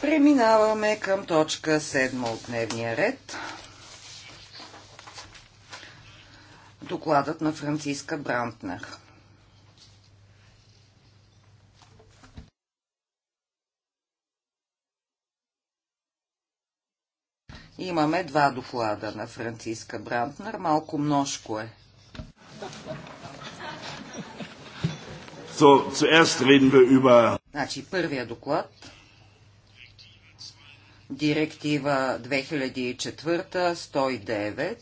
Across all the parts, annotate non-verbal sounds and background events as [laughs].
Преминаваме към точка 7 от дневния ред. Докладът на Франциска Брантнер. Имаме два доклада на Франциска Брантнер. Малко множко е. So, zuerst reden wir über... Значи, първия доклад. Директива 2004-109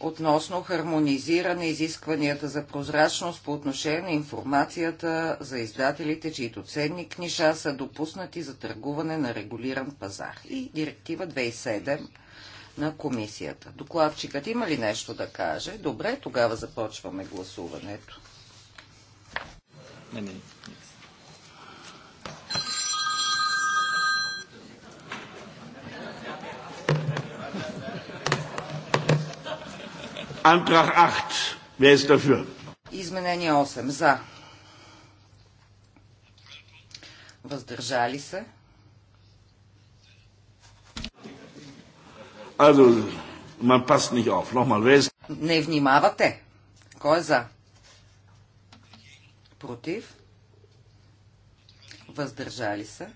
относно хармонизиране изискванията за прозрачност по отношение на информацията за издателите, чието ценни книжа са допуснати за търгуване на регулиран пазар и директива 2007 на комисията. Докладчикът има ли нещо да каже? Добре, тогава започваме гласуването. Не, не. Антрах 8. Wer ist dafür? Изменение 8. За. Въздържали се. Не внимавате. Кой е за? против, въздържали се.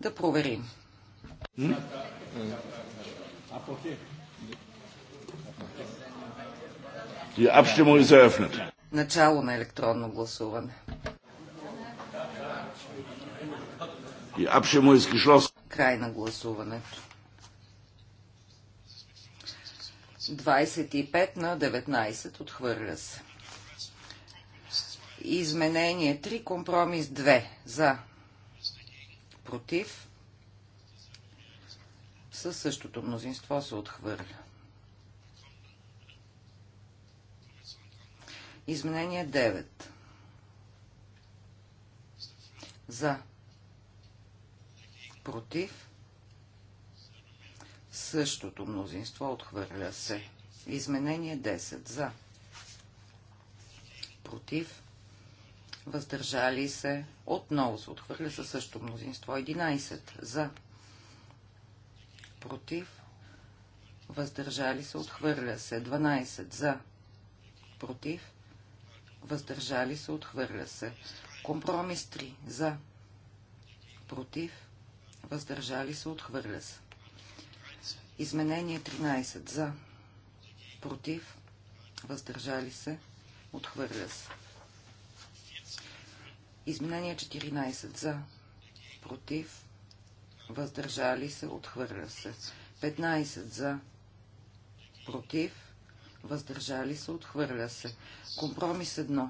Да проверим. Начало на електронно гласуване. Край на гласуването. 25 на 19 отхвърля се. Изменение 3, компромис 2. За. Против. Със същото мнозинство се отхвърля. Изменение 9. За. Против. Същото мнозинство отхвърля се. Изменение 10. За. Против въздържали се, отново се отхвърля със същото мнозинство. 11 за, против, въздържали се, отхвърля се. 12 за, против, въздържали се, отхвърля се. Компромис 3 за, против, въздържали се, отхвърля се. Изменение 13 за, против, въздържали се, отхвърля се. Изменение 14 за, против, въздържали се, отхвърля се. 15 за, против, въздържали се, отхвърля се. Компромис 1.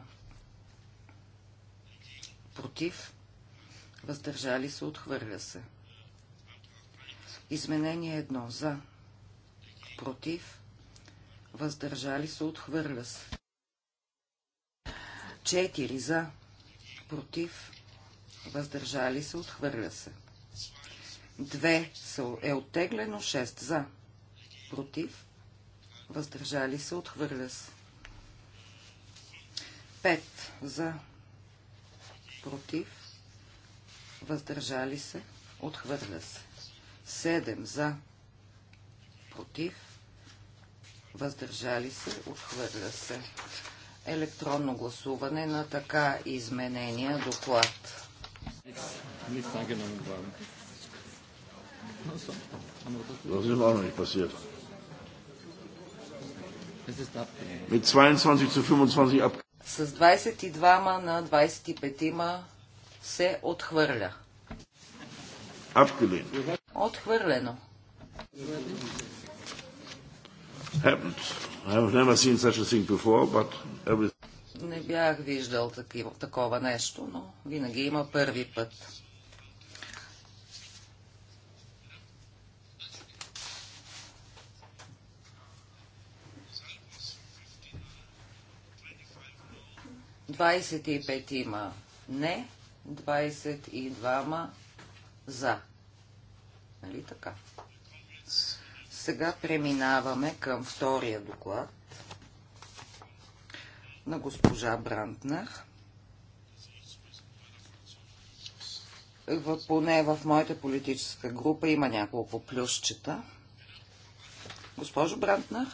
Против, въздържали се, отхвърля се. Изменение 1 за, против, въздържали се, отхвърля се. 4 за, против, въздържали се, отхвърля се. 2 е оттеглено, 6 за, против, въздържали се, отхвърля се. 5 за, против, въздържали се, отхвърля се. 7 за, против, въздържали се, отхвърля се електронно гласуване на така изменения доклад. С 22 ма С 22 на 25 се отхвърля. Отхвърлено happened. never seen such a thing before, but Не бях виждал такива, такова нещо, но винаги има първи път. Двадесет и пет има не, двадесет и двама за. Нали така? Сега преминаваме към втория доклад на госпожа Брантнах. В, поне в моята политическа група има няколко плюсчета. Госпожо Брантнах?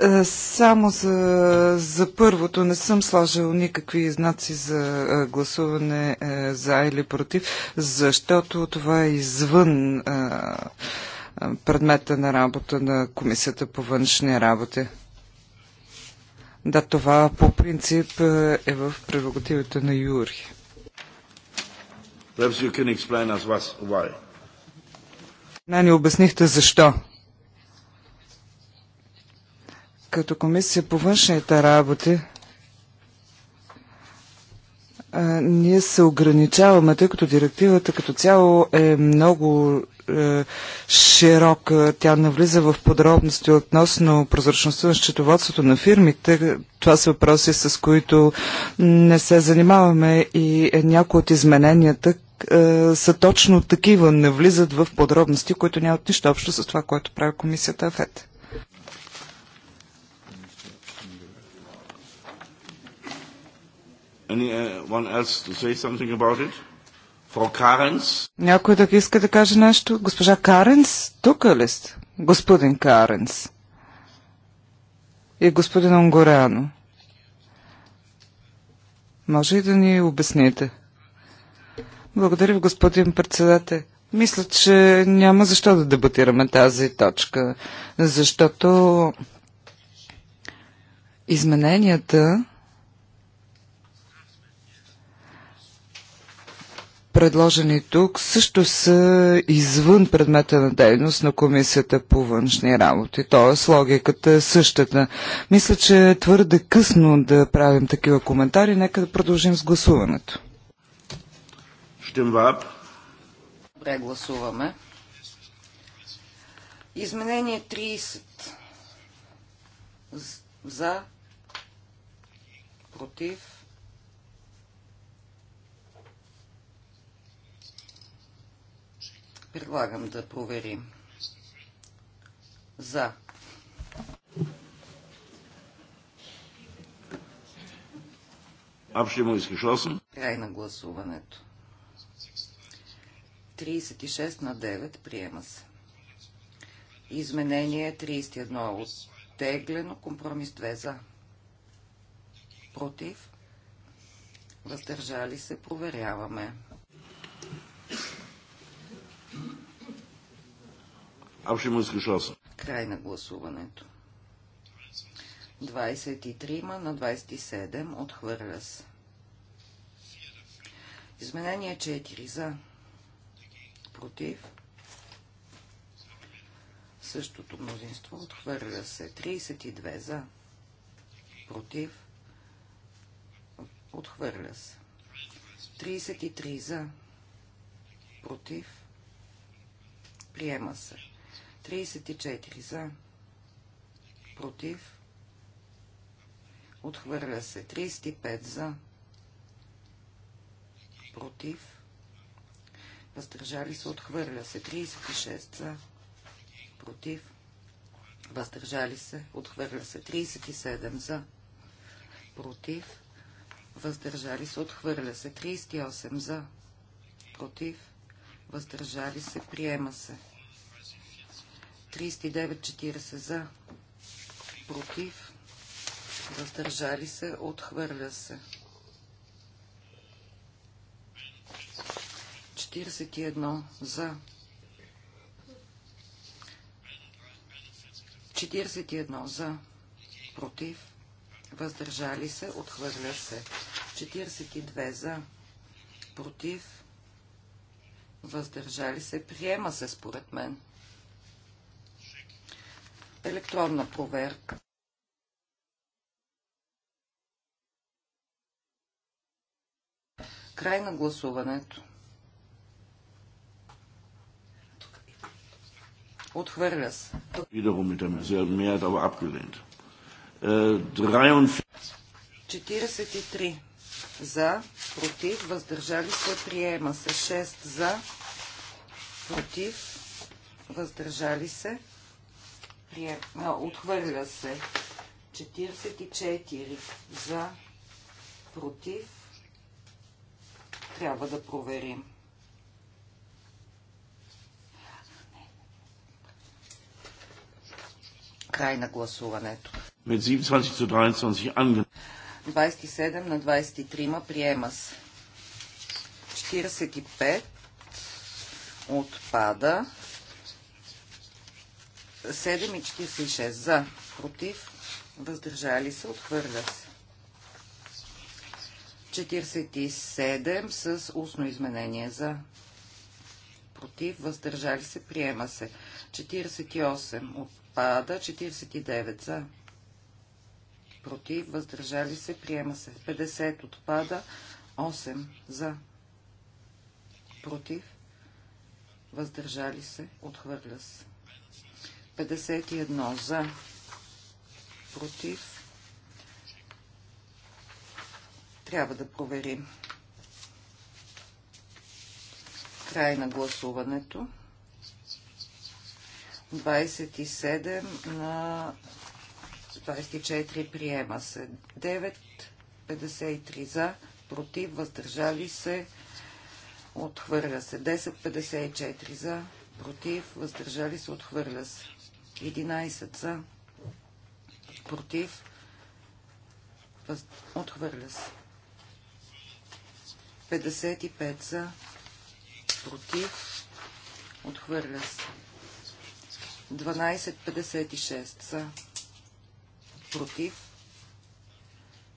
Е, само за, за първото не съм сложил никакви знаци за е, гласуване е, за или против, защото това е извън предмета на работа на Комисията по външни работи. Да, това по принцип е в прерогативите на Юри. Не ни обяснихте защо като комисия по външните работи ние се ограничаваме, тъй като директивата като цяло е много е, широка. Тя навлиза в подробности относно прозрачността на счетоводството на фирмите. Това са въпроси, с които не се занимаваме и е, някои от измененията е, са точно такива, навлизат в подробности, които нямат нищо общо с това, което прави комисията АФЕТ. Anyone uh, else to say something about it? Frau Някой да иска да каже нещо? Госпожа Каренс? Тук ли сте? Господин Каренс. И господин Онгоряно. Може и да ни обясните. Благодаря ви, господин председател. Мисля, че няма защо да дебатираме тази точка, защото измененията предложени тук, също са извън предмета на дейност на Комисията по външни работи. Тоест, логиката е същата. Мисля, че е твърде късно да правим такива коментари. Нека да продължим с гласуването. Штемваб. Добре, гласуваме. Изменение 30. За. Против. Предлагам да проверим. За. искаш 8. Край на гласуването. 36 на 9 приема се. Изменение 31 е оттеглено. Компромис 2 за. Против. Въздържали се. Проверяваме. Абшимус Гешосен. Край на гласуването. 23 на 27 отхвърля се. Изменение 4 за. Против. Същото мнозинство отхвърля се. 32 за. Против. Отхвърля се. 33 за. Против. Приема се. 34 за, против, отхвърля се 35 за, против, въздържали се, отхвърля се 36 за, против, въздържали се, отхвърля се 37 за, против, въздържали се, отхвърля се 38 за, против, въздържали се, приема се 39-40 за. Против. Въздържали се. Отхвърля се. 41 за. 41 за. Против. Въздържали се. Отхвърля се. 42 за. Против. Въздържали се. Приема се според мен електронна проверка. Край на гласуването. Отхвърля се. Wiederum mit derselben Mehrheit, aber 43 äh, за, против, въздържали се, приема се. 6 за, против, въздържали се. Прие... А, отхвърля се. 44 за, против. Трябва да проверим. Край на гласуването. 27 на 23 ма приема се. 45 отпада. 746 46 за, против, въздържали се, отхвърля се. 47 с устно изменение за, против, въздържали се, приема се. 48 отпада, 49 за, против, въздържали се, приема се. 50 отпада, 8 за, против, въздържали се, отхвърля се. 51 за, против. Трябва да проверим. Край на гласуването. 27 на 24 приема се. 9, 53 за, против, въздържали се, отхвърля се. 10, 54 за, против, въздържали се, отхвърля се. 11 за, против, отхвърля се. 55 за, против, отхвърля се. 12.56 за, против,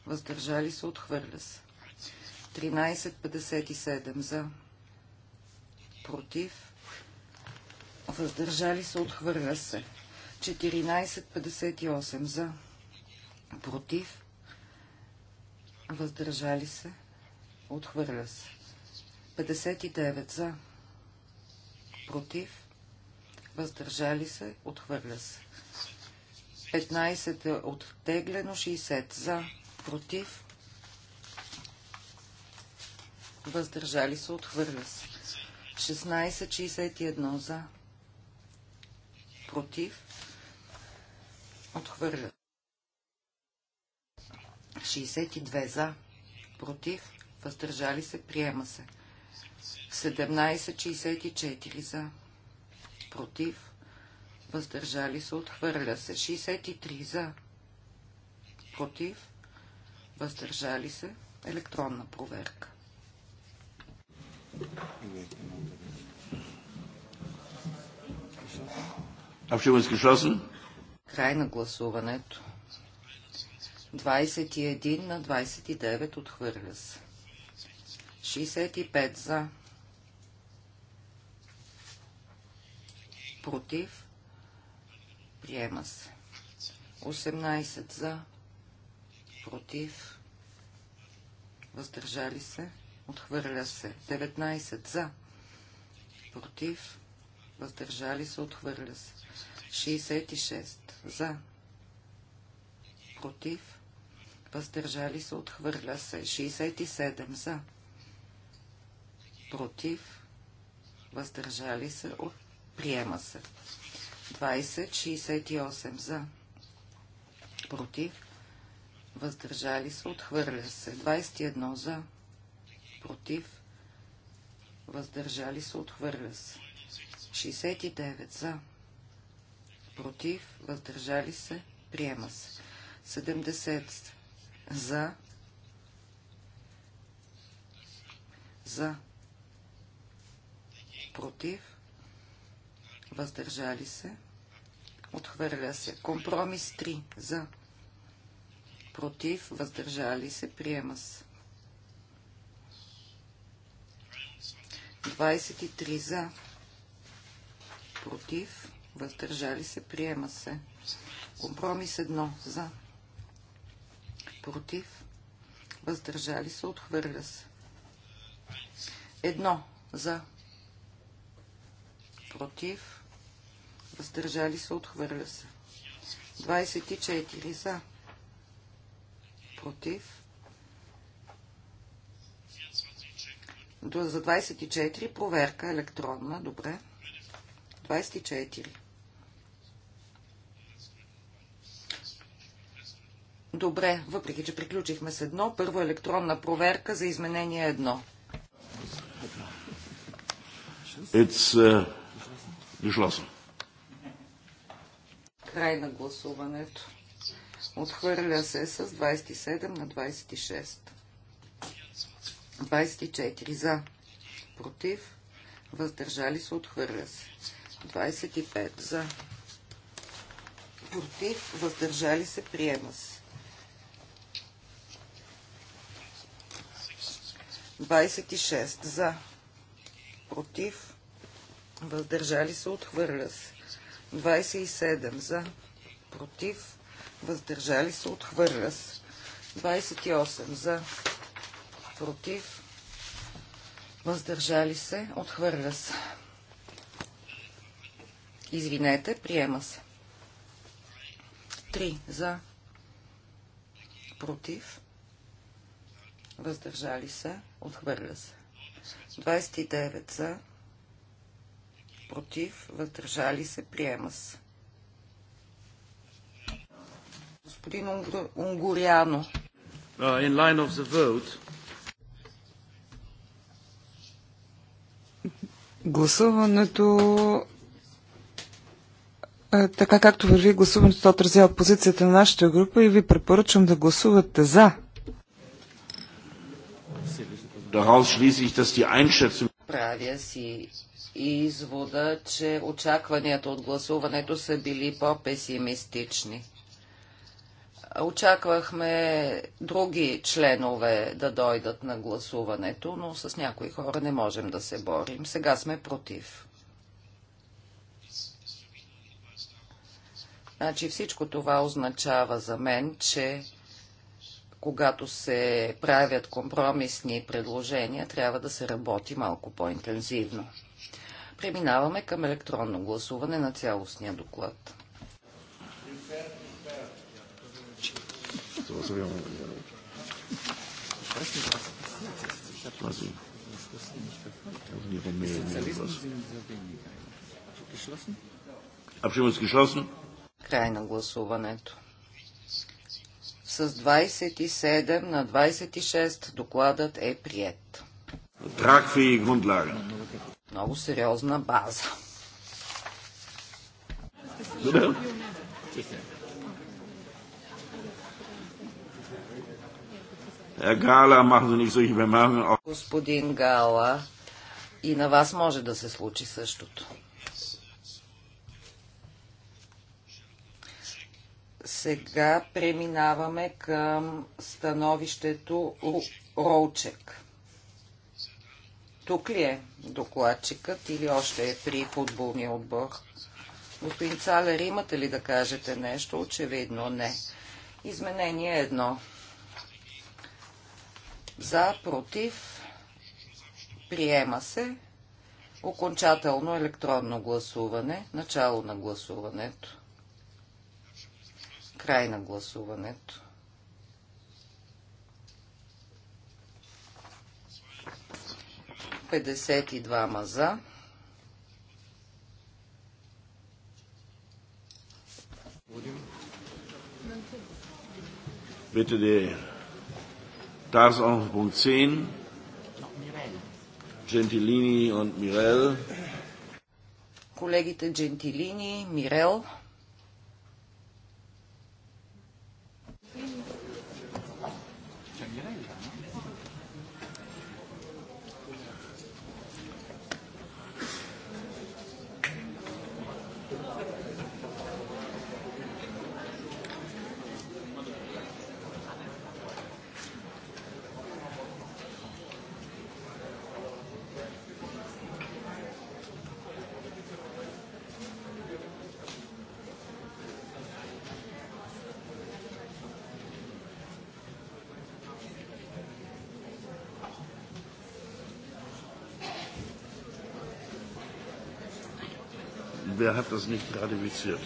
въздържали се, отхвърля се. 13.57 за, против, въздържали се, отхвърля се. 1458 за, против, въздържали се, отхвърля се. 59 за, против, въздържали се, отхвърля се. 15 е оттеглено, 60 за, против, въздържали се, отхвърля се. 16, 61 за, против, Отхвърля. 62 за. Против. Въздържали се. Приема се. 17.64 за. Против. Въздържали се. Отхвърля се. 63 за. Против. Въздържали се. Електронна проверка. Abstimmung ist е Край на гласуването. 21 на 29 отхвърля се. 65 за. Против. Приема се. 18 за. Против. Въздържали се. Отхвърля се. 19 за. Против. Въздържали се. Отхвърля се. 66 за, против, въздържали се, отхвърля се. 67 за, против, въздържали се, от... приема се. 20, 68 за, против, въздържали се, отхвърля се. 21 за, против, въздържали се, отхвърля се. 69 за, против, въздържали се, приема се. 70 за, за, против, въздържали се, отхвърля се. Компромис 3 за, против, въздържали се, приема се. 23 за, против, въздържали се, приема се. Компромис 1 за, против, въздържали се, отхвърля се. Едно за, против, въздържали се, отхвърля се. 24 за, против, за 24 проверка електронна, добре. 24. Добре, въпреки че приключихме с едно, първо електронна проверка за изменение едно. It's uh, Край на гласуването. Отхвърля се с 27 на 26. 24 за. Против. Въздържали се. Отхвърля се. 25 за. Против. Въздържали се. Приема се. 26 за, против, въздържали се, отхвърля се. 27 за, против, въздържали се, отхвърля се. 28 за, против, въздържали се, отхвърля се. Извинете, приема се. 3 за, против, въздържали се, отхвърля се. 29 за, против, въздържали се, приема се. Господин Унгуряно. Uh, in line of the vote. Гласуването е, така както върви гласуването, то отразява позицията на нашата група и ви препоръчвам да гласувате за Daraus schließe ich, dass die Einschätzung правя си извода, че очакванията от гласуването са били по-песимистични. Очаквахме други членове да дойдат на гласуването, но с някои хора не можем да се борим. Сега сме против. Значи всичко това означава за мен, че когато се правят компромисни предложения, трябва да се работи малко по-интензивно. Преминаваме към електронно гласуване на цялостния доклад. Край на гласуването с 27 на 26 докладът е прият. Тракви и Гундлага. Много сериозна база. Е, Господин Гала, и на вас може да се случи същото. Сега преминаваме към становището Роучек. Тук ли е докладчикът или още е при футболния отбор? Господин Цалер, имате ли да кажете нещо? Очевидно не. Изменение едно. За, против, приема се. Окончателно електронно гласуване. Начало на гласуването. Край на гласуването. Пятьдесят и два маза. Bitte die Tagesordnungspunkt 10, Gentilini und Mirel. Колегите Gentilini, Mirel. Er hat das nicht ratifiziert?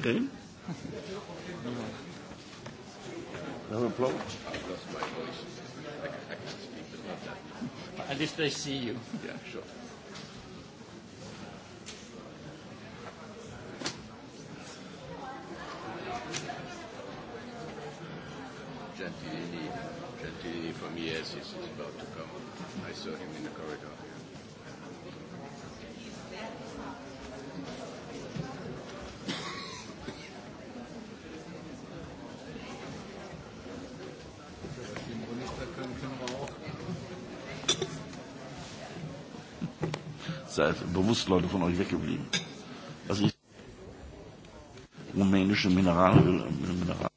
Karim. No problem. At least I see you. Yeah, sure. Da bewusst Leute von euch weggeblieben. Also ich, rumänische Mineralöl, Mineral.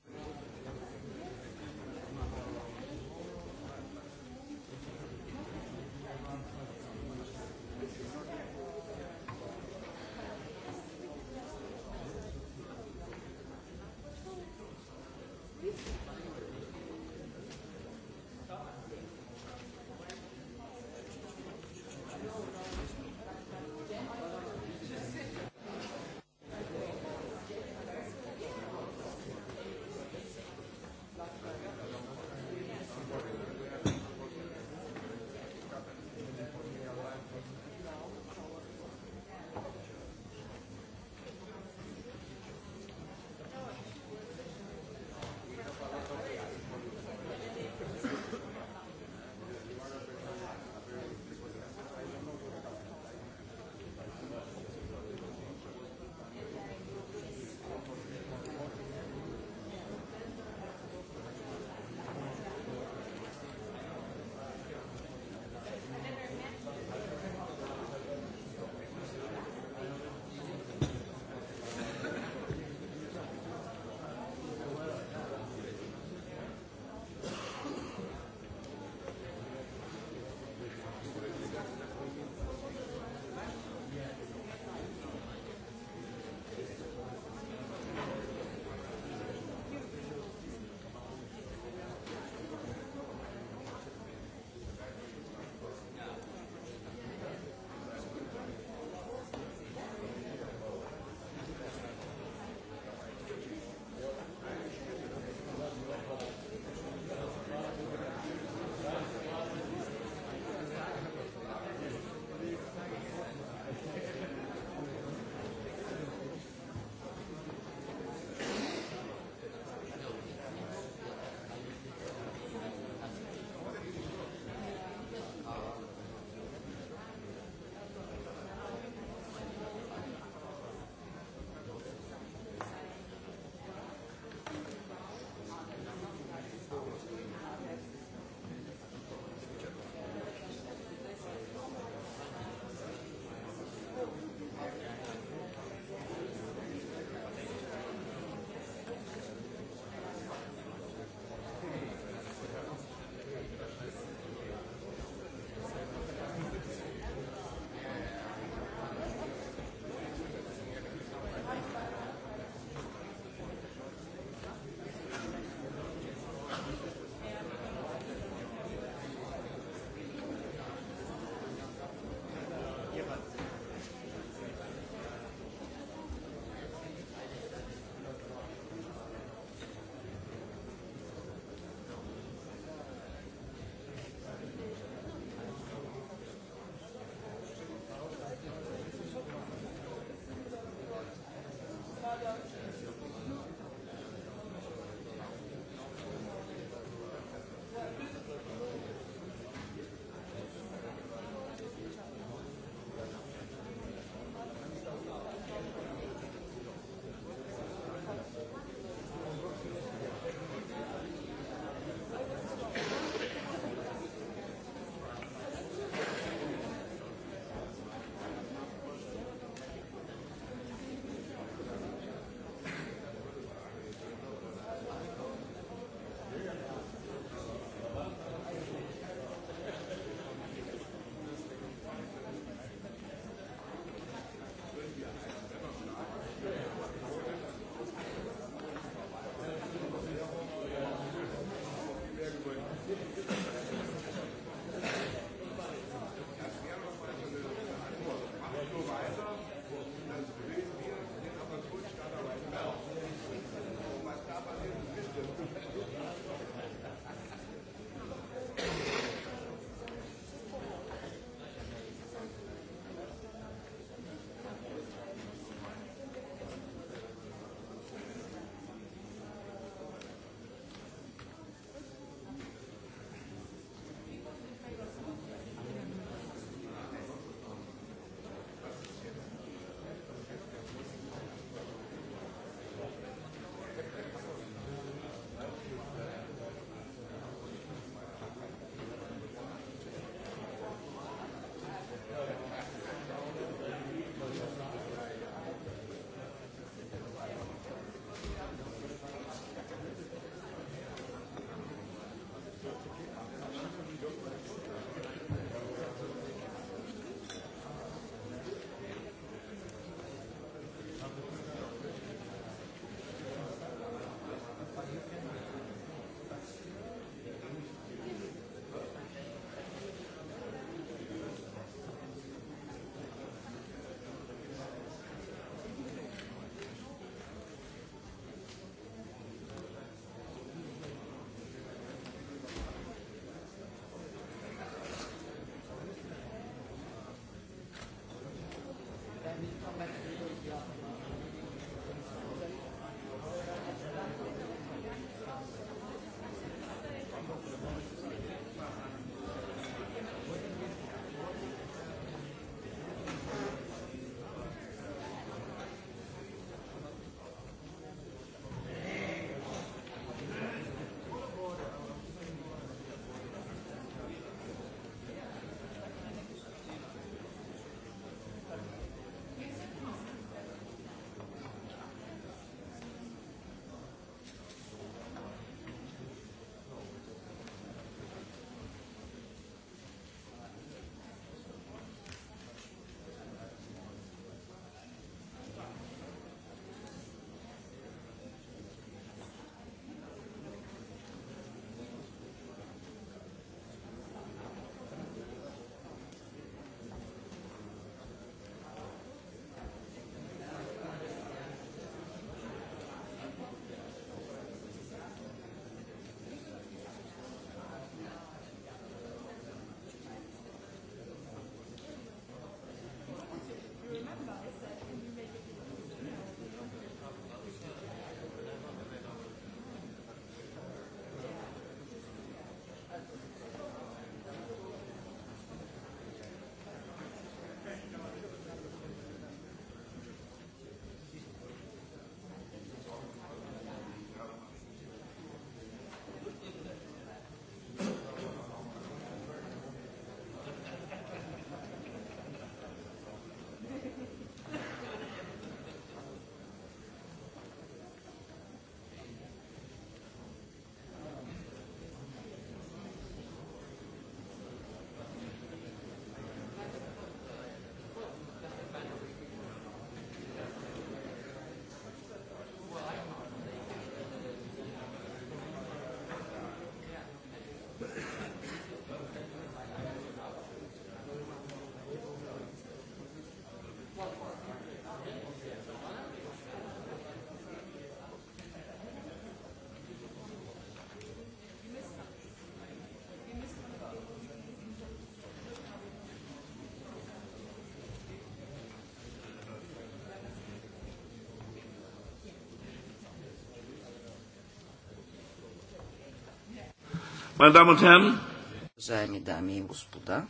Уважаеми дами и господа,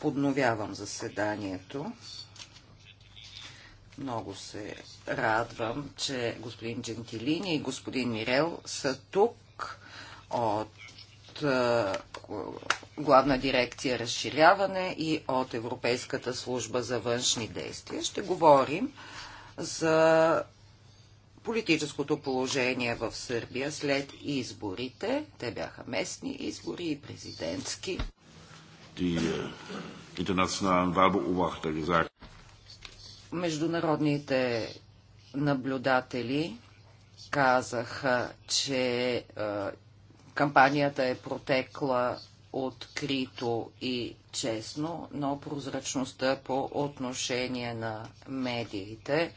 подновявам заседанието. Много се радвам, че господин Джентилини и господин Мирел са тук от е, Главна дирекция разширяване и от Европейската служба за външни действия. Ще говорим за политическото положение в Сърбия след изборите. Те бяха местни избори и президентски. Äh, Международните наблюдатели казаха, че кампанията е протекла открито и честно, но прозрачността по отношение на медиите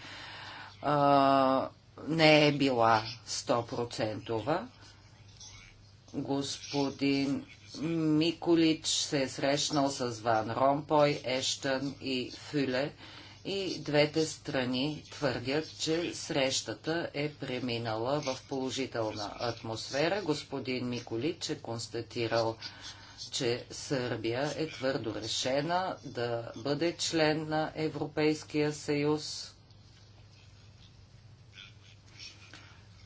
а, не е била 100%. Господин Миколич се е срещнал с Ван Ромпой, Ештън и Фюле и двете страни твърдят, че срещата е преминала в положителна атмосфера. Господин Миколич е констатирал, че Сърбия е твърдо решена да бъде член на Европейския съюз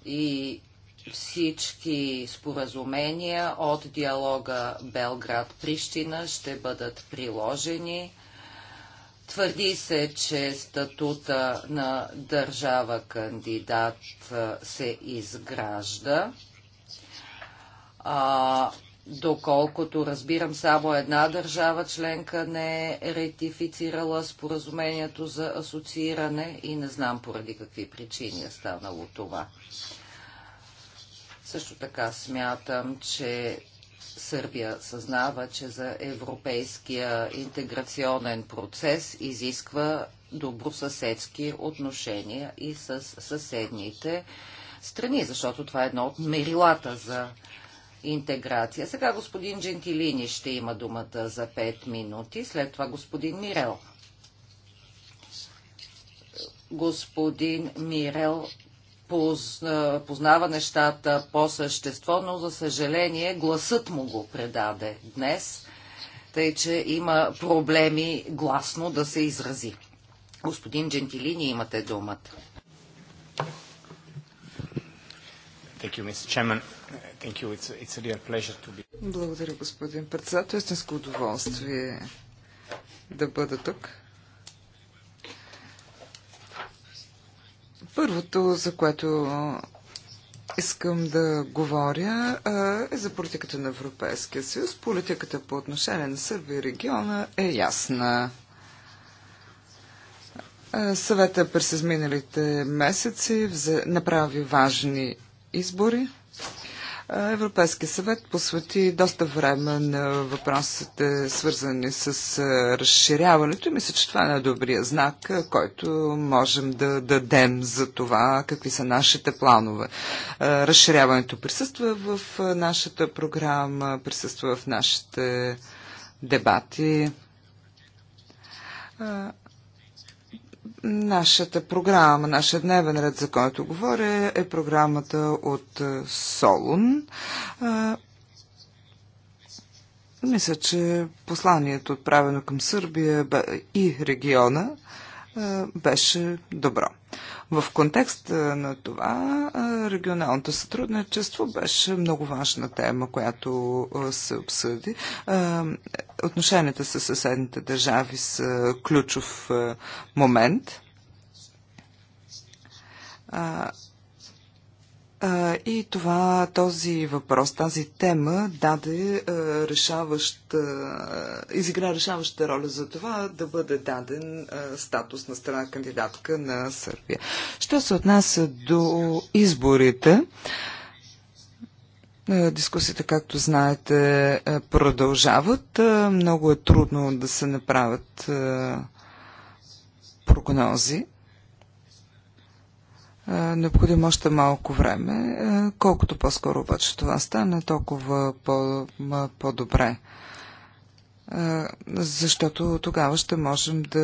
и всички споразумения от диалога Белград-Прищина ще бъдат приложени. Твърди се, че статута на държава кандидат се изгражда. А, Доколкото разбирам, само една държава членка не е ретифицирала споразумението за асоцииране и не знам поради какви причини е станало това. Също така смятам, че Сърбия съзнава, че за европейския интеграционен процес изисква добросъседски отношения и с съседните страни, защото това е едно от мерилата за интеграция. Сега господин Джентилини ще има думата за 5 минути, след това господин Мирел. Господин Мирел познава нещата по същество, но за съжаление гласът му го предаде днес, тъй че има проблеми гласно да се изрази. Господин Джентилини, имате думата. Thank you, Mr. Chairman. It's, it's be... Благодаря, господин председател. Истинско удоволствие е да бъда тук. Първото, за което искам да говоря, е за политиката на Европейския съюз. Политиката по отношение на Сърбия и региона е ясна. Съвета през изминалите месеци направи важни избори. Европейския съвет посвети доста време на въпросите, свързани с разширяването и мисля, че това е най добрия знак, който можем да дадем за това, какви са нашите планове. Разширяването присъства в нашата програма, присъства в нашите дебати. Нашата програма, нашия дневен ред, за който говоря, е програмата от е, Солун. Е, мисля, че посланието, отправено към Сърбия и региона, е, беше добро. В контекст на това регионалното сътрудничество беше много важна тема, която се обсъди. Отношенията с съседните държави са ключов момент. И това, този въпрос, тази тема даде решаващ, изигра решаваща роля за това да бъде даден статус на страна кандидатка на Сърбия. Що се отнася до изборите, Дискусията, както знаете, продължават. Много е трудно да се направят прогнози необходимо още малко време. Колкото по-скоро обаче това стане, толкова по-добре. Защото тогава ще можем да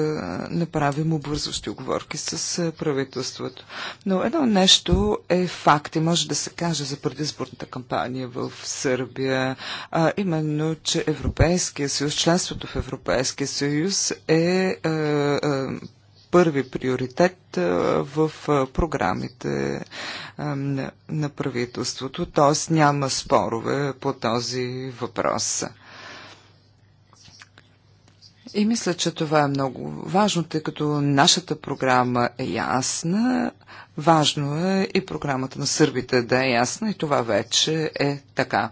направим обвързващи оговорки с правителството. Но едно нещо е факт и може да се каже за предизборната кампания в Сърбия, а именно, че Европейския съюз, членството в Европейския съюз е, е, е първи приоритет в програмите на правителството, т.е. няма спорове по този въпрос. И мисля, че това е много важно, тъй като нашата програма е ясна, важно е и програмата на сърбите да е ясна и това вече е така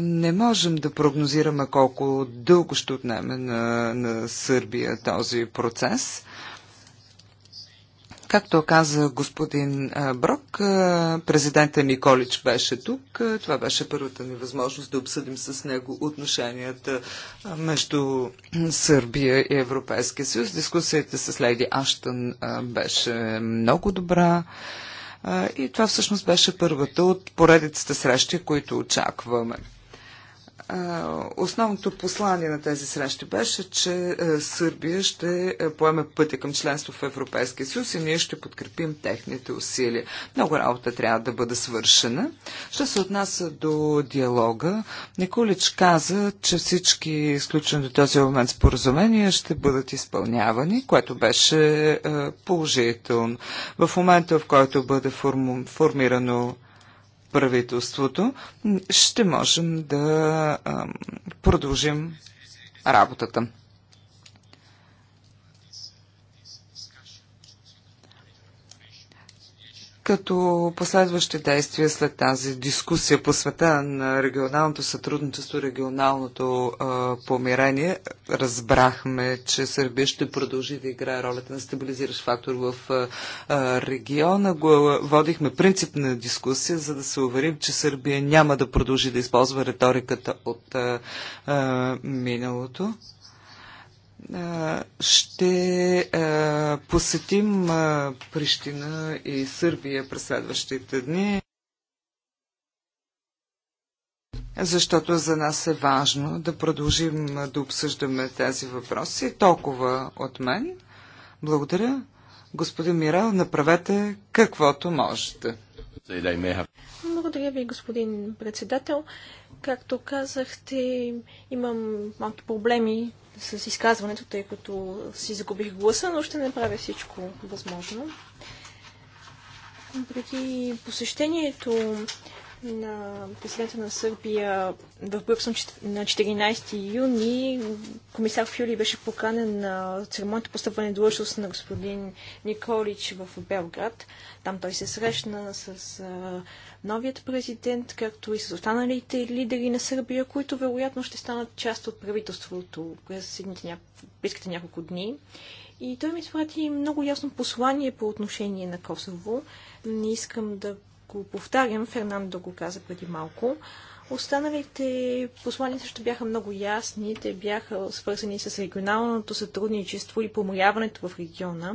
не можем да прогнозираме колко дълго ще отнеме на, на Сърбия този процес. Както каза господин Брок, президента Николич беше тук. Това беше първата ни възможност да обсъдим с него отношенията между Сърбия и Европейския съюз. Дискусията с Леди Аштън беше много добра. И това всъщност беше първата от поредицата срещи, които очакваме. Основното послание на тези срещи беше, че Сърбия ще поеме пътя към членство в Европейския съюз и ние ще подкрепим техните усилия. Много работа трябва да бъде свършена. Що се отнася до диалога, Николич каза, че всички изключени до този момент споразумения ще бъдат изпълнявани, което беше положително. В момента, в който бъде формирано правителството, ще можем да продължим работата. като последващи действия след тази дискусия по света на регионалното сътрудничество, регионалното а, помирение, разбрахме, че Сърбия ще продължи да играе ролята на стабилизиращ фактор в а, региона. Го, водихме принципна дискусия, за да се уверим, че Сърбия няма да продължи да използва риториката от а, а, миналото. Ще посетим Прищина и Сърбия през следващите дни, защото за нас е важно да продължим да обсъждаме тези въпроси. Толкова от мен. Благодаря. Господин Мирал, направете каквото можете. Благодаря ви, господин председател. Както казахте, имам малки проблеми с изказването, тъй като си загубих гласа, но ще направя всичко възможно. Преди посещението на президента на Сърбия в Брюксел на 14 юни комисар Фюли беше поканен на церемонията поставане длъжност на господин Николич в Белград. Там той се срещна с новият президент, както и с останалите лидери на Сърбия, които вероятно ще станат част от правителството през близките няколко дни. И той ми изпрати много ясно послание по отношение на Косово. Не искам да го повтарям, Фернандо го каза преди малко. Останалите послания също бяха много ясни. Те бяха свързани с регионалното сътрудничество и поморяването в региона.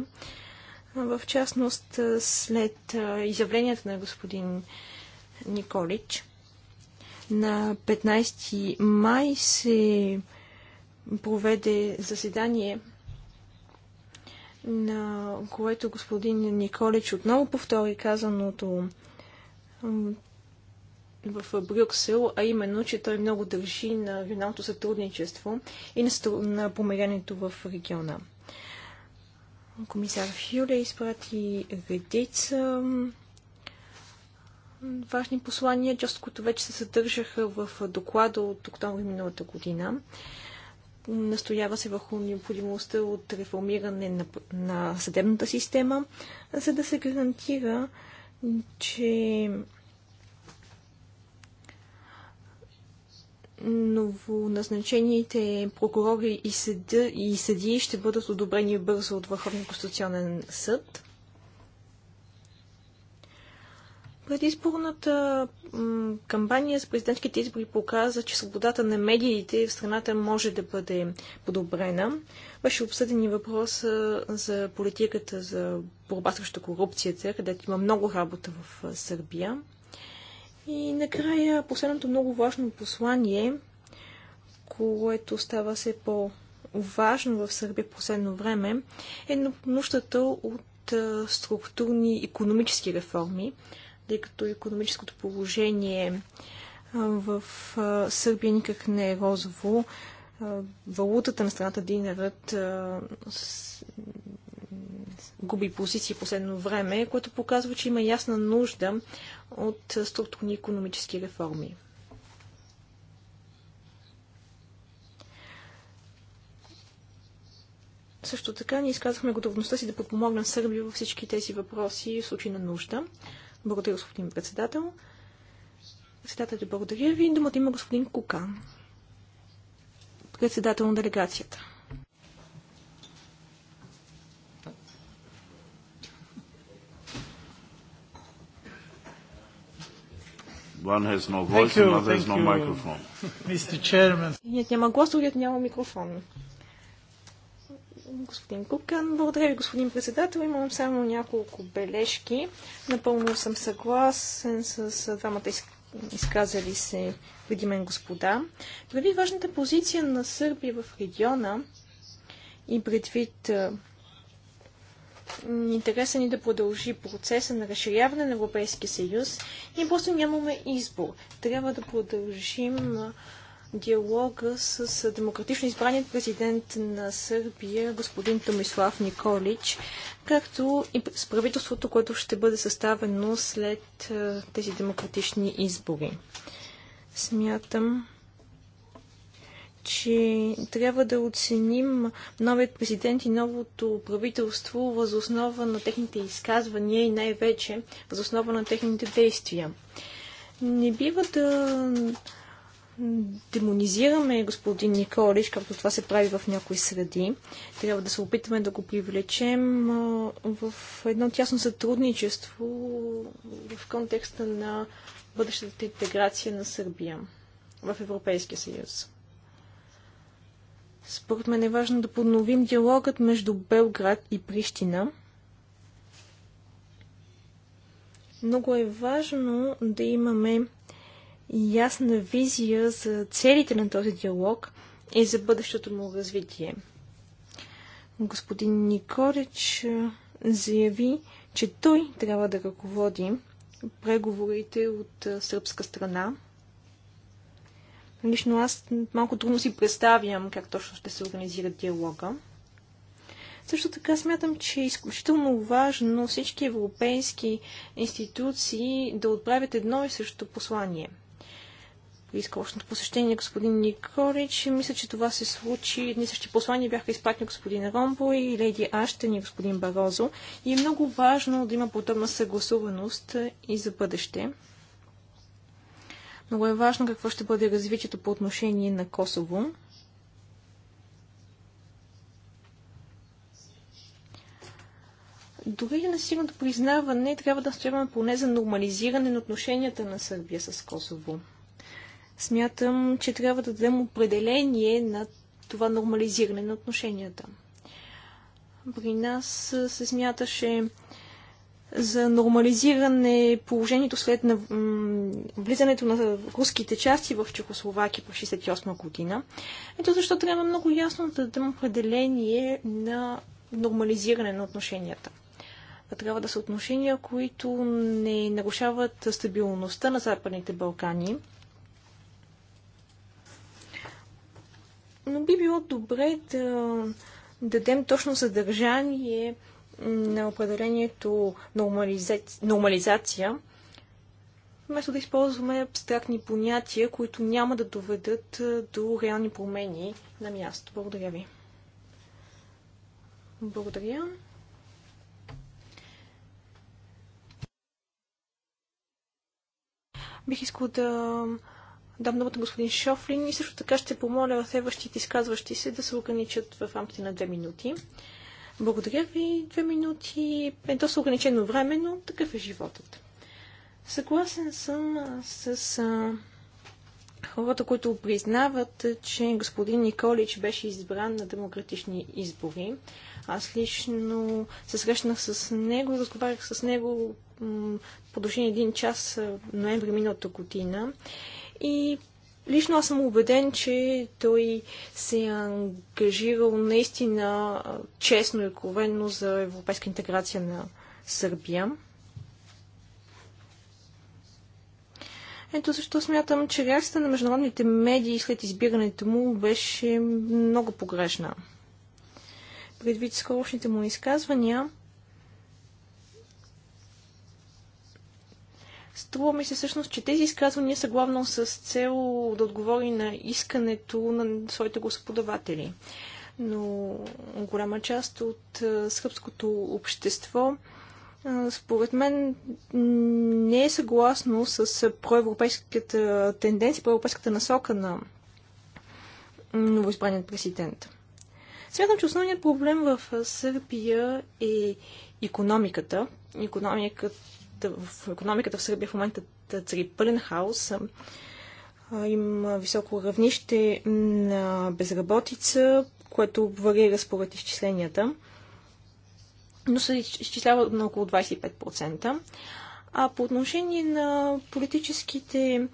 В частност, след изявленията на господин Николич, на 15 май се проведе заседание на което господин Николич отново повтори казаното в Брюксел, а именно, че той много държи на регионалното сътрудничество и на помирението в региона. Комисар Фюле изпрати редица важни послания, част които вече се съдържаха в доклада от октомври миналата година. Настоява се върху необходимостта от реформиране на, на съдебната система, за да се гарантира, че новоназначените прокурори и, съда, и съдии ще бъдат одобрени бързо от Върховния конституционен съд. Предизборната кампания с президентските избори показа, че свободата на медиите в страната може да бъде подобрена. Беше обсъден и въпрос за политиката за борба срещу корупцията, където има много работа в Сърбия. И накрая последното много важно послание, което става все по-важно в Сърбия последно време, е нуждата от структурни економически реформи, тъй като економическото положение в Сърбия никак не е розово. Валутата на страната Динерът губи позиции последно време, което показва, че има ясна нужда от структурни економически реформи. Също така ние изказахме готовността си да подпомогнем Сърбия във всички тези въпроси в случай на нужда. Благодаря, господин председател. Председател, благодаря ви. Думата има господин Кукан, председател на делегацията. One has no voice, another has no you, microphone. [laughs] Mr. Chairman. няма глас, другият няма микрофон. Господин Кукан, благодаря ви, господин председател. Имам само няколко бележки. Напълно съм съгласен с двамата изказали се преди мен господа. Предвид важната позиция на Сърбия в региона и предвид интереса ни да продължи процеса на разширяване на Европейския съюз. Ние просто нямаме избор. Трябва да продължим диалога с демократично избраният президент на Сърбия, господин Томислав Николич, както и с правителството, което ще бъде съставено след тези демократични избори. Смятам, че трябва да оценим новият президент и новото правителство възоснова на техните изказвания и най-вече възоснова на техните действия. Не бива да демонизираме господин Николич, както това се прави в някои среди. Трябва да се опитаме да го привлечем в едно тясно сътрудничество в контекста на бъдещата интеграция на Сърбия в Европейския съюз. Според мен е важно да подновим диалогът между Белград и Прищина. Много е важно да имаме ясна визия за целите на този диалог и за бъдещото му развитие. Господин Никорич заяви, че той трябва да ръководи преговорите от сръбска страна. Лично аз малко трудно си представям как точно ще се организира диалога. Също така смятам, че е изключително важно всички европейски институции да отправят едно и също послание. При скорошното посещение господин Николич, мисля, че това се случи. Едни същи послания бяха изпратени господин Ромбо и леди Аштен и господин Барозо. И е много важно да има подобна съгласуваност и за бъдеще. Много е важно какво ще бъде развитието по отношение на Косово. Дори на насилното признаване трябва да стояваме поне за нормализиране на отношенията на Сърбия с Косово. Смятам, че трябва да дадем определение на това нормализиране на отношенията. При нас се смяташе за нормализиране положението след на, влизането на руските части в Чехословакия по 1968 година. Ето защо трябва много ясно да дадем определение на нормализиране на отношенията. трябва да са отношения, които не нарушават стабилността на Западните Балкани. Но би било добре да дадем точно съдържание на определението нормализа... нормализация, вместо да използваме абстрактни понятия, които няма да доведат до реални промени на място. Благодаря ви. Благодаря. Бих искал да дам думата господин Шофлин и също така ще помоля следващите изказващи се да се ограничат в рамките на две минути. Благодаря ви. Две минути е доста ограничено време, но такъв е животът. Съгласен съм с а, хората, които признават, че господин Николич беше избран на демократични избори. Аз лично се срещнах с него и разговарях с него продължение един час ноември миналата година. И Лично аз съм убеден, че той се е ангажирал наистина честно и откровенно за европейска интеграция на Сърбия. Ето защо смятам, че реакцията на международните медии след избирането му беше много погрешна. Предвид скорошните му изказвания, Струва ми се всъщност, че тези изказвания са главно с цел да отговори на искането на своите господаватели. Но голяма част от сръбското общество според мен не е съгласно с проевропейската тенденция, проевропейската насока на новоизбраният президент. Смятам, че основният проблем в Сърбия е економиката. Економиката в економиката в Сърбия в момента цари пълен хаос. Има високо равнище на безработица, което варира според изчисленията, но се изчислява на около 25%. А по отношение на политическите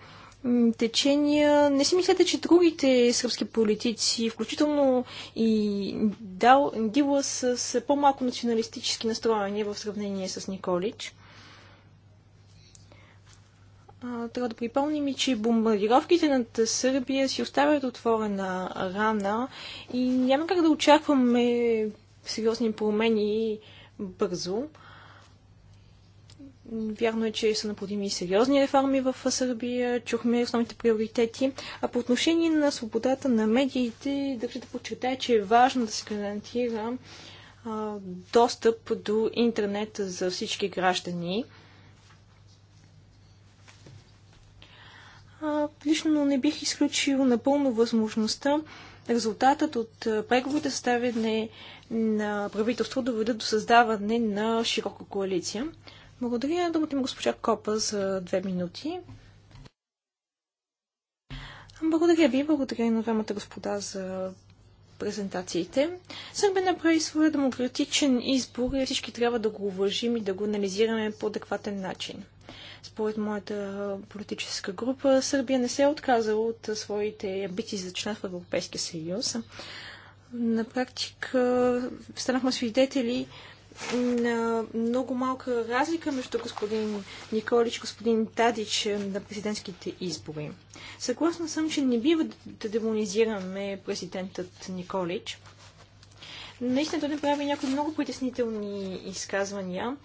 течения. Не си мислете, че другите сръбски политици, включително и Дал, Дила, са по-малко националистически настроени в сравнение с Николич трябва да припомним и, че бомбардировките над Сърбия си оставят отворена рана и няма как да очакваме сериозни промени бързо. Вярно е, че са необходими и сериозни реформи в Сърбия. Чухме основните приоритети. А по отношение на свободата на медиите, държа да подчертая, че е важно да се гарантира а, достъп до интернет за всички граждани. а, лично не бих изключил напълно възможността резултатът от преговорите съставяне на правителство доведат до създаване на широка коалиция. Благодаря. Думата ми госпожа Копа за две минути. Благодаря ви. Благодаря и на двамата господа за презентациите. Сърбия направи своя демократичен избор и всички трябва да го уважим и да го анализираме по адекватен начин. Според моята политическа група, Сърбия не се е отказала от своите амбиции за член в Европейския съюз. На практика станахме свидетели на много малка разлика между господин Николич и господин Тадич на президентските избори. Съгласна съм, че не бива да демонизираме президентът Николич. Наистина той направи някои много притеснителни изказвания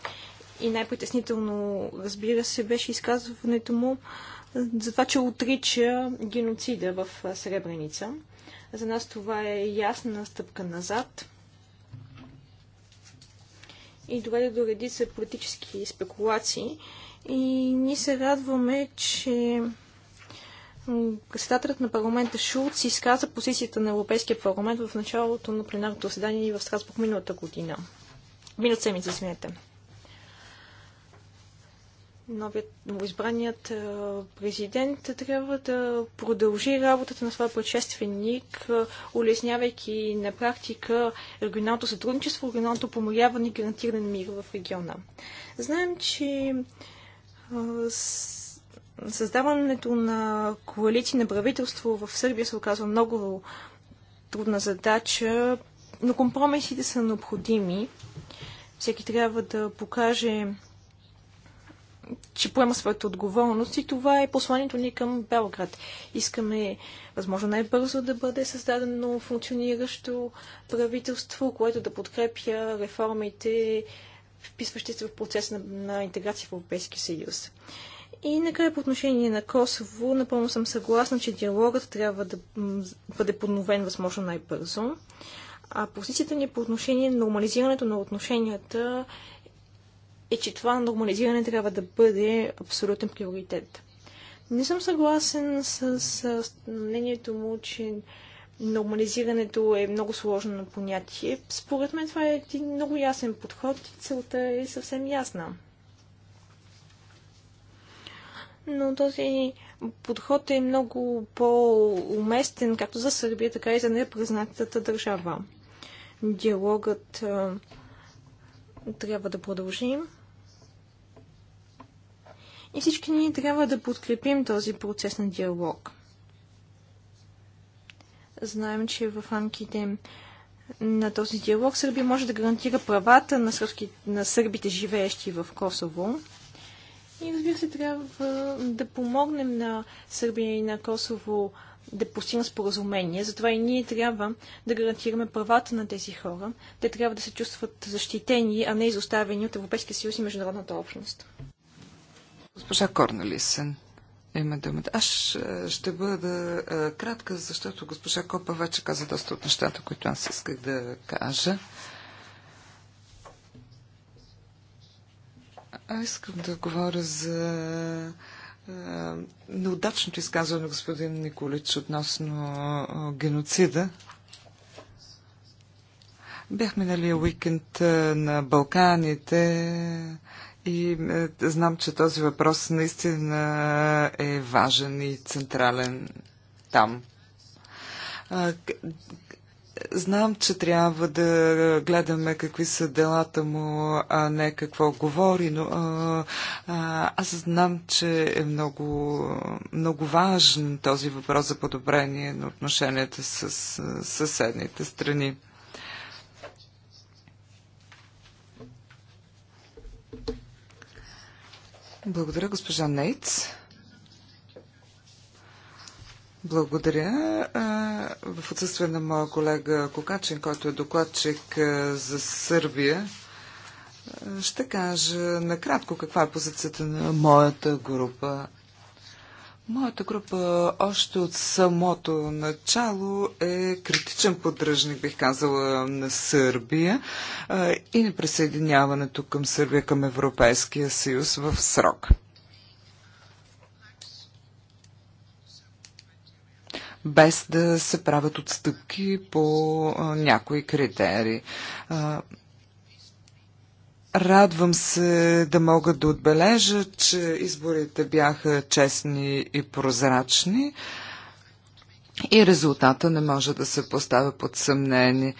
и най-притеснително, разбира се, беше изказването му за това, че отрича геноцида в Сребреница. За нас това е ясна стъпка назад и доведе до редица политически спекулации. И ние се радваме, че председателят на парламента Шулц изказа позицията на Европейския парламент в началото на пленарното заседание в Страсбург миналата година. Минат седмица, извинете новият, новоизбраният е, президент трябва да продължи работата на своя предшественик, е, улеснявайки на практика регионалното сътрудничество, регионалното помиряване и гарантиран мир в региона. Знаем, че е, създаването на коалиции на правителство в Сърбия се оказва много трудна задача, но компромисите са необходими. Всеки трябва да покаже че поема своята отговорност и това е посланието ни към Белград. Искаме, възможно най-бързо да бъде създадено функциониращо правителство, което да подкрепя реформите, вписващи се в процес на, на интеграция в Европейския съюз. И накрая по отношение на Косово, напълно съм съгласна, че диалогът трябва да бъде подновен възможно най-бързо. А позицията ни е по отношение на нормализирането на отношенията е, че това нормализиране трябва да бъде абсолютен приоритет. Не съм съгласен с, с мнението му, че нормализирането е много сложно на понятие. Според мен това е един много ясен подход и целта е съвсем ясна. Но този подход е много по-уместен както за Сърбия, така и за непризнатата държава. Диалогът трябва да продължим и всички ние трябва да подкрепим този процес на диалог. Знаем, че в рамките на този диалог Сърбия може да гарантира правата на, сръбски, на сърбите, живеещи в Косово. И разбира се, трябва да помогнем на Сърбия и на Косово да постигнат споразумение. Затова и ние трябва да гарантираме правата на тези хора. Те трябва да се чувстват защитени, а не изоставени от Европейския съюз и международната общност. Госпожа Корнелисен има думата. Аз е, ще бъда е, кратка, защото госпожа Копа вече каза доста от нещата, които аз исках да кажа. Аз искам да говоря за е, неудачното изказване на господин Николич относно геноцида. Бях миналия уикенд на Балканите и е, знам, че този въпрос наистина е важен и централен там. А, знам, че трябва да гледаме какви са делата му, а не какво говори, но а, а, аз знам, че е много, много важен този въпрос за подобрение на отношенията с съседните страни. Благодаря, госпожа Нейтс. Благодаря. В отсъствие на моя колега Кокачин, който е докладчик за Сърбия, ще кажа накратко каква е позицията на моята група. Моята група още от самото начало е критичен поддръжник, бих казала, на Сърбия и на присъединяването към Сърбия към Европейския съюз в срок. Без да се правят отстъпки по някои критерии. Радвам се да мога да отбележа, че изборите бяха честни и прозрачни и резултата не може да се поставя под съмнение.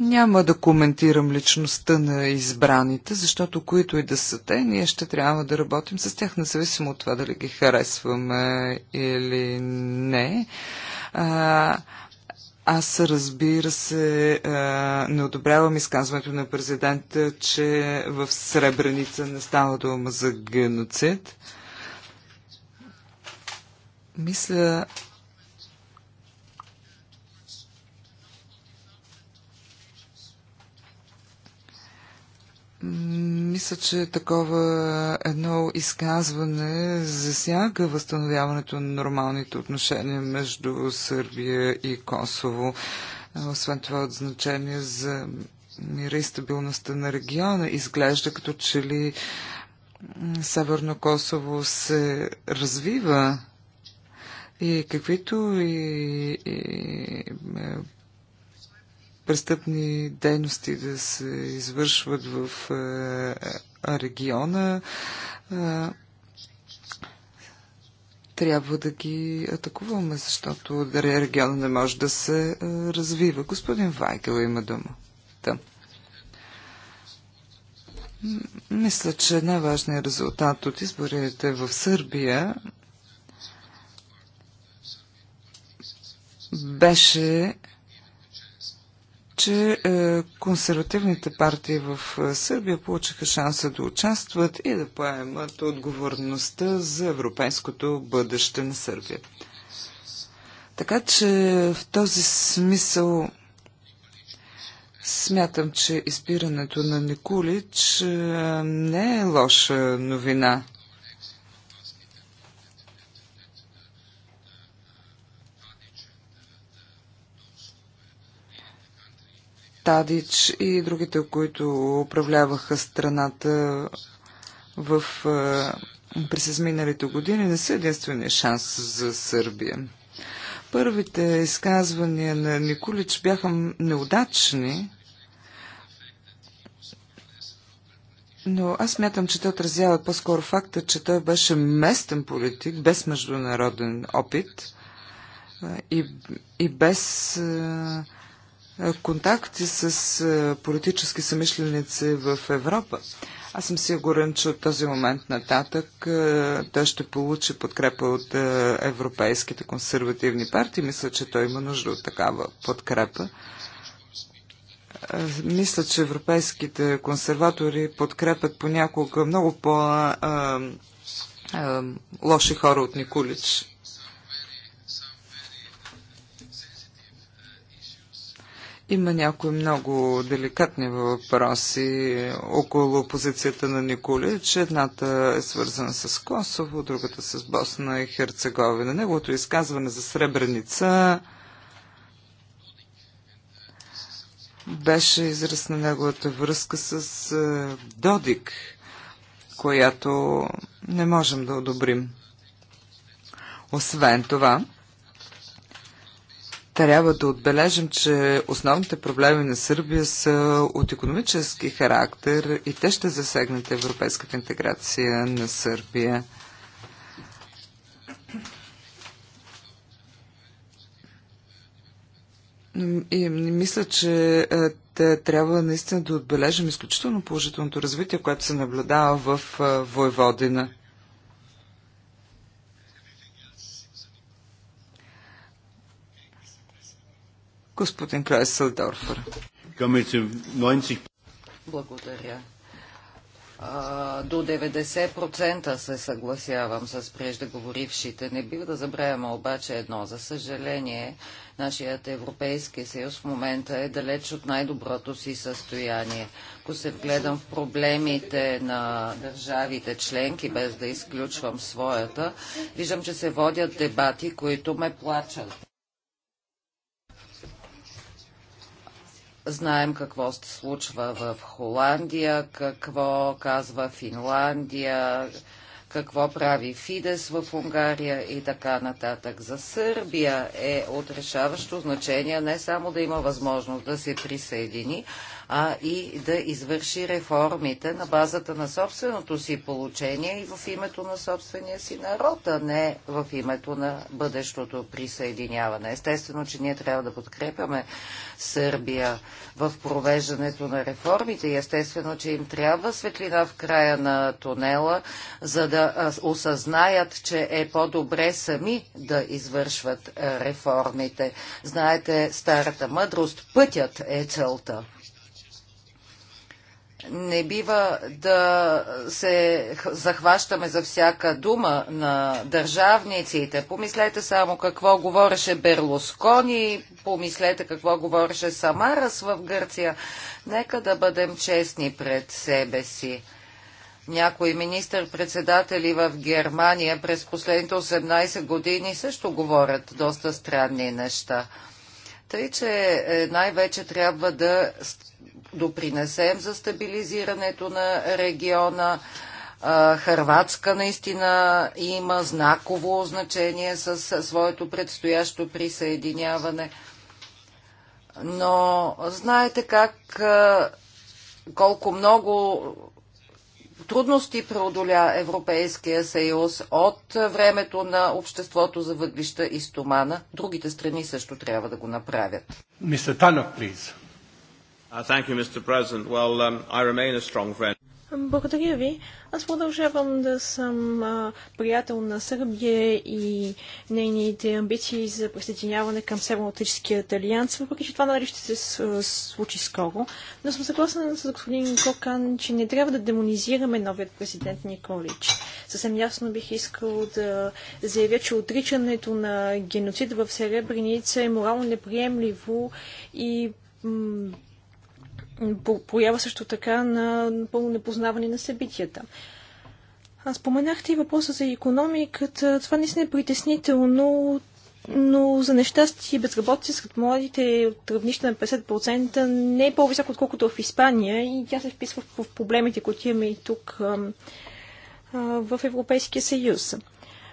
Няма да коментирам личността на избраните, защото които и да са те, ние ще трябва да работим с тях, независимо от това дали ги харесваме или не. А, аз разбира се е, не одобрявам изказването на президента, че в Сребреница не става дума за геноцид. Мисля, Мисля, че такова едно изказване засяга възстановяването на нормалните отношения между Сърбия и Косово. Освен това от значение за мира и стабилността на региона. Изглежда като че ли Северно Косово се развива и каквито и, и престъпни дейности да се извършват в е, е, региона, е, трябва да ги атакуваме, защото региона не може да се развива. Господин Вайгел има дума. Да. Мисля, че най-важният резултат от изборите в Сърбия беше че е, консервативните партии в е, Сърбия получиха шанса да участват и да поемат отговорността за европейското бъдеще на Сърбия. Така че в този смисъл смятам, че изпирането на Николич е, не е лоша новина Тадич и другите, които управляваха страната в, е, през изминалите години, не са единствения шанс за Сърбия. Първите изказвания на Николич бяха неудачни, но аз мятам, че те отразяват по-скоро факта, че той беше местен политик, без международен опит е, и, и без а, е, контакти с политически съмишленици в Европа. Аз съм сигурен, че от този момент нататък той ще получи подкрепа от европейските консервативни партии. Мисля, че той има нужда от такава подкрепа. Мисля, че европейските консерватори подкрепят понякога много по- лоши хора от Николич. Има някои много деликатни въпроси около позицията на Николич. Едната е свързана с Косово, другата с Босна и Херцеговина. Неговото изказване за Сребреница беше израз на неговата връзка с е, Додик, която не можем да одобрим. Освен това, трябва да отбележим, че основните проблеми на Сърбия са от економически характер и те ще засегнат европейската интеграция на Сърбия. И мисля, че е, трябва наистина да отбележим изключително положителното развитие, което се наблюдава в е, Войводина. Господин Крайс Благодаря. А, до 90% се съгласявам с преждеговорившите. Не бива да забравяме обаче едно. За съжаление, нашият Европейски съюз в момента е далеч от най-доброто си състояние. Ако се вгледам в проблемите на държавите членки, без да изключвам своята, виждам, че се водят дебати, които ме плачат. Знаем какво се случва в Холандия, какво казва Финландия, какво прави Фидес в Унгария и така нататък. За Сърбия е от решаващо значение не само да има възможност да се присъедини, а и да извърши реформите на базата на собственото си получение и в името на собствения си народ, а не в името на бъдещото присъединяване. Естествено, че ние трябва да подкрепяме Сърбия в провеждането на реформите и естествено, че им трябва светлина в края на тунела, за да осъзнаят, че е по-добре сами да извършват реформите. Знаете старата мъдрост, пътят е целта не бива да се захващаме за всяка дума на държавниците. Помислете само какво говореше Берлускони, помислете какво говореше Самарас в Гърция. Нека да бъдем честни пред себе си. Някои министър-председатели в Германия през последните 18 години също говорят доста странни неща. Тъй, че е, най-вече трябва да допринесем за стабилизирането на региона. Харватска наистина има знаково значение с своето предстоящо присъединяване. Но знаете как колко много трудности преодоля Европейския съюз от времето на обществото за въглища и стомана. Другите страни също трябва да го направят. Мистер Танок, please. Uh, you, well, um, Благодаря ви. Аз продължавам да съм а, приятел на Сърбия и нейните амбиции за присъединяване към Северо-Атлантическия алианс, въпреки че това нали ще се с, случи скоро. Но съм съгласен с господин Кокан, че не трябва да демонизираме новият президент Николич. Съвсем ясно бих искал да заявя, че отричането на геноцида в Серебреница е морално неприемливо и Поява също така на пълно непознаване на събитията. Аз споменахте и въпроса за економиката. Това наистина е притеснително, но за нещастие безработица сред младите е от равнище на 50% не е по-високо, отколкото в Испания и тя се вписва в проблемите, които имаме и тук в Европейския съюз.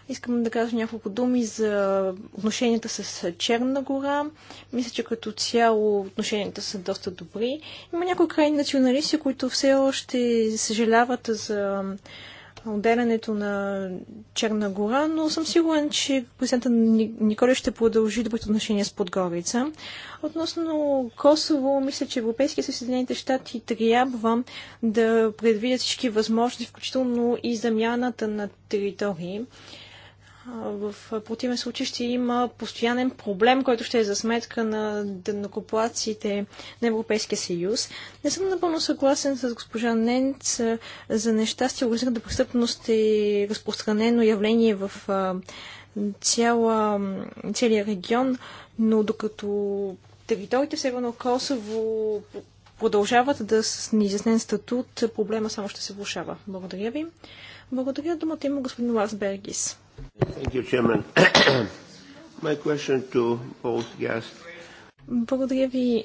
Искам да кажа няколко думи за отношенията с Черна гора. Мисля, че като цяло отношенията са доста добри. Има някои крайни националисти, които все още съжаляват за отделянето на Черна гора, но съм сигурен, че президента Николи ще продължи добрите отношения с Подгорица. Относно Косово, мисля, че Европейския съюз Съединените щати трябва да предвидят всички възможности, включително и замяната на територии. В противен случай ще има постоянен проблем, който ще е за сметка на денокоплациите на Европейския съюз. Не съм напълно съгласен с госпожа Ненц за нещастие. Организираната престъпност е разпространено явление в цяла, целия регион, но докато териториите в Северно Косово продължават да с неизяснен статут, проблема само ще се влушава. Благодаря ви. Благодаря думата има господин Лас Бергис. [coughs] Благодаря ви,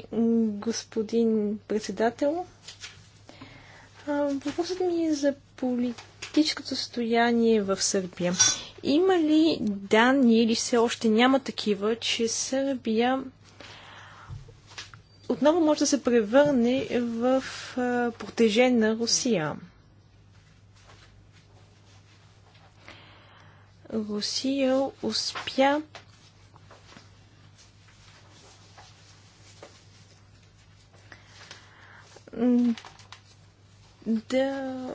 господин председател. Въпросът ми е за политическото състояние в Сърбия. Има ли данни или все още няма такива, че Сърбия отново може да се превърне в протеже на Русия. Русия успя да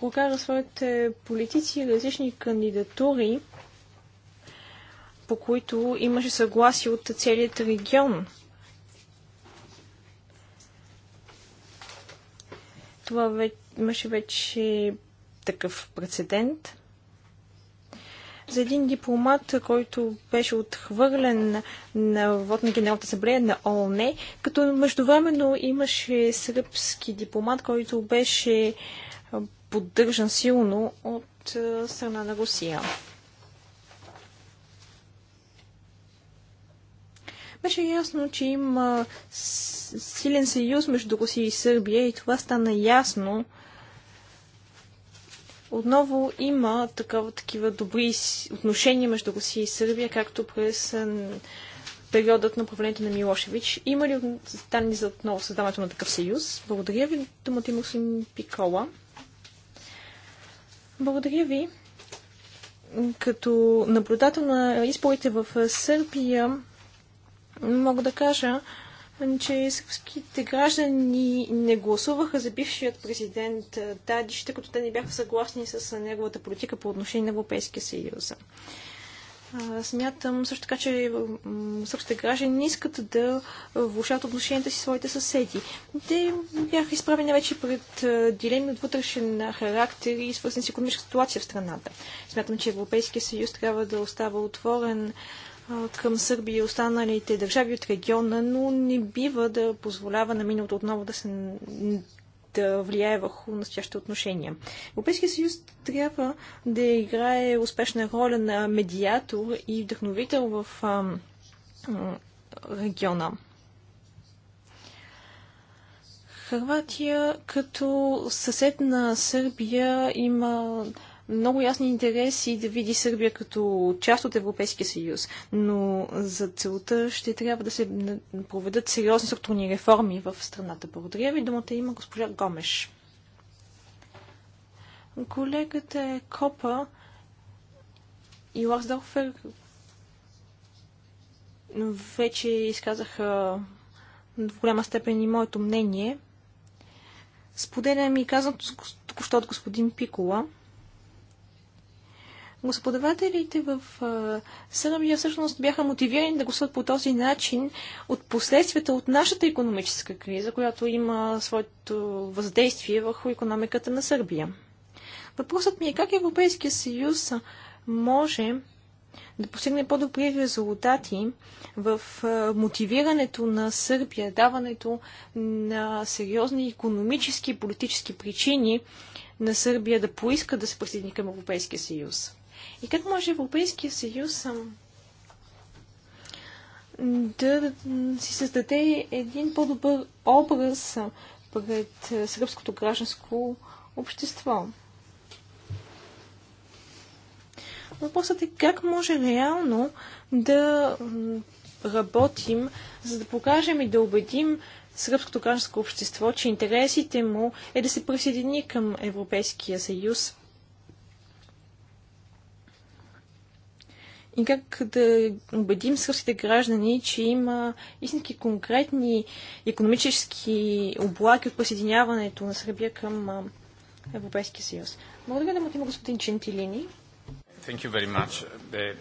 прокара своите политици и различни кандидатури, по които имаше съгласие от целият регион. Това имаше вече такъв прецедент. За един дипломат, който беше отхвърлен на вод на Генералната асамблея на ООН, като междувременно имаше сръбски дипломат, който беше поддържан силно от страна на Русия. беше ясно, че има силен съюз между Русия и Сърбия и това стана ясно. Отново има такова, такива добри отношения между Русия и Сърбия, както през периодът на управлението на Милошевич. Има ли данни за отново създаването на такъв съюз? Благодаря ви, думата има Пикола. Благодаря ви. Като наблюдател на изборите в Сърбия, мога да кажа, че сръбските граждани не гласуваха за бившият президент Тадиш, тъй като те не бяха съгласни с неговата политика по отношение на Европейския съюз. Смятам също така, че сръбските граждани не искат да влушат отношенията си своите съседи. Те бяха изправени вече пред дилеми от вътрешен характер и свързани с економическа ситуация в страната. Смятам, че Европейския съюз трябва да остава отворен към Сърбия и останалите държави от региона, но не бива да позволява на миналото отново да се да влияе върху настоящите отношения. Европейския съюз трябва да играе успешна роля на медиатор и вдъхновител в региона. Хрватия като съсед на Сърбия има много ясни интереси да види Сърбия като част от Европейския съюз, но за целта ще трябва да се проведат сериозни структурни реформи в страната. Благодаря ви. Думата има госпожа Гомеш. Колегата е Копа и Ларсдорфер вече изказаха в голяма степен и моето мнение. Споделям и казвам току-що от господин Пикола. Господавателите в Сърбия всъщност бяха мотивирани да гласуват по този начин от последствията от нашата економическа криза, която има своето въздействие върху економиката на Сърбия. Въпросът ми е как Европейския съюз може да постигне по-добри резултати в мотивирането на Сърбия, даването на сериозни економически и политически причини на Сърбия да поиска да се присъедини към Европейския съюз. И как може Европейския съюз да си създаде един по-добър образ пред сръбското гражданско общество? Въпросът е как може реално да работим, за да покажем и да убедим сръбското гражданско общество, че интересите му е да се присъедини към Европейския съюз и как да убедим сръбските граждани, че има истински конкретни економически облаки от присъединяването на Сърбия към Европейския съюз. Благодаря да му има господин Чентилини. Е,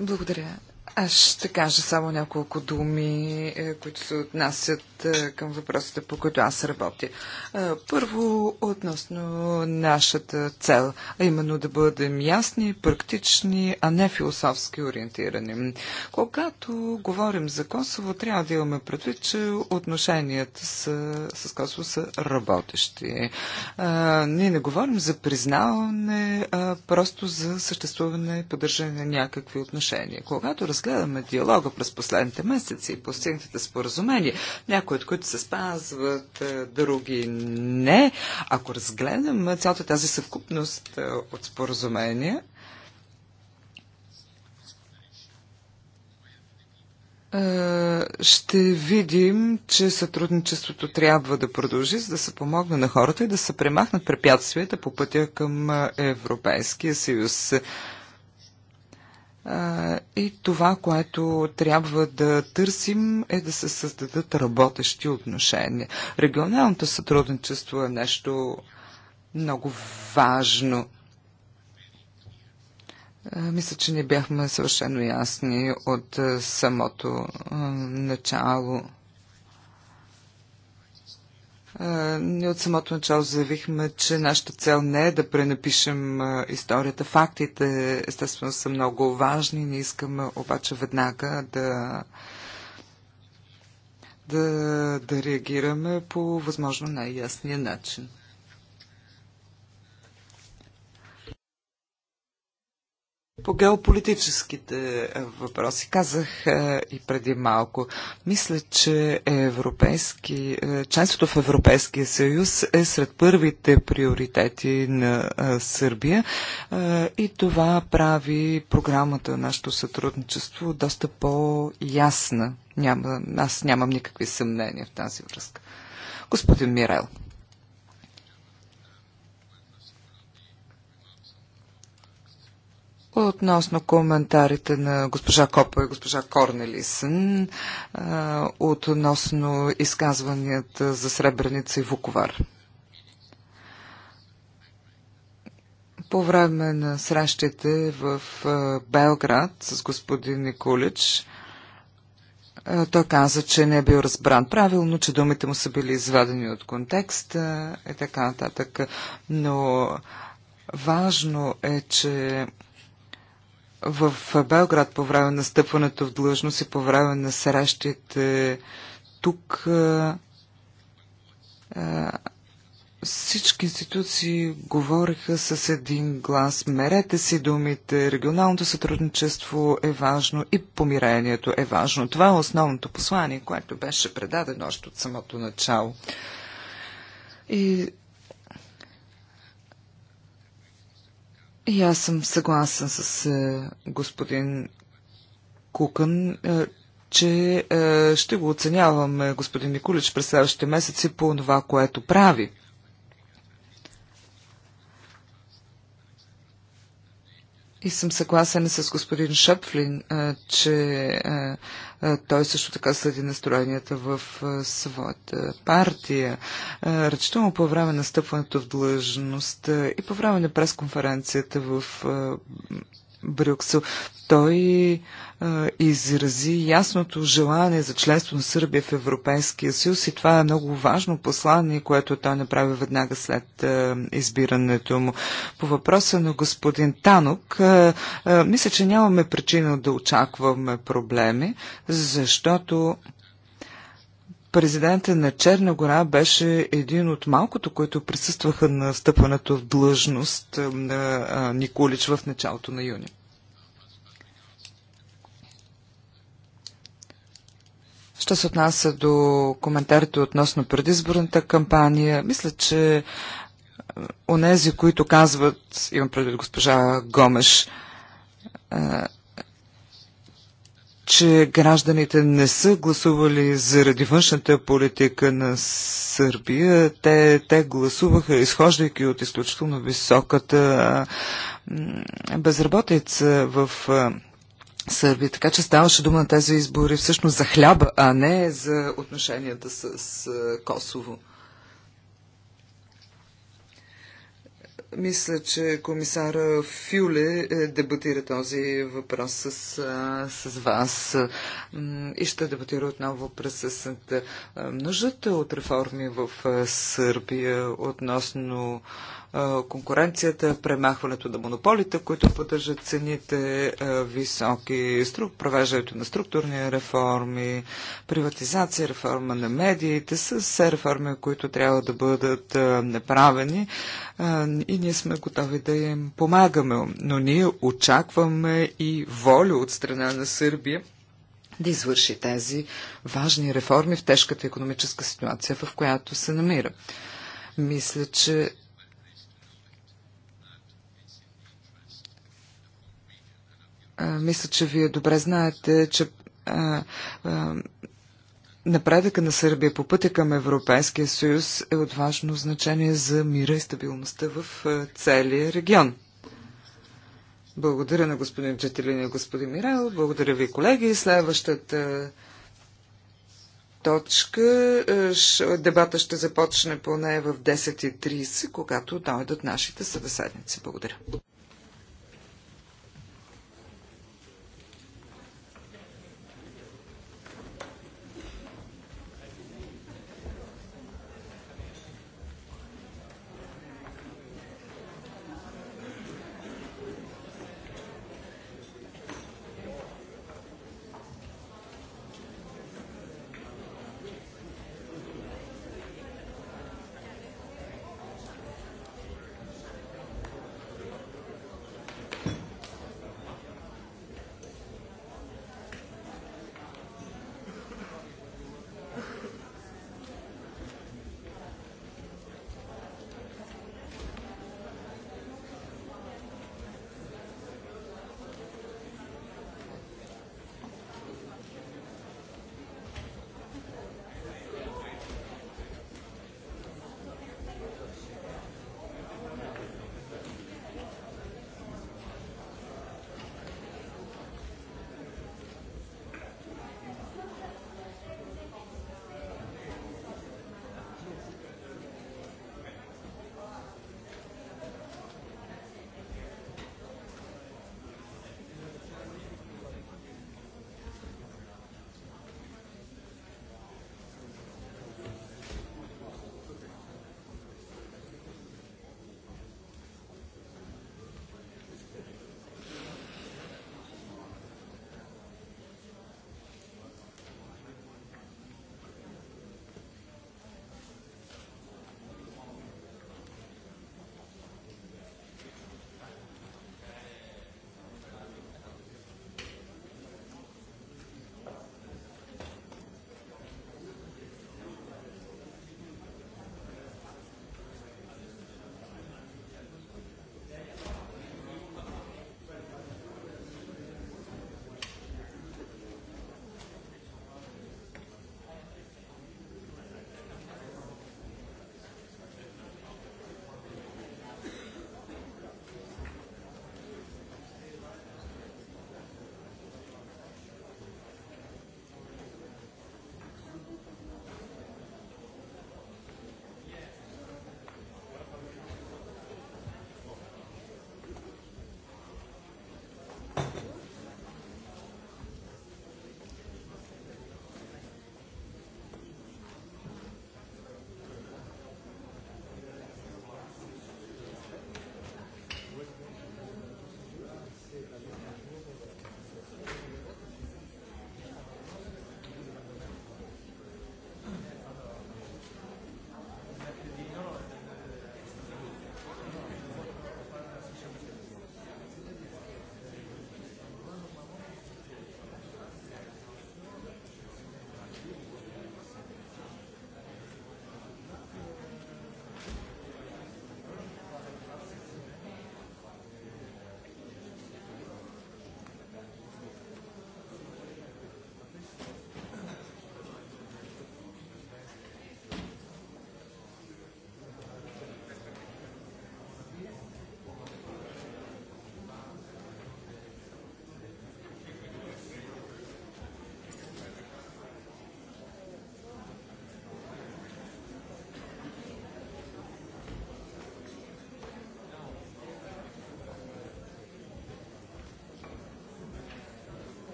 Благодаря. Аз ще кажа само няколко думи, е, които се отнасят е, към въпросите, по които аз работя. Е, първо, относно нашата цел, а именно да бъдем ясни, практични, а не философски ориентирани. Когато говорим за Косово, трябва да имаме предвид, че отношенията с, с Косово са работещи. ние не говорим за признаване, а просто за съществуване и поддържане на някакви отношения. Когато разгледаме диалога през последните месеци и постигнатите споразумения, някои от които се спазват, е, други не, ако разгледаме цялата тази съвкупност е, от споразумения, е, ще видим, че сътрудничеството трябва да продължи, за да се помогне на хората и да се премахнат препятствията по пътя към Европейския съюз. И това, което трябва да търсим е да се създадат работещи отношения. Регионалното сътрудничество е нещо много важно. Мисля, че не бяхме съвършено ясни от самото начало. Ние от самото начало заявихме, че нашата цел не е да пренапишем историята. Фактите, естествено, са много важни. Не искаме обаче веднага да, да, да реагираме по възможно най-ясния начин. По геополитическите е, въпроси казах е, и преди малко. Мисля, че европейски, е, членството в Европейския съюз е сред първите приоритети на Сърбия и това прави програмата на нашето сътрудничество доста по-ясна. Няма, аз нямам никакви съмнения в тази връзка. Господин Мирел. Относно коментарите на госпожа Копа и госпожа Корнелисен, относно изказванията за Сребреница и Вуковар. По време на срещите в Белград с господин Николич, той каза, че не е бил разбран правилно, че думите му са били извадени от контекста и така нататък. Но важно е, че в Белград по време на стъпването в длъжност и по време на срещите тук а, а, всички институции говориха с един глас. Мерете си думите, регионалното сътрудничество е важно и помирението е важно. Това е основното послание, което беше предадено още от самото начало. И И аз съм съгласен с е, господин Кукън, е, че е, ще го оценяваме, господин Николич, през следващите месеци по това, което прави. И съм съгласен с господин Шъпфлин, че е, той също така съди настроенията в е, своята партия. Е, Речително по време на стъпването в длъжност и по време на пресконференцията в Брюксел. Той а, изрази ясното желание за членство на Сърбия в Европейския съюз и това е много важно послание, което той направи веднага след а, избирането му. По въпроса на господин Танок, а, а, мисля, че нямаме причина да очакваме проблеми, защото президента на Черна гора беше един от малкото, които присъстваха на стъпването в длъжност на Николич в началото на юни. Що се отнася до коментарите относно предизборната кампания, мисля, че онези, които казват, имам предвид госпожа Гомеш, че гражданите не са гласували заради външната политика на Сърбия. Те, те гласуваха, изхождайки от изключително високата безработица в Сърбия. Така че ставаше дума на тези избори всъщност за хляба, а не за отношенията с Косово. Мисля, че комисара Фюле е, дебатира този въпрос с, с вас и ще дебатира отново през есента. Нуждата от реформи в Сърбия относно конкуренцията, премахването на монополите, които поддържат цените високи, провеждането на структурни реформи, приватизация, реформа на медиите, са все реформи, които трябва да бъдат направени и ние сме готови да им помагаме. Но ние очакваме и воля от страна на Сърбия да извърши тези важни реформи в тежката економическа ситуация, в която се намира. Мисля, че мисля, че вие добре знаете, че напредъка на Сърбия по пътя към Европейския съюз е от важно значение за мира и стабилността в целия регион. Благодаря на господин Четилин и господин Мирел. Благодаря ви, колеги. Следващата точка. Дебата ще започне поне в 10.30, когато дойдат нашите събеседници. Благодаря.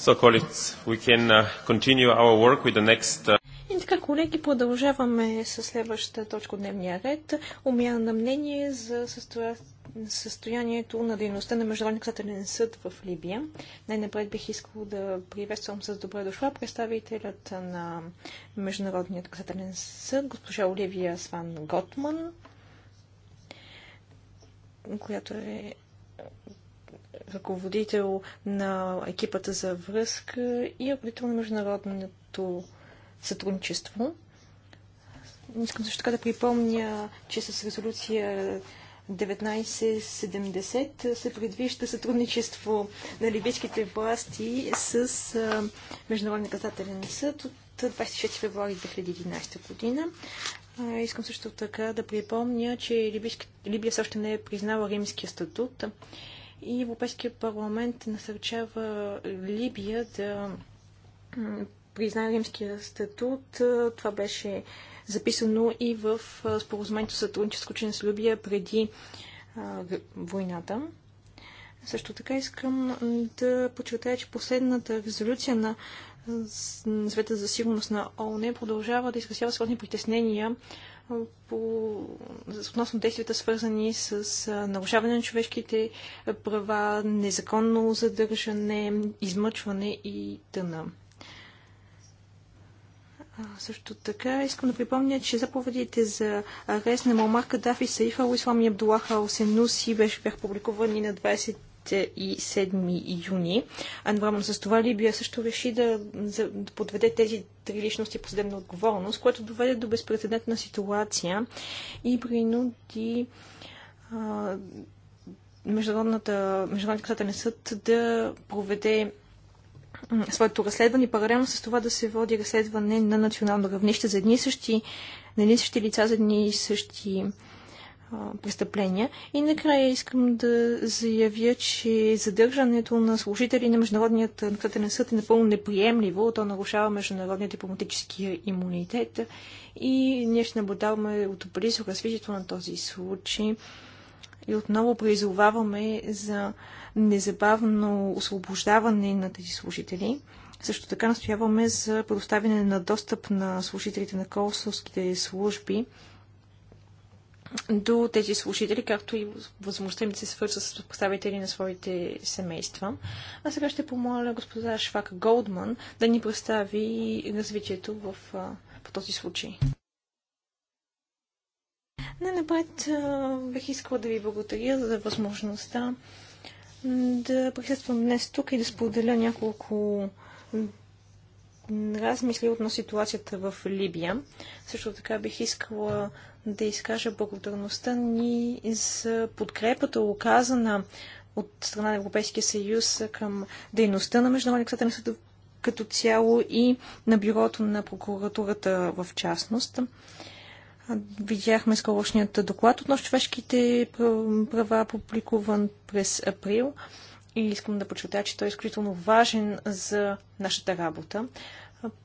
So, colleagues, we can uh, continue our work with the next... Uh, И така, колеги, продължаваме с следващата точка от дневния ред. Умяна на мнение за състоя... състоянието на дейността на Международния касателен съд в Либия. Най-напред бих искал да приветствам с добре дошла представителят на Международния касателен съд, госпожа Оливия Сван Готман, която е ръководител на екипата за връзка и ръководител на международното сътрудничество. Искам също така да припомня, че с резолюция 1970 се предвижда сътрудничество на либийските власти с Международен наказателен съд от 26 февруари 2011 година. Искам също така да припомня, че Либия също не е признала римския статут и Европейския парламент насърчава Либия да признае римския статут. Това беше записано и в споразумението сътрудничество с Либия преди войната. Също така искам да подчертая, че последната резолюция на Света за сигурност на ООН продължава да изразява своите притеснения по, относно действията свързани с нарушаване на човешките права, незаконно задържане, измъчване и тъна. Също така искам да припомня, че заповедите за арест на Мамар Кадафи, Саифа Уислам и Абдулаха Осенуси бяха публикувани на 20 и 7 юни. Едновременно с това Либия също реши да, да подведе тези три личности по съдебна отговорност, което доведе до безпредседентна ситуация и принуди а, Международната, Международния касателен съд да проведе своето разследване, паралелно с това да се води разследване на национално равнище за едни и същи, на едни и същи лица, за едни и същи престъпления. И накрая искам да заявя, че задържането на служители на Международният наказателен съд е напълно неприемливо. То нарушава международния дипломатически имунитет. И ние ще наблюдаваме от близо развитието на този случай. И отново призоваваме за незабавно освобождаване на тези служители. Също така настояваме за предоставяне на достъп на служителите на консулските служби до тези служители, както и възможността им да се свърза с представители на своите семейства. А сега ще помоля господа Швак Голдман да ни представи развитието в, по този случай. Не, напред бих искала да ви благодаря за възможността да присъствам днес тук и да споделя няколко размисли относно ситуацията в Либия. Също така бих искала да изкажа благодарността ни за подкрепата, оказана от страна на Европейския съюз към дейността на Международния съд като цяло и на бюрото на прокуратурата в частност. Видяхме скорошният доклад относно човешките права, публикуван през април и искам да подчертая, че той е изключително важен за нашата работа.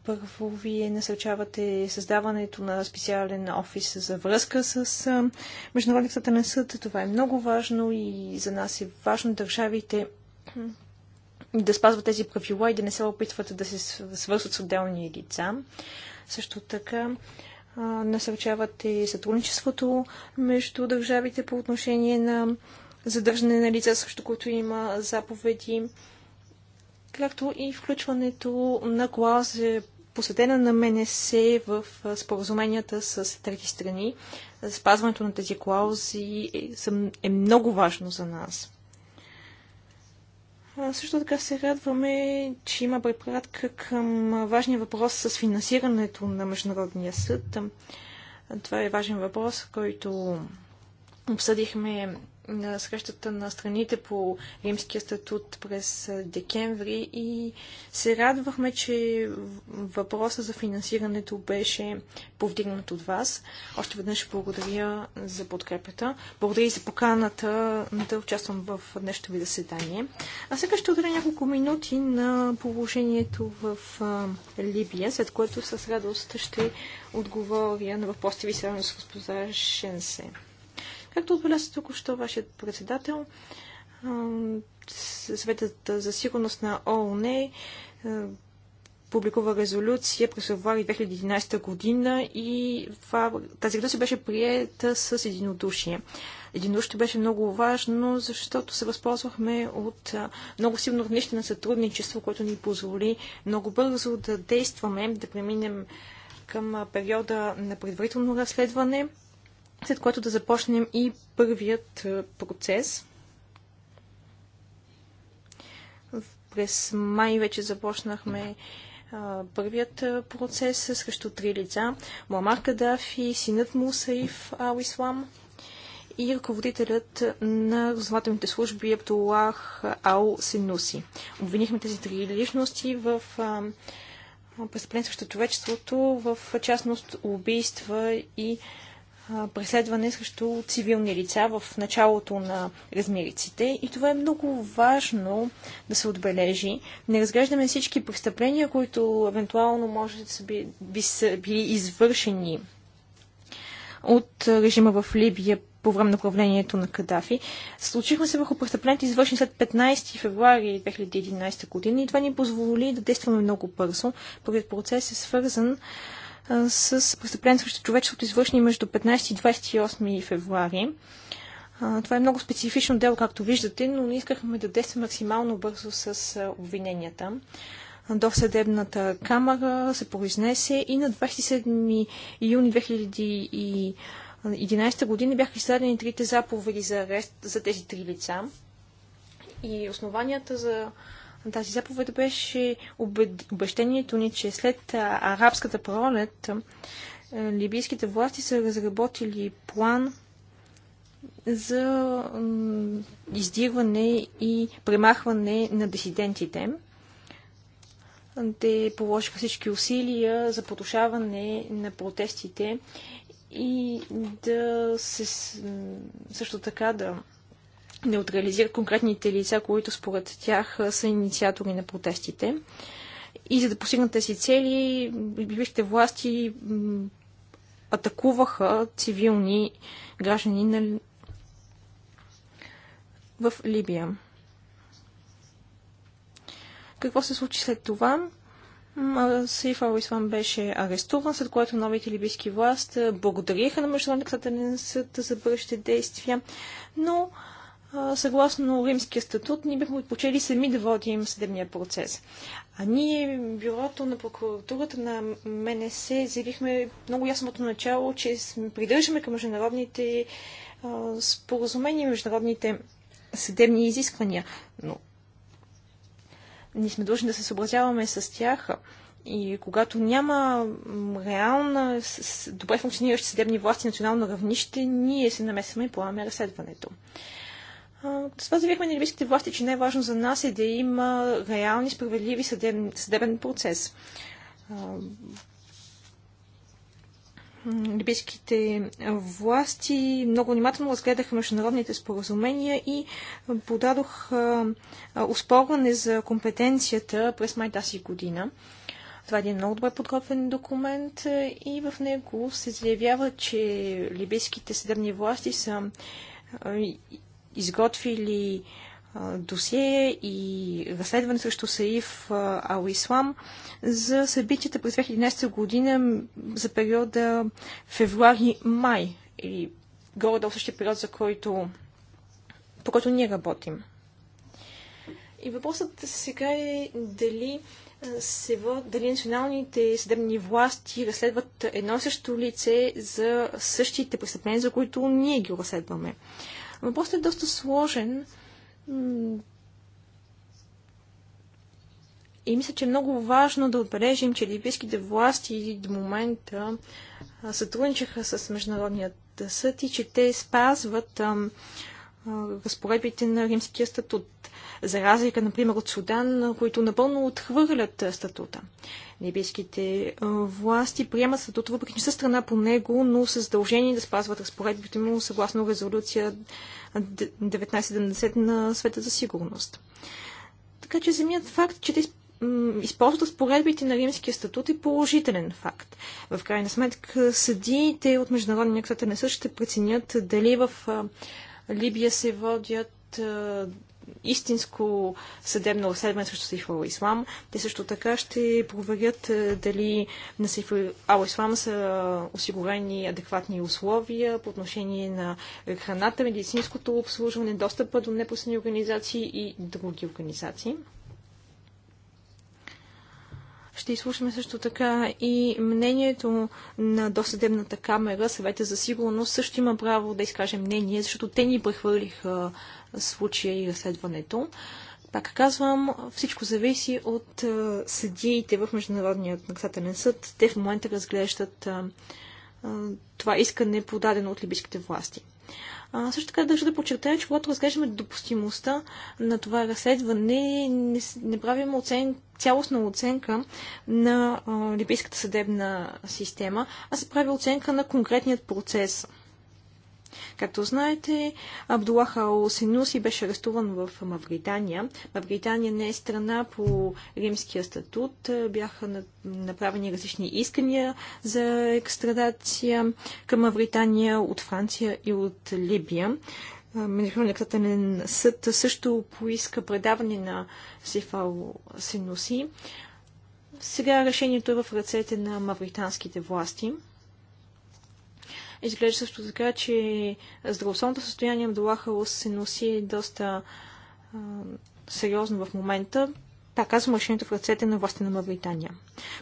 Първо, вие насърчавате създаването на специален офис за връзка с Международния съдебен съд. Това е много важно и за нас е важно държавите да спазват тези правила и да не се опитват да се свързват с отделни лица. Също така, насърчавате сътрудничеството между държавите по отношение на задържане на лица, срещу които има заповеди, както и включването на клаузи посветена на МНС в споразуменията с трети страни. Спазването на тези клаузи е, е много важно за нас. Също така се радваме, че има препратка към важния въпрос с финансирането на Международния съд. Това е важен въпрос, който обсъдихме на срещата на страните по римския статут през декември и се радвахме, че въпроса за финансирането беше повдигнат от вас. Още веднъж благодаря за подкрепата. Благодаря и за поканата да участвам в днешното ви заседание. А сега ще отделя няколко минути на положението в Либия, след което с радост ще отговоря на въпросите ви с госпожа Шенсе. Както отбеляза тук що вашият председател, Съветът за сигурност на ООН публикува резолюция през февруари 2011 година и това, тази резолюция беше приета с единодушие. Единодушието беше много важно, защото се възползвахме от много силно внище на сътрудничество, което ни позволи много бързо да действаме, да преминем към периода на предварително разследване след което да започнем и първият е, процес. През май вече започнахме е, първият е, процес срещу три лица. Муамар Кадафи, синът му Саиф Ал Ислам и ръководителят на разузнавателните служби Абдулах Ал Синуси. Обвинихме тези три личности в престъпление срещу човечеството, в частност убийства и преследване срещу цивилни лица в началото на размериците и това е много важно да се отбележи. Не разглеждаме всички престъпления, които евентуално може да са би, би са били извършени от режима в Либия по време на управлението на Кадафи. Случихме се върху престъпленията, извършени след 15 февруари 2011 година и това ни позволи да действаме много бързо. Първият процес е свързан с престъпление срещу човечеството, извършени между 15 и 28 февруари. Това е много специфично дело, както виждате, но не искахме да действаме максимално бързо с обвиненията. До съдебната камера се произнесе и на 27 юни 2011 година бяха издадени трите заповеди за арест за тези три лица. И основанията за на тази заповед беше обещението ни, че след арабската пролет либийските власти са разработили план за издирване и премахване на дисидентите. Те положиха всички усилия за потушаване на протестите и да се също така да неутрализират конкретните лица, които според тях са инициатори на протестите. И за да постигнат тези цели, бившите власти атакуваха цивилни граждани на... в Либия. Какво се случи след това? Сейф Ислам беше арестуван, след което новите либийски власти благодариха на Международната съд за бъдещите действия, но съгласно римския статут, ние бихме отпочели сами да водим съдебния процес. А ние, бюрото на прокуратурата на МНС, заявихме много ясното начало, че придържаме към международните споразумения, международните съдебни изисквания. Но ние сме длъжни да се съобразяваме с тях. И когато няма реална, добре функциониращи съдебни власти национално равнище, ние се намесваме и поемаме разследването това заявихме на ливийските власти, че най-важно за нас е да има реални, справедливи съдебен, съдебен процес. Либийските власти много внимателно разгледаха международните споразумения и подадох успорване за компетенцията през май тази година. Това е един много добре подготвен документ и в него се заявява, че либийските съдебни власти са изготвили досие и разследване срещу Саиф Ал-Ислам за събитията през 2011 година за периода февруари-май или горе-долу същия период, за който, по който ние работим. И въпросът сега е дали се въд, дали националните съдебни власти разследват едно и също лице за същите престъпления, за които ние ги разследваме. Въпросът е доста сложен. И мисля, че е много важно да отбележим, че либийските власти до момента сътрудничаха с Международният съд и че те спазват разпоредбите на римския статут, за разлика, например, от Судан, които напълно отхвърлят статута. Либийските власти приемат статута, въпреки че са страна по него, но са задължени да спазват разпоредбите му съгласно резолюция 1970 на Света за сигурност. Така че самият факт, че те използват разпоредбите на римския статут е положителен факт. В крайна сметка съдиите от Международния съд не също ще преценят дали в Либия се водят истинско съдебно разследване срещу Сейф Ислам. Те също така ще проверят дали на Сейф Ал Ислам са осигурени адекватни условия по отношение на храната, медицинското обслужване, достъпа до непосредни организации и други организации. Ще изслушаме също така и мнението на досъдебната камера, съвета за сигурност също има право да изкаже мнение, защото те ни прехвърлиха случая и разследването. Пак казвам, всичко зависи от съдиите в Международния наказателен съд. Те в момента разглеждат това искане, подадено от либийските власти. А, също така държа да подчертая, че когато разглеждаме допустимостта на това разследване, не, не правим оцен, цялостна оценка на а, либийската съдебна система, а се прави оценка на конкретният процес. Както знаете, Абдулаха Ал беше арестуван в Мавритания. Мавритания не е страна по римския статут. Бяха направени различни искания за екстрадация към Мавритания от Франция и от Либия. Международният наказателен съд също поиска предаване на Сифал Синуси. Сега решението е в ръцете на мавританските власти. Изглежда също така, че здравословното състояние на Долахалус се носи доста а, сериозно в момента. така за машините в ръцете на властта на Мавритания.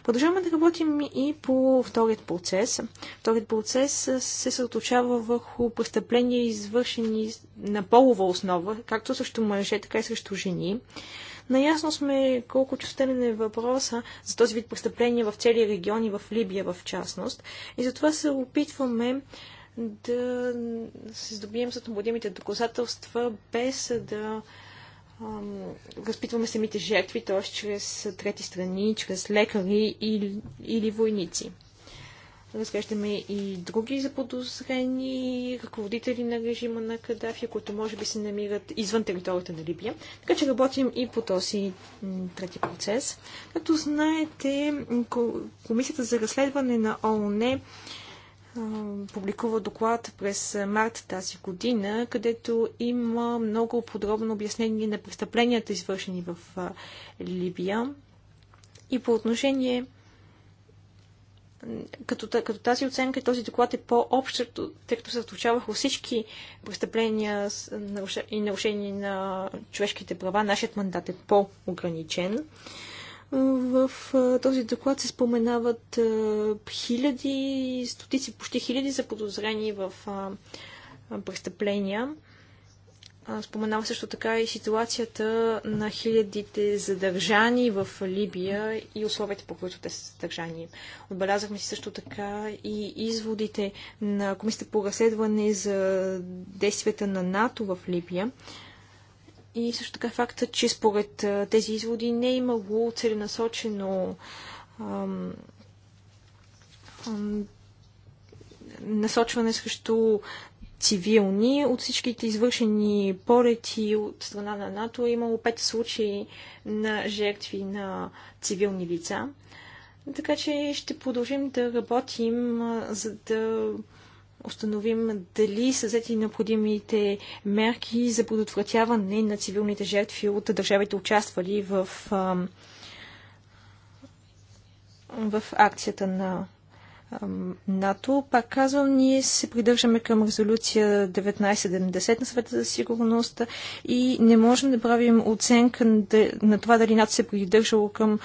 Продължаваме да работим и по вторият процес. Вторият процес се съсредоточава върху престъпления, извършени на полова основа, както срещу мъже, така и срещу жени. Наясно сме колко чувствен е въпроса за този вид престъпления в целия регион и в Либия в частност. И затова се опитваме да се здобием с необходимите доказателства, без да ам, разпитваме самите жертви, т.е. чрез трети страни, чрез лекари или, или войници. Разглеждаме и други заподозрени ръководители на режима на Кадафи, които може би се намират извън територията на Либия. Така че работим и по този трети процес. Като знаете, Комисията за разследване на ООН публикува доклад през март тази година, където има много подробно обяснение на престъпленията, извършени в Либия. И по отношение като, като тази оценка и този доклад е по-общ, тъй като се отучаваха всички престъпления и нарушения на човешките права, нашият мандат е по-ограничен. В този доклад се споменават хиляди, стотици, почти хиляди заподозрени в престъпления. Споменава също така и ситуацията на хилядите задържани в Либия и условията, по които те са задържани. Отбелязахме си също така и изводите на Комисията по разследване за действията на НАТО в Либия. И също така факта, че според тези изводи не е имало целенасочено ам, ам, насочване срещу цивилни. От всичките извършени полети от страна на НАТО е имало пет случаи на жертви на цивилни лица. Така че ще продължим да работим, за да установим дали са взети необходимите мерки за предотвратяване на цивилните жертви от държавите участвали в, в акцията на НАТО. Пак казвам, ние се придържаме към резолюция 1970 на съвета за сигурност и не можем да правим оценка на това дали НАТО се придържало към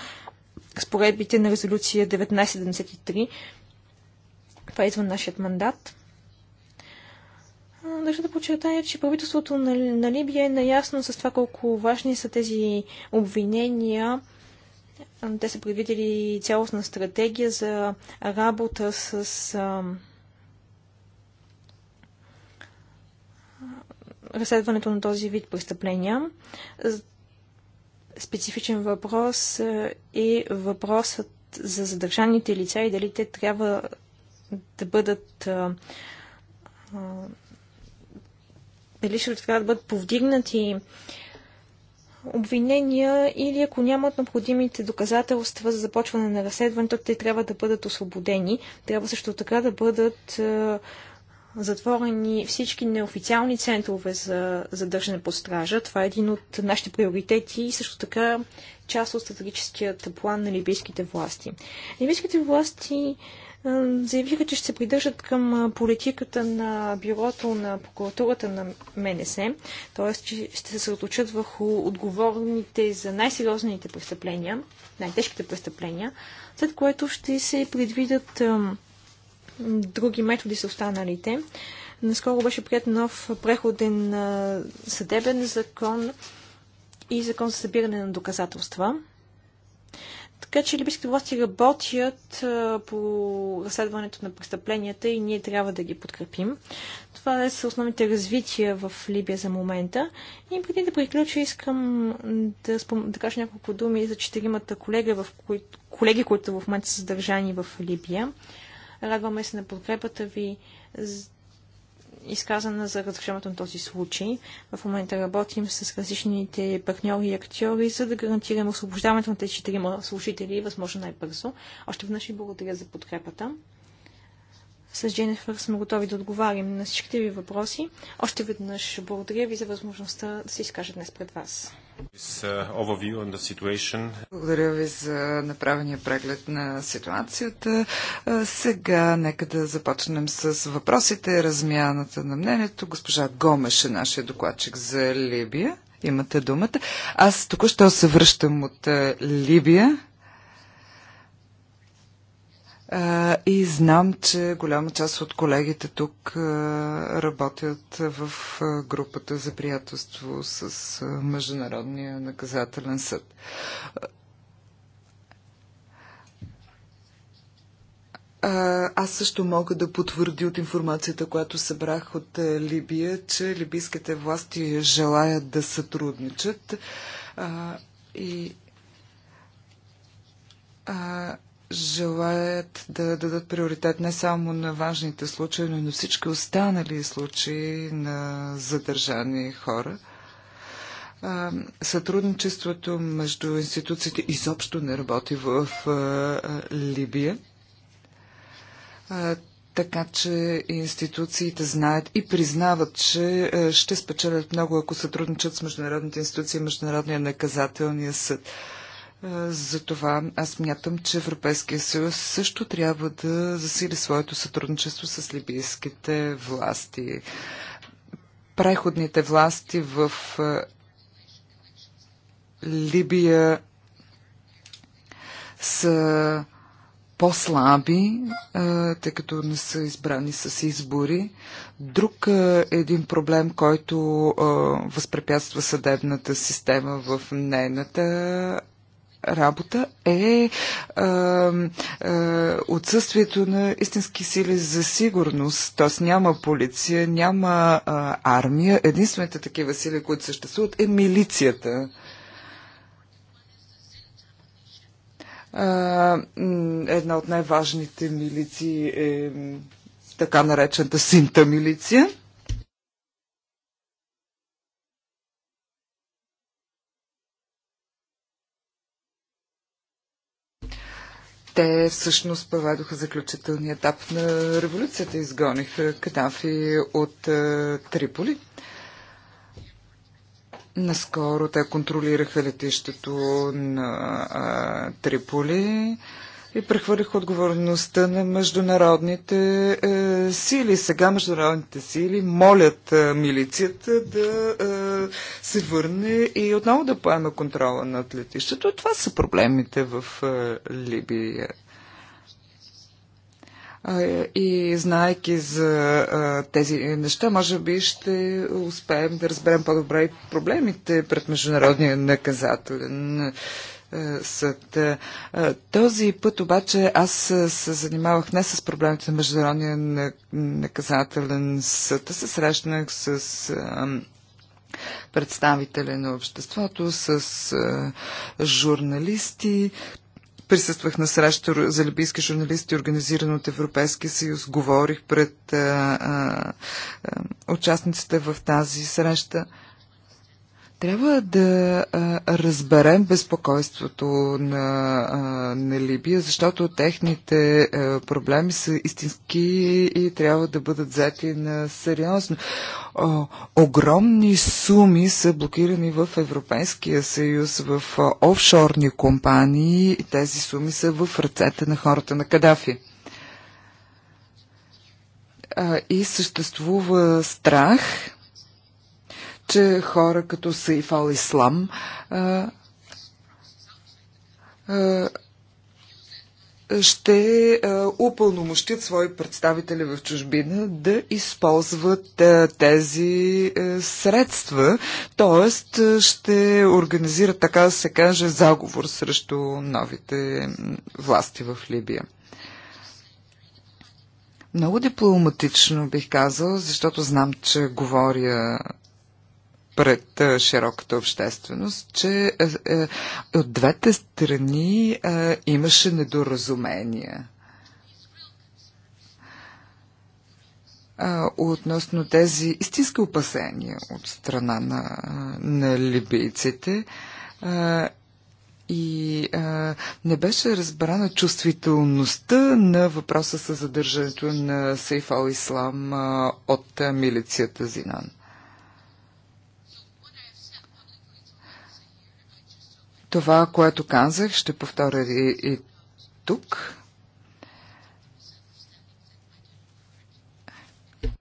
споредбите на резолюция 1973. Това е извън нашият мандат. Държа да подчертая, че правителството на, на Либия е наясно с това колко важни са тези обвинения те са предвидели цялостна стратегия за работа с а, разследването на този вид престъпления. Специфичен въпрос е въпросът за задържаните лица и дали те трябва да бъдат а, а, дали ще трябва да бъдат повдигнати обвинения или ако нямат необходимите доказателства за започване на разследването, те трябва да бъдат освободени. Трябва също така да бъдат е, затворени всички неофициални центрове за задържане под стража. Това е един от нашите приоритети и също така част от стратегическият план на либийските власти. Либийските власти заявиха, че ще се придържат към политиката на бюрото на прокуратурата на МНС, т.е. че ще се съсредоточат върху отговорните за най-сериозните престъпления, най-тежките престъпления, след което ще се предвидят други методи с останалите. Наскоро беше прият нов преходен съдебен закон и закон за събиране на доказателства. Така че либийските власти работят по разследването на престъпленията и ние трябва да ги подкрепим. Това са основните развития в Либия за момента. И преди да приключа, искам да, спом... да кажа няколко думи за четиримата колеги, в кои... колеги, които в момента са задържани в Либия. Радваме се на подкрепата ви изказана за разрешаването на този случай. В момента работим с различните партньори и актьори, за да гарантираме освобождаването на тези четирима служители, възможно най-бързо. Още веднъж ви благодаря за подкрепата. С Дженефър сме готови да отговарим на всичките ви въпроси. Още веднъж благодаря ви за възможността да се изкажа днес пред вас. Uh, Благодаря ви за направения преглед на ситуацията. Сега нека да започнем с въпросите, размяната на мнението. Госпожа Гомеш е нашия докладчик за Либия. Имате думата. Аз току-що се връщам от Либия и знам, че голяма част от колегите тук работят в групата за приятелство с Международния наказателен съд. Аз също мога да потвърди от информацията, която събрах от Либия, че либийските власти желаят да сътрудничат. и а, желаят да дадат приоритет не само на важните случаи, но и на всички останали случаи на задържани хора. Сътрудничеството между институциите изобщо не работи в Либия. Така че институциите знаят и признават, че ще спечелят много, ако сътрудничат с международните институции и Международния наказателния съд. Е, затова аз мятам, че Европейския съюз също трябва да засили своето сътрудничество с либийските власти. Преходните власти в е, Либия са по-слаби, е, тъй като не са избрани с избори. Друг един проблем, който възпрепятства съдебната система в нейната работа е а, а, отсъствието на истински сили за сигурност. Т.е. няма полиция, няма а, армия. Единствените такива сили, които съществуват, е милицията. една от най-важните милиции е така наречената синта милиция – те всъщност проведоха заключителния етап на революцията, изгониха Кадафи от е, Триполи. Наскоро те контролираха летището на е, Триполи. Е, и прехвърлих отговорността на международните е, сили. Сега международните сили молят е, милицията да е, се върне и отново да поеме контрола над летището. Това са проблемите в е, Либия. И знаеки за а, е, тези неща, може би ще успеем да разберем по-добре и проблемите пред Международния наказателен е, съд. Е, е, този път обаче аз се занимавах не с проблемите на Международния наказателен съд, а се срещнах с представители на обществото, с журналисти, Присъствах на среща за либийски журналисти, организирана от Европейския съюз. Говорих пред а, а, участниците в тази среща. А, трябва да а, разберем безпокойството на, а, на Либия, защото техните а, проблеми са истински и трябва да бъдат взети на сериозно. О, огромни суми са блокирани в Европейския съюз, в а, офшорни компании и тези суми са в ръцете на хората на Кадафи и съществува страх че хора като Саиф Ислам а, а, ще а, упълномощят свои представители в чужбина да използват а, тези а, средства, т.е. ще организират, така да се каже, заговор срещу новите власти в Либия. Много дипломатично бих казал, защото знам, че говоря пред широката общественост, че е, е, от двете страни имаше недоразумения. относно тези истински опасения от страна на, на либийците и а, не беше разбрана чувствителността на въпроса с задържането на Сейфал Ислам а, от а, милицията Зинан. Това, което казах, ще повторя и, и тук.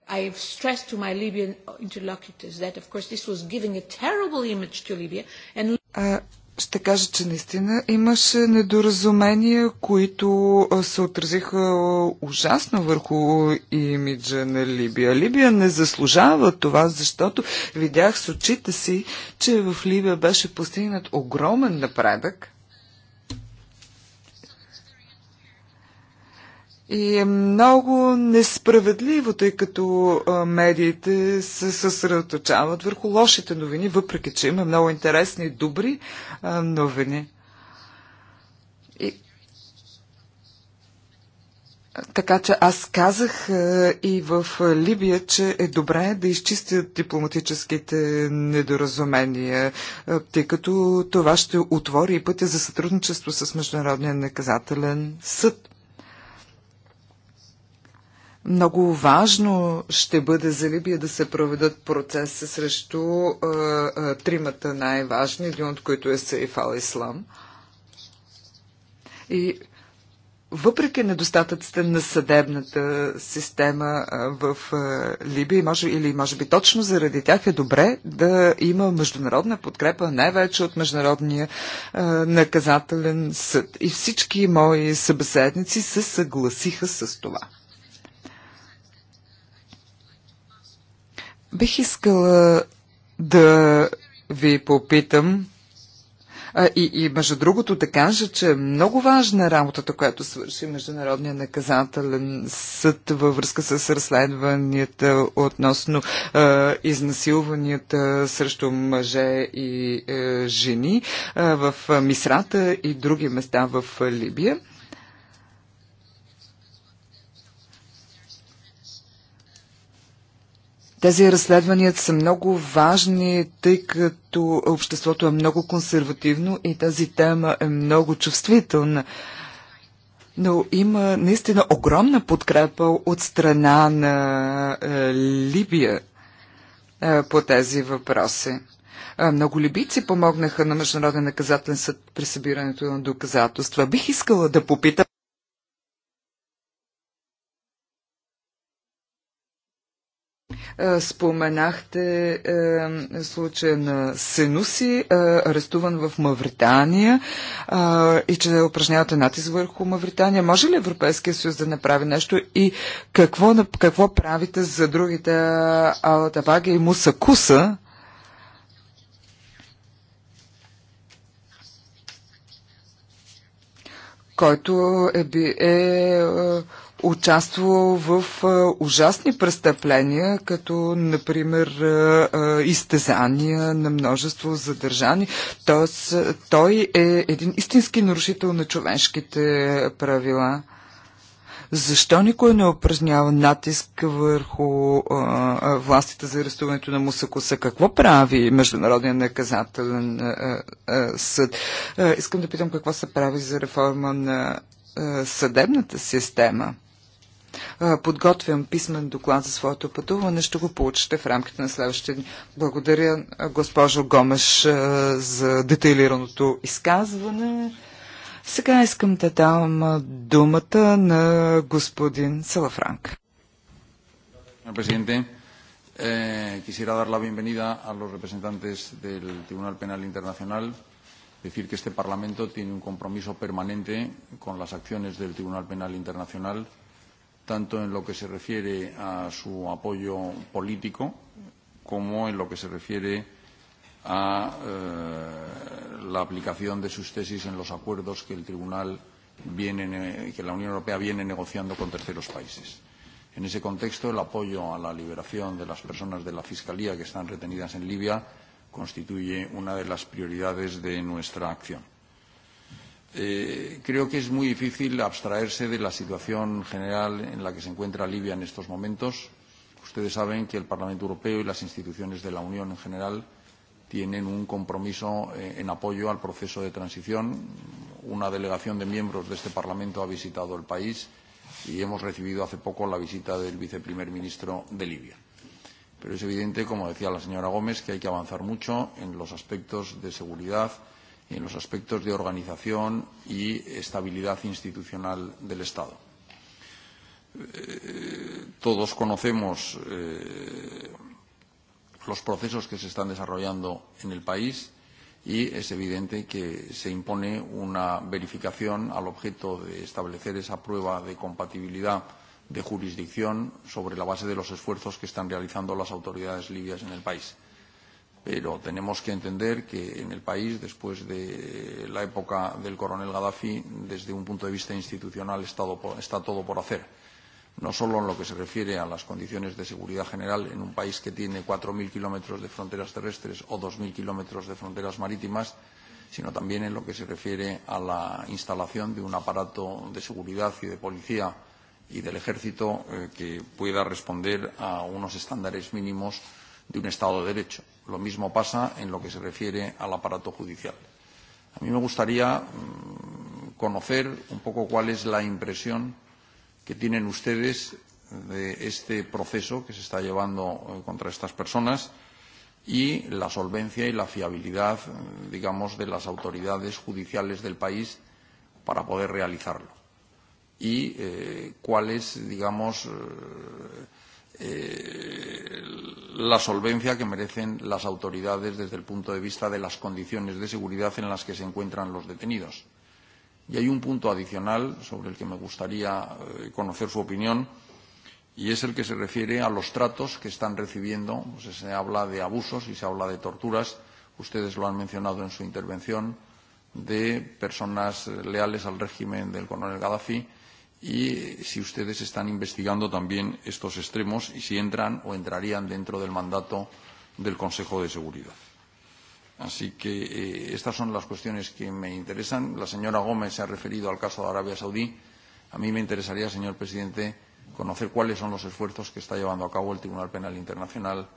I have stressed to my Libyan interlocutors that, of course, this was giving a terrible image to Libya and... А, ще кажа, че наистина имаше недоразумения, които се отразиха ужасно върху имиджа на Либия. Либия не заслужава това, защото видях с очите си, че в Либия беше постигнат огромен напредък И е много несправедливо, тъй като медиите се съсредоточават върху лошите новини, въпреки че има много интересни и добри новини. И... Така че аз казах и в Либия, че е добре да изчистят дипломатическите недоразумения, тъй като това ще отвори и пътя за сътрудничество с Международния наказателен съд. Много важно ще бъде за Либия да се проведат процеси срещу а, а, тримата най-важни, един от които е Саиф ислам И въпреки недостатъците на съдебната система в Либия, може, или може би точно заради тях е добре да има международна подкрепа, най-вече от Международния наказателен съд. И всички мои събеседници се съгласиха с това. Бих искала да ви попитам а, и, и между другото да кажа, че е много важна работата, която свърши Международния наказателен съд във връзка с разследванията относно а, изнасилванията срещу мъже и а, е, жени а, в Мисрата и други места в Либия. Тези разследвания са много важни, тъй като обществото е много консервативно и тази тема е много чувствителна. Но има наистина огромна подкрепа от страна на е, Либия е, по тези въпроси. Е, много либийци помогнаха на Международен наказателен съд при събирането на доказателства. Бих искала да попитам. Е, споменахте е, случая на Сенуси, е, арестуван в Мавритания и че упражнявате натиск върху Мавритания. Може ли Европейския съюз да направи нещо и какво, какво правите за другите Алтавага и Мусакуса, който е, е, е участвал в ужасни престъпления, като, например, изтезания на множество задържани. Тоест, той е един истински нарушител на човешките правила. Защо никой не упражнява натиск върху а, властите за арестуването на Мусакуса? Какво прави Международния наказателен а, а, съд? А, искам да питам какво се прави за реформа на а, съдебната система подготвям писмен доклад за своето пътуване. Ще го получите в рамките на следващите дни. Благодаря, госпожо Гомеш, за детайлираното изказване. Сега искам да дам думата на господин Салафранк. Президенте, eh, quisiera dar la bienvenida a los representantes del Tribunal Penal Internacional, decir que este Parlamento tiene un compromiso permanente con las acciones del Tribunal Penal Internacional tanto en lo que se refiere a su apoyo político como en lo que se refiere a la aplicación de sus tesis en los acuerdos que el Tribunal viene, que la Unión Europea viene negociando con terceros países. En ese contexto, el apoyo a la liberación de las personas de la Fiscalía que están retenidas en Libia constituye una de las prioridades de nuestra acción. Eh, creo que es muy difícil abstraerse de la situación general en la que se encuentra Libia en estos momentos. Ustedes saben que el Parlamento Europeo y las instituciones de la Unión en general tienen un compromiso eh, en apoyo al proceso de transición. Una delegación de miembros de este Parlamento ha visitado el país y hemos recibido hace poco la visita del viceprimer ministro de Libia. Pero es evidente, como decía la señora Gómez, que hay que avanzar mucho en los aspectos de seguridad, en los aspectos de organización y estabilidad institucional del Estado. Todos conocemos los procesos que se están desarrollando en el país y es evidente que se impone una verificación al objeto de establecer esa prueba de compatibilidad de jurisdicción sobre la base de los esfuerzos que están realizando las autoridades libias en el país Pero tenemos que entender que en el país, después de la época del coronel Gaddafi, desde un punto de vista institucional está todo por hacer. No solo en lo que se refiere a las condiciones de seguridad general en un país que tiene 4.000 kilómetros de fronteras terrestres o 2.000 kilómetros de fronteras marítimas, sino también en lo que se refiere a la instalación de un aparato de seguridad y de policía y del ejército que pueda responder a unos estándares mínimos de un Estado de Derecho Lo mismo pasa en lo que se refiere al aparato judicial. A mí me gustaría conocer un poco cuál es la impresión que tienen ustedes de este proceso que se está llevando contra estas personas y la solvencia y la fiabilidad, digamos, de las autoridades judiciales del país para poder realizarlo. Y eh, cuál es, digamos, eh, la solvencia que merecen las autoridades desde el punto de vista de las condiciones de seguridad en las que se encuentran los detenidos. Y hay un punto adicional sobre el que me gustaría conocer su opinión y es el que se refiere a los tratos que están recibiendo. Pues se habla de abusos y se habla de torturas. Ustedes lo han mencionado en su intervención de personas leales al régimen del coronel Gaddafi y si ustedes están investigando también estos extremos y si entran o entrarían dentro del mandato del Consejo de Seguridad. Así que eh, estas son las cuestiones que me interesan. La señora Gómez se ha referido al caso de Arabia Saudí. A mí me interesaría, señor presidente, conocer cuáles son los esfuerzos que está llevando a cabo el Tribunal Penal Internacional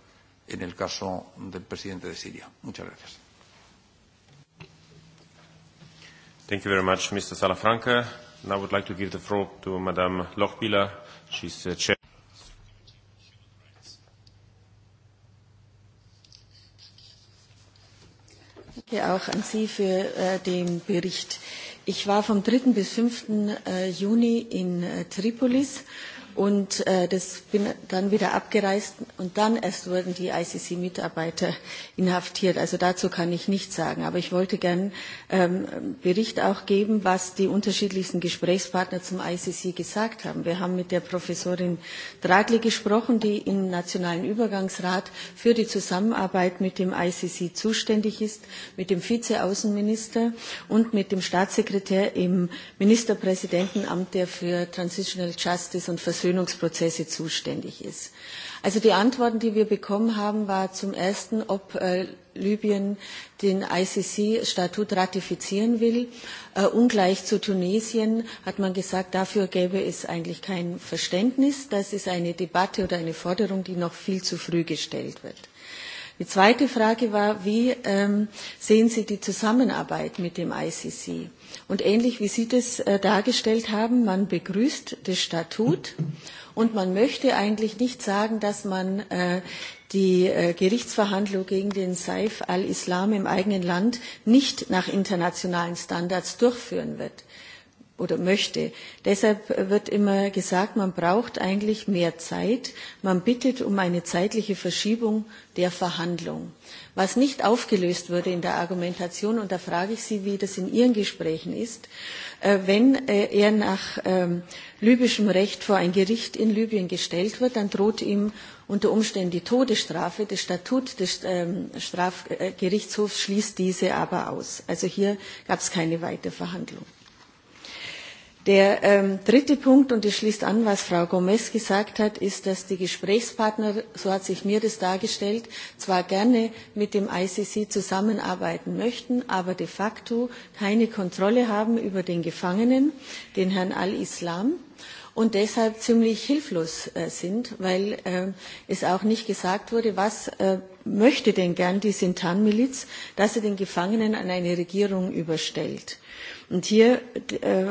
en el caso del presidente de Siria. Muchas gracias. Thank you very much, Mr. Salafranca. Now I would like to give the floor to Madame She's the chair. Danke auch an Sie für den Bericht. Ich war vom 3. bis 5. Juni in Tripolis und äh, das bin dann wieder abgereist und dann erst wurden die ICC-Mitarbeiter inhaftiert. Also dazu kann ich nichts sagen, aber ich wollte gern ähm, Bericht auch geben, was die unterschiedlichsten Gesprächspartner zum ICC gesagt haben. Wir haben mit der Professorin Dragli gesprochen, die im Nationalen Übergangsrat für die Zusammenarbeit mit dem ICC zuständig ist, mit dem Vizeaußenminister und mit dem Staatssekretär im Ministerpräsidentenamt, der für Transitional Justice und Versorgung Versöhnungsprozesse zuständig ist. Also die Antworten, die wir bekommen haben, war zum ersten, ob äh, Libyen den ICC-Statut ratifizieren will. Äh, ungleich zu Tunesien hat man gesagt, dafür gäbe es eigentlich kein Verständnis. Das ist eine Debatte oder eine Forderung, die noch viel zu früh gestellt wird. Die zweite Frage war, wie ähm, sehen Sie die Zusammenarbeit mit dem ICC? Und ähnlich wie Sie das dargestellt haben, man begrüßt das Statut und man möchte eigentlich nicht sagen, dass man die Gerichtsverhandlung gegen den Saif al-Islam im eigenen Land nicht nach internationalen Standards durchführen wird oder möchte. Deshalb wird immer gesagt, man braucht eigentlich mehr Zeit. Man bittet um eine zeitliche Verschiebung der Verhandlung was nicht aufgelöst wurde in der Argumentation, und da frage ich Sie, wie das in Ihren Gesprächen ist, wenn er nach libyschem Recht vor ein Gericht in Libyen gestellt wird, dann droht ihm unter Umständen die Todesstrafe. Das Statut des Strafgerichtshofs schließt diese aber aus. Also hier gab es keine weitere Verhandlung. Der ähm, dritte Punkt, und das schließt an, was Frau Gomez gesagt hat, ist, dass die Gesprächspartner, so hat sich mir das dargestellt, zwar gerne mit dem ICC zusammenarbeiten möchten, aber de facto keine Kontrolle haben über den Gefangenen, den Herrn al-Islam und deshalb ziemlich hilflos sind, weil es auch nicht gesagt wurde, was möchte denn gern die Sintan-Miliz, dass sie den Gefangenen an eine Regierung überstellt. Und hier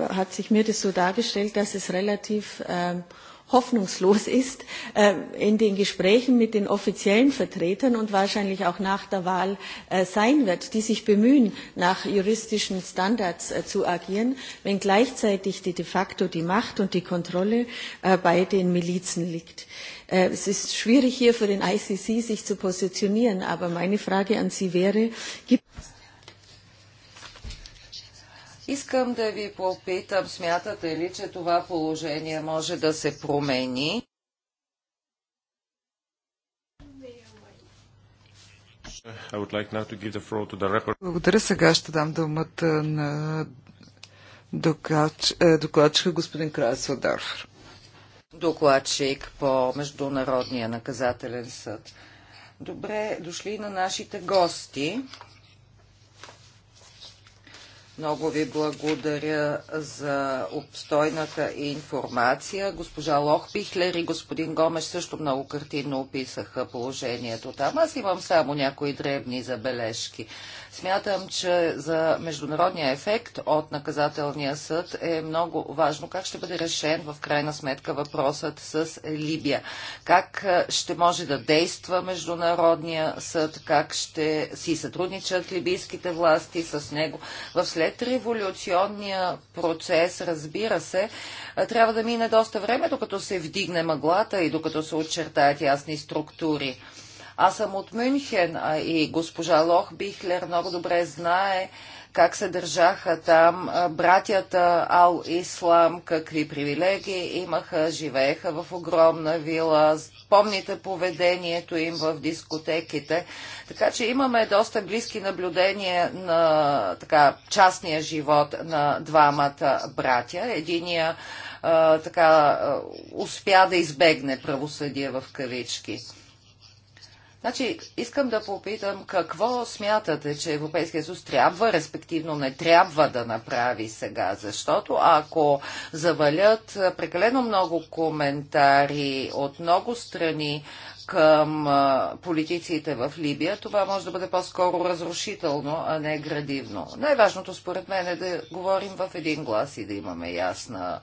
hat sich mir das so dargestellt, dass es relativ hoffnungslos ist in den Gesprächen mit den offiziellen Vertretern und wahrscheinlich auch nach der Wahl sein wird, die sich bemühen, nach juristischen Standards zu agieren, wenn gleichzeitig de facto die Macht und die Kontrolle bei den Milizen liegt. Es ist schwierig hier für den ICC sich zu positionieren, aber meine Frage an Sie wäre, gibt es Искам да ви попитам, смятате ли, че това положение може да се промени? Like Благодаря. Сега ще дам думата на е, докладчика господин господин Красодар. Докладчик по Международния наказателен съд. Добре дошли на нашите гости. Много ви благодаря за обстойната информация. Госпожа Лохпихлер и господин Гомеш също много картинно описаха положението там. Аз имам само някои древни забележки. Смятам, че за международния ефект от наказателния съд е много важно как ще бъде решен в крайна сметка въпросът с Либия. Как ще може да действа международния съд, как ще си сътрудничат либийските власти с него. В след революционния процес, разбира се, трябва да мине доста време, докато се вдигне мъглата и докато се очертаят ясни структури. Аз съм от Мюнхен а и госпожа Лох Бихлер много добре знае как се държаха там братята Ал Ислам, какви привилегии имаха, живееха в огромна вила, помните поведението им в дискотеките. Така че имаме доста близки наблюдения на така, частния живот на двамата братя. Единия а, така, успя да избегне правосъдие в кавички. Значи, искам да попитам какво смятате, че Европейския съюз трябва, респективно не трябва да направи сега, защото ако завалят прекалено много коментари от много страни към политиците в Либия, това може да бъде по-скоро разрушително, а не градивно. Най-важното според мен е да говорим в един глас и да имаме ясна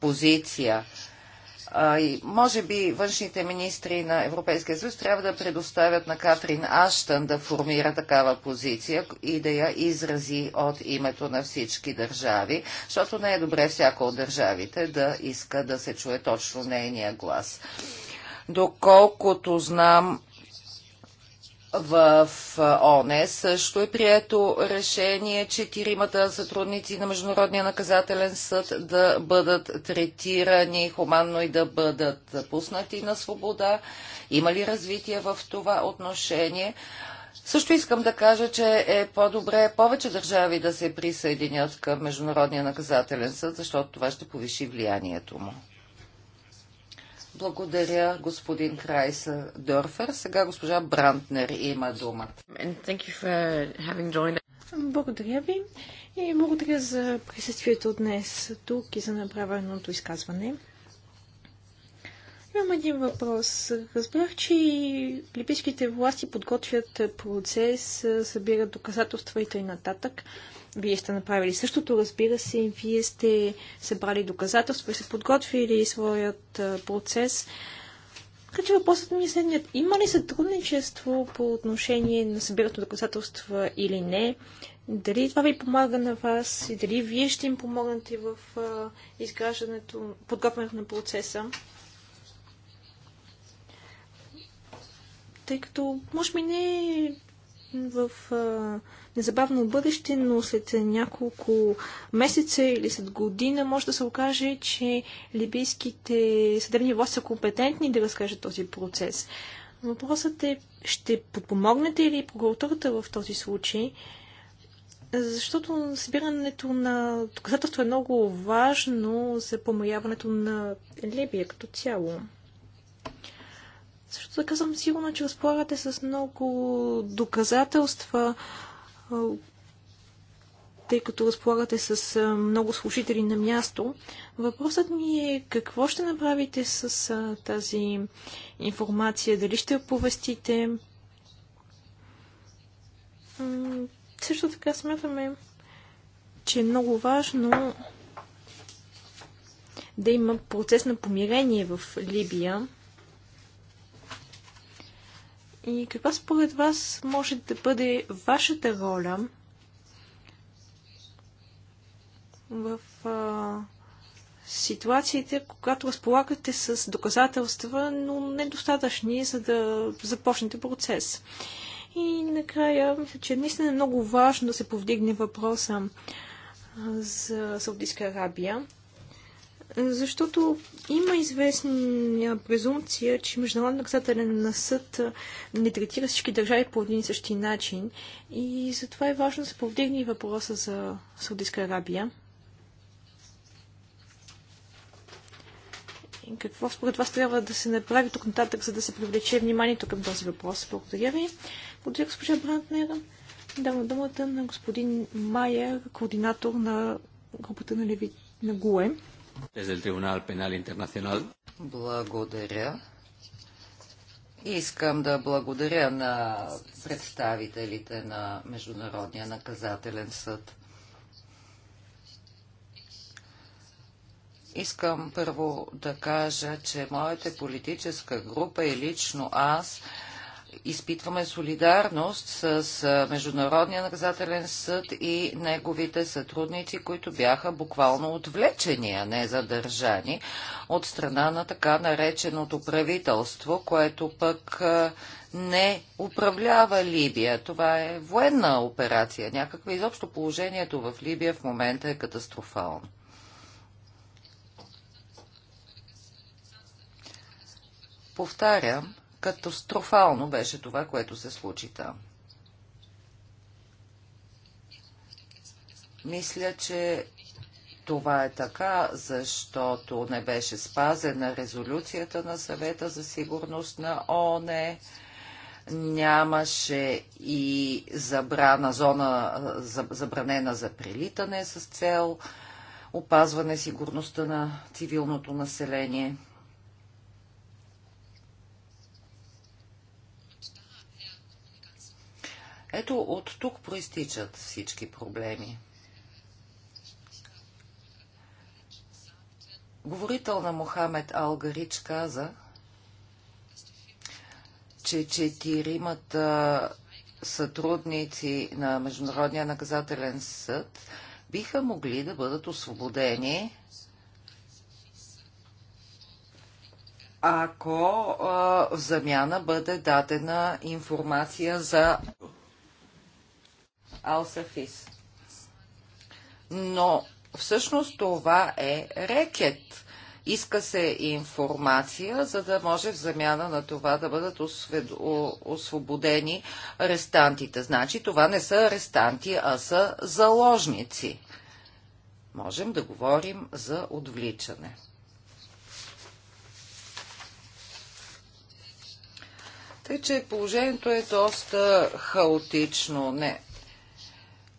позиция. И може би външните министри на Европейския съюз трябва да предоставят на Катрин Аштън да формира такава позиция и да я изрази от името на всички държави, защото не е добре всяко от държавите да иска да се чуе точно нейния глас. Доколкото знам, в ОНЕ също е прието решение четиримата сътрудници на Международния наказателен съд да бъдат третирани хуманно и да бъдат пуснати на свобода. Има ли развитие в това отношение? Също искам да кажа, че е по-добре повече държави да се присъединят към Международния наказателен съд, защото това ще повиши влиянието му. Благодаря, господин Крайсър Дорфер. Сега госпожа Брантнер има думата. Благодаря ви и благодаря за присъствието днес тук и за направеното изказване. Имам един въпрос. Разбрах, че либийските власти подготвят процес, събират доказателства и т.н. нататък. Вие сте направили същото, разбира се, вие сте събрали доказателства и сте подготвили своят процес. Така че въпросът ми е следният. Има ли сътрудничество по отношение на събирането доказателства или не? Дали това ви помага на вас и дали вие ще им помогнете в изграждането, подготвянето на процеса? Тъй като, може би не в а, незабавно бъдеще, но след няколко месеца или след година може да се окаже, че либийските съдебни власти са компетентни да разкажат този процес. Въпросът е, ще подпомогнете ли прокуратурата в този случай? Защото събирането на доказателство е много важно за помояването на Либия като цяло. Също така казвам сигурно, че разполагате с много доказателства тъй като разполагате с много служители на място. Въпросът ми е какво ще направите с тази информация, дали ще оповестите. Също така смятаме, че е много важно да има процес на помирение в Либия. И каква според вас може да бъде вашата роля в а, ситуациите, когато разполагате с доказателства, но недостатъчни, за да започнете процес? И накрая, мисля, че наистина е много важно да се повдигне въпроса за Саудитска Арабия защото има известна презумпция, че Международен наказателен съд не третира всички държави по един и същи начин и затова е важно да се повдигне и въпроса за Саудитска Арабия. И какво според вас трябва да се направи тук нататък, за да се привлече вниманието към този въпрос? Благодаря ви. Благодаря, госпожа Брантнера. Давам думата на господин Майер, координатор на групата на, Леви... на ГУЕ. Благодаря. Искам да благодаря на представителите на Международния наказателен съд. Искам първо да кажа, че моята политическа група и лично аз изпитваме солидарност с Международния наказателен съд и неговите сътрудници, които бяха буквално отвлечени, а не задържани от страна на така нареченото правителство, което пък не управлява Либия. Това е военна операция. Някаква изобщо положението в Либия в момента е катастрофално. Повтарям, Катастрофално беше това, което се случи там. Мисля, че това е така, защото не беше спазена резолюцията на съвета за сигурност на ООН. Нямаше и забрана, зона забранена за прилитане с цел опазване сигурността на цивилното население. Ето от тук проистичат всички проблеми. Говорител на Мохамед Алгарич каза, че четиримата сътрудници на Международния наказателен съд биха могли да бъдат освободени, ако в замяна бъде дадена информация за Алсафис. Но всъщност това е рекет. Иска се информация, за да може в замяна на това да бъдат освед... освободени арестантите. Значи това не са арестанти, а са заложници. Можем да говорим за отвличане. Тъй, че положението е доста хаотично. Не,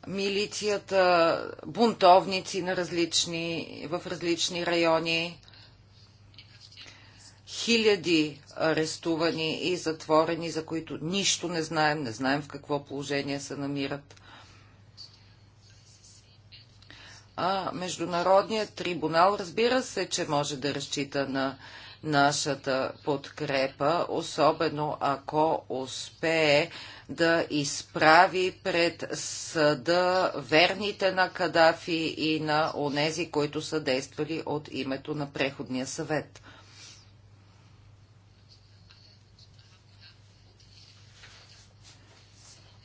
милицията, бунтовници на различни, в различни райони, хиляди арестувани и затворени, за които нищо не знаем, не знаем в какво положение се намират. А Международният трибунал разбира се, че може да разчита на нашата подкрепа, особено ако успее да изправи пред съда верните на Кадафи и на онези, които са действали от името на Преходния съвет.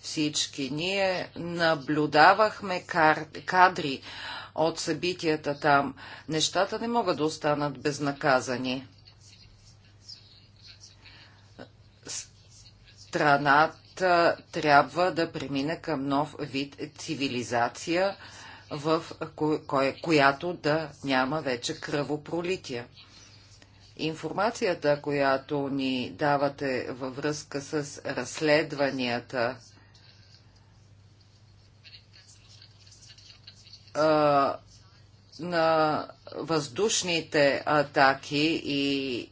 Всички ние наблюдавахме кадри от събитията там. Нещата не могат да останат безнаказани. страната трябва да премине към нов вид цивилизация, в която да няма вече кръвопролития. Информацията, която ни давате във връзка с разследванията, на въздушните атаки и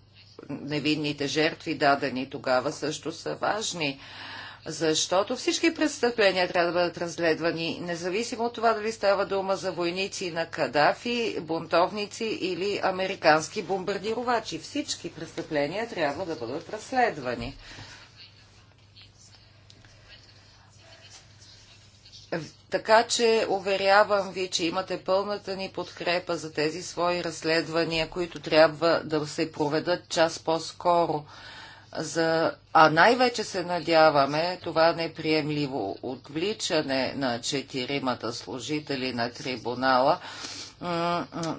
невинните жертви, дадени тогава, също са важни. Защото всички престъпления трябва да бъдат разследвани, независимо от това дали става дума за войници на Кадафи, бунтовници или американски бомбардировачи. Всички престъпления трябва да бъдат разследвани. Така че уверявам ви, че имате пълната ни подкрепа за тези свои разследвания, които трябва да се проведат час по-скоро. За... А най-вече се надяваме това неприемливо отвличане на четиримата служители на трибунала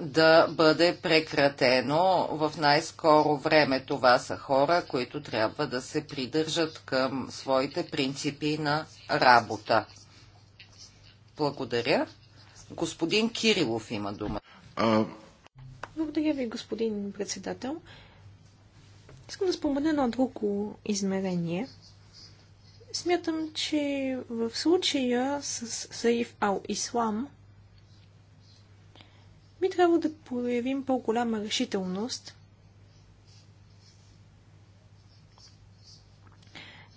да бъде прекратено в най-скоро време. Това са хора, които трябва да се придържат към своите принципи на работа. Благодаря. Господин Кирилов има дума. А... Благодаря ви, господин председател. Искам да спомена едно друго измерение. Смятам, че в случая с Саиф Ал Ислам ми трябва да проявим по-голяма решителност.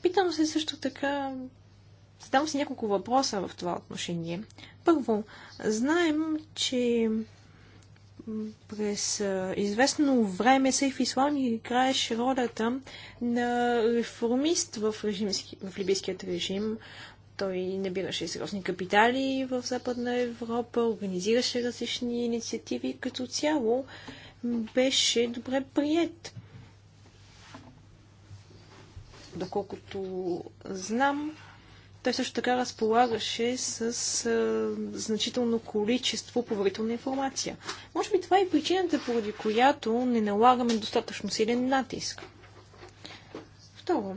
Питам се също така Задам си няколко въпроса в това отношение. Първо, знаем, че през известно време Сейф Ислам играеше ролята на реформист в, режимски, в либийският режим. Той набираше сериозни капитали в Западна Европа, организираше различни инициативи като цяло беше добре прият. Доколкото знам, той също така разполагаше с а, значително количество поверителна информация. Може би това е причината, поради която не налагаме достатъчно силен натиск. Второ,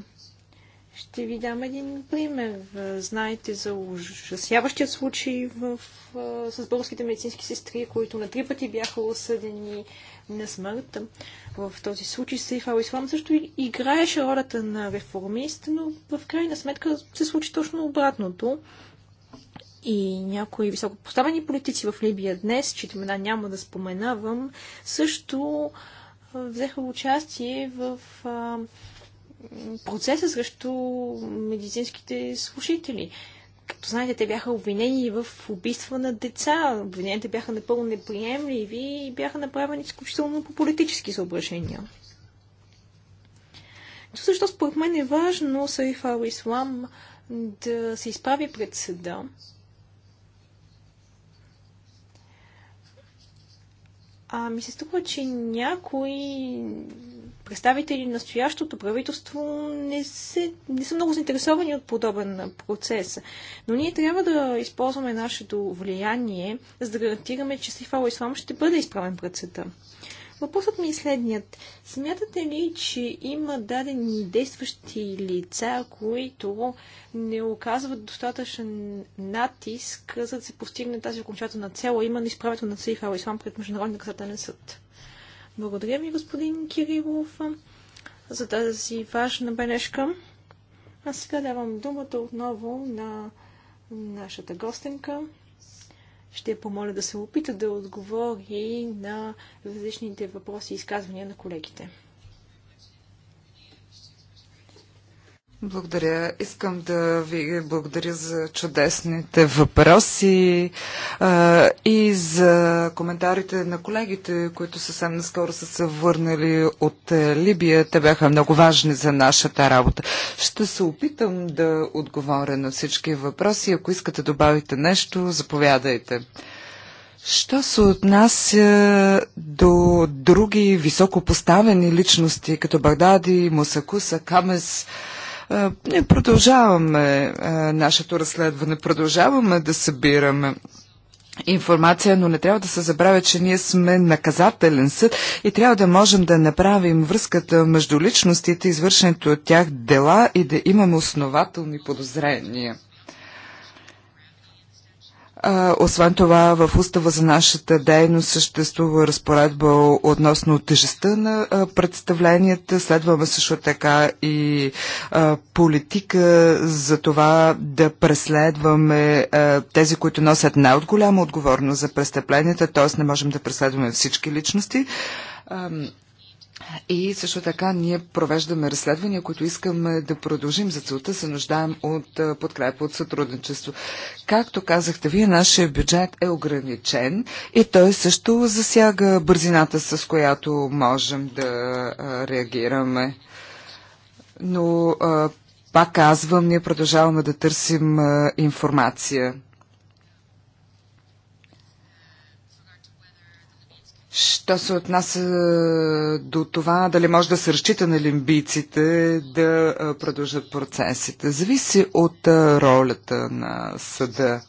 ще ви дам един пример. Знаете за ужасяващия случай в, в, с българските медицински сестри, които на три пъти бяха осъдени на смърт. В този случай Сейфал Ислам също играеше ролята на реформист, но в крайна сметка се случи точно обратното. И някои високопоставени политици в Либия днес, чието имена няма да споменавам, също взеха участие в а, процеса срещу медицинските служители. Като знаете, те бяха обвинени в убийства на деца. Обвинените бяха напълно неприемливи и бяха направени изключително по политически съображения. Ето защо според мен е важно Сариф Ислам да се изправи пред съда. А ми се струва, че някои представители на настоящото правителство не, се, не са много заинтересовани от подобен процес. Но ние трябва да използваме нашето влияние, за да гарантираме, че сифало Ислам ще бъде изправен пред света. Въпросът ми е следният. Смятате ли, че има дадени действащи лица, които не оказват достатъчен натиск, за да се постигне тази окончателна цел, а именно изправето на Сейф Ислам пред Международния наказателен съд? Благодаря ви, господин Кирилов, за тази важна бележка. Аз сега давам думата отново на нашата гостенка. Ще я помоля да се опита да отговори на различните въпроси и изказвания на колегите. Благодаря. Искам да ви благодаря за чудесните въпроси а, и за коментарите на колегите, които съвсем наскоро са се върнали от е, Либия. Те бяха много важни за нашата работа. Ще се опитам да отговоря на всички въпроси. Ако искате добавите нещо, заповядайте. Що се отнася до други високопоставени личности, като Багдади, Мусакуса, Камес, е, ние продължаваме е, нашето разследване, продължаваме да събираме информация, но не трябва да се забравя, че ние сме наказателен съд и трябва да можем да направим връзката между личностите, извършените от тях дела и да имаме основателни подозрения. А, освен това, в устава за нашата дейност съществува разпоредба относно тежестта на а, представленията. Следваме също така и а, политика за това да преследваме а, тези, които носят най-голяма отговорност за престъпленията, т.е. не можем да преследваме всички личности. А, и също така ние провеждаме разследвания, които искаме да продължим за целта, се нуждаем от подкрепа, от сътрудничество. Както казахте вие, нашия бюджет е ограничен и той също засяга бързината, с която можем да реагираме. Но пак казвам, ние продължаваме да търсим информация. Що се отнася е, до това, дали може да се разчита на лимбийците да е, продължат процесите? Зависи от е, ролята на съда.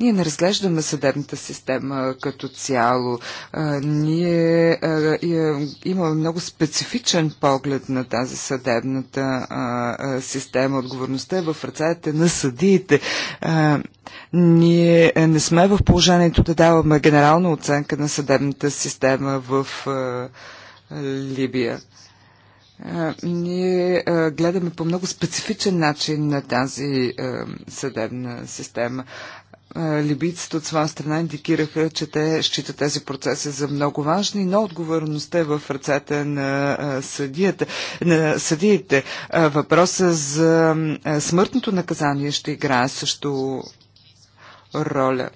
Ние не разглеждаме съдебната система като цяло. Ние имаме много специфичен поглед на тази съдебната система. Отговорността е в ръцете на съдиите. Ние не сме в положението да даваме генерална оценка на съдебната система в Либия. Ние гледаме по много специфичен начин на тази съдебна система либийците от своя страна индикираха, че те считат тези процеси за много важни, но отговорността е в ръцете на, съдията, на съдиите. Въпроса за смъртното наказание ще играе също роля.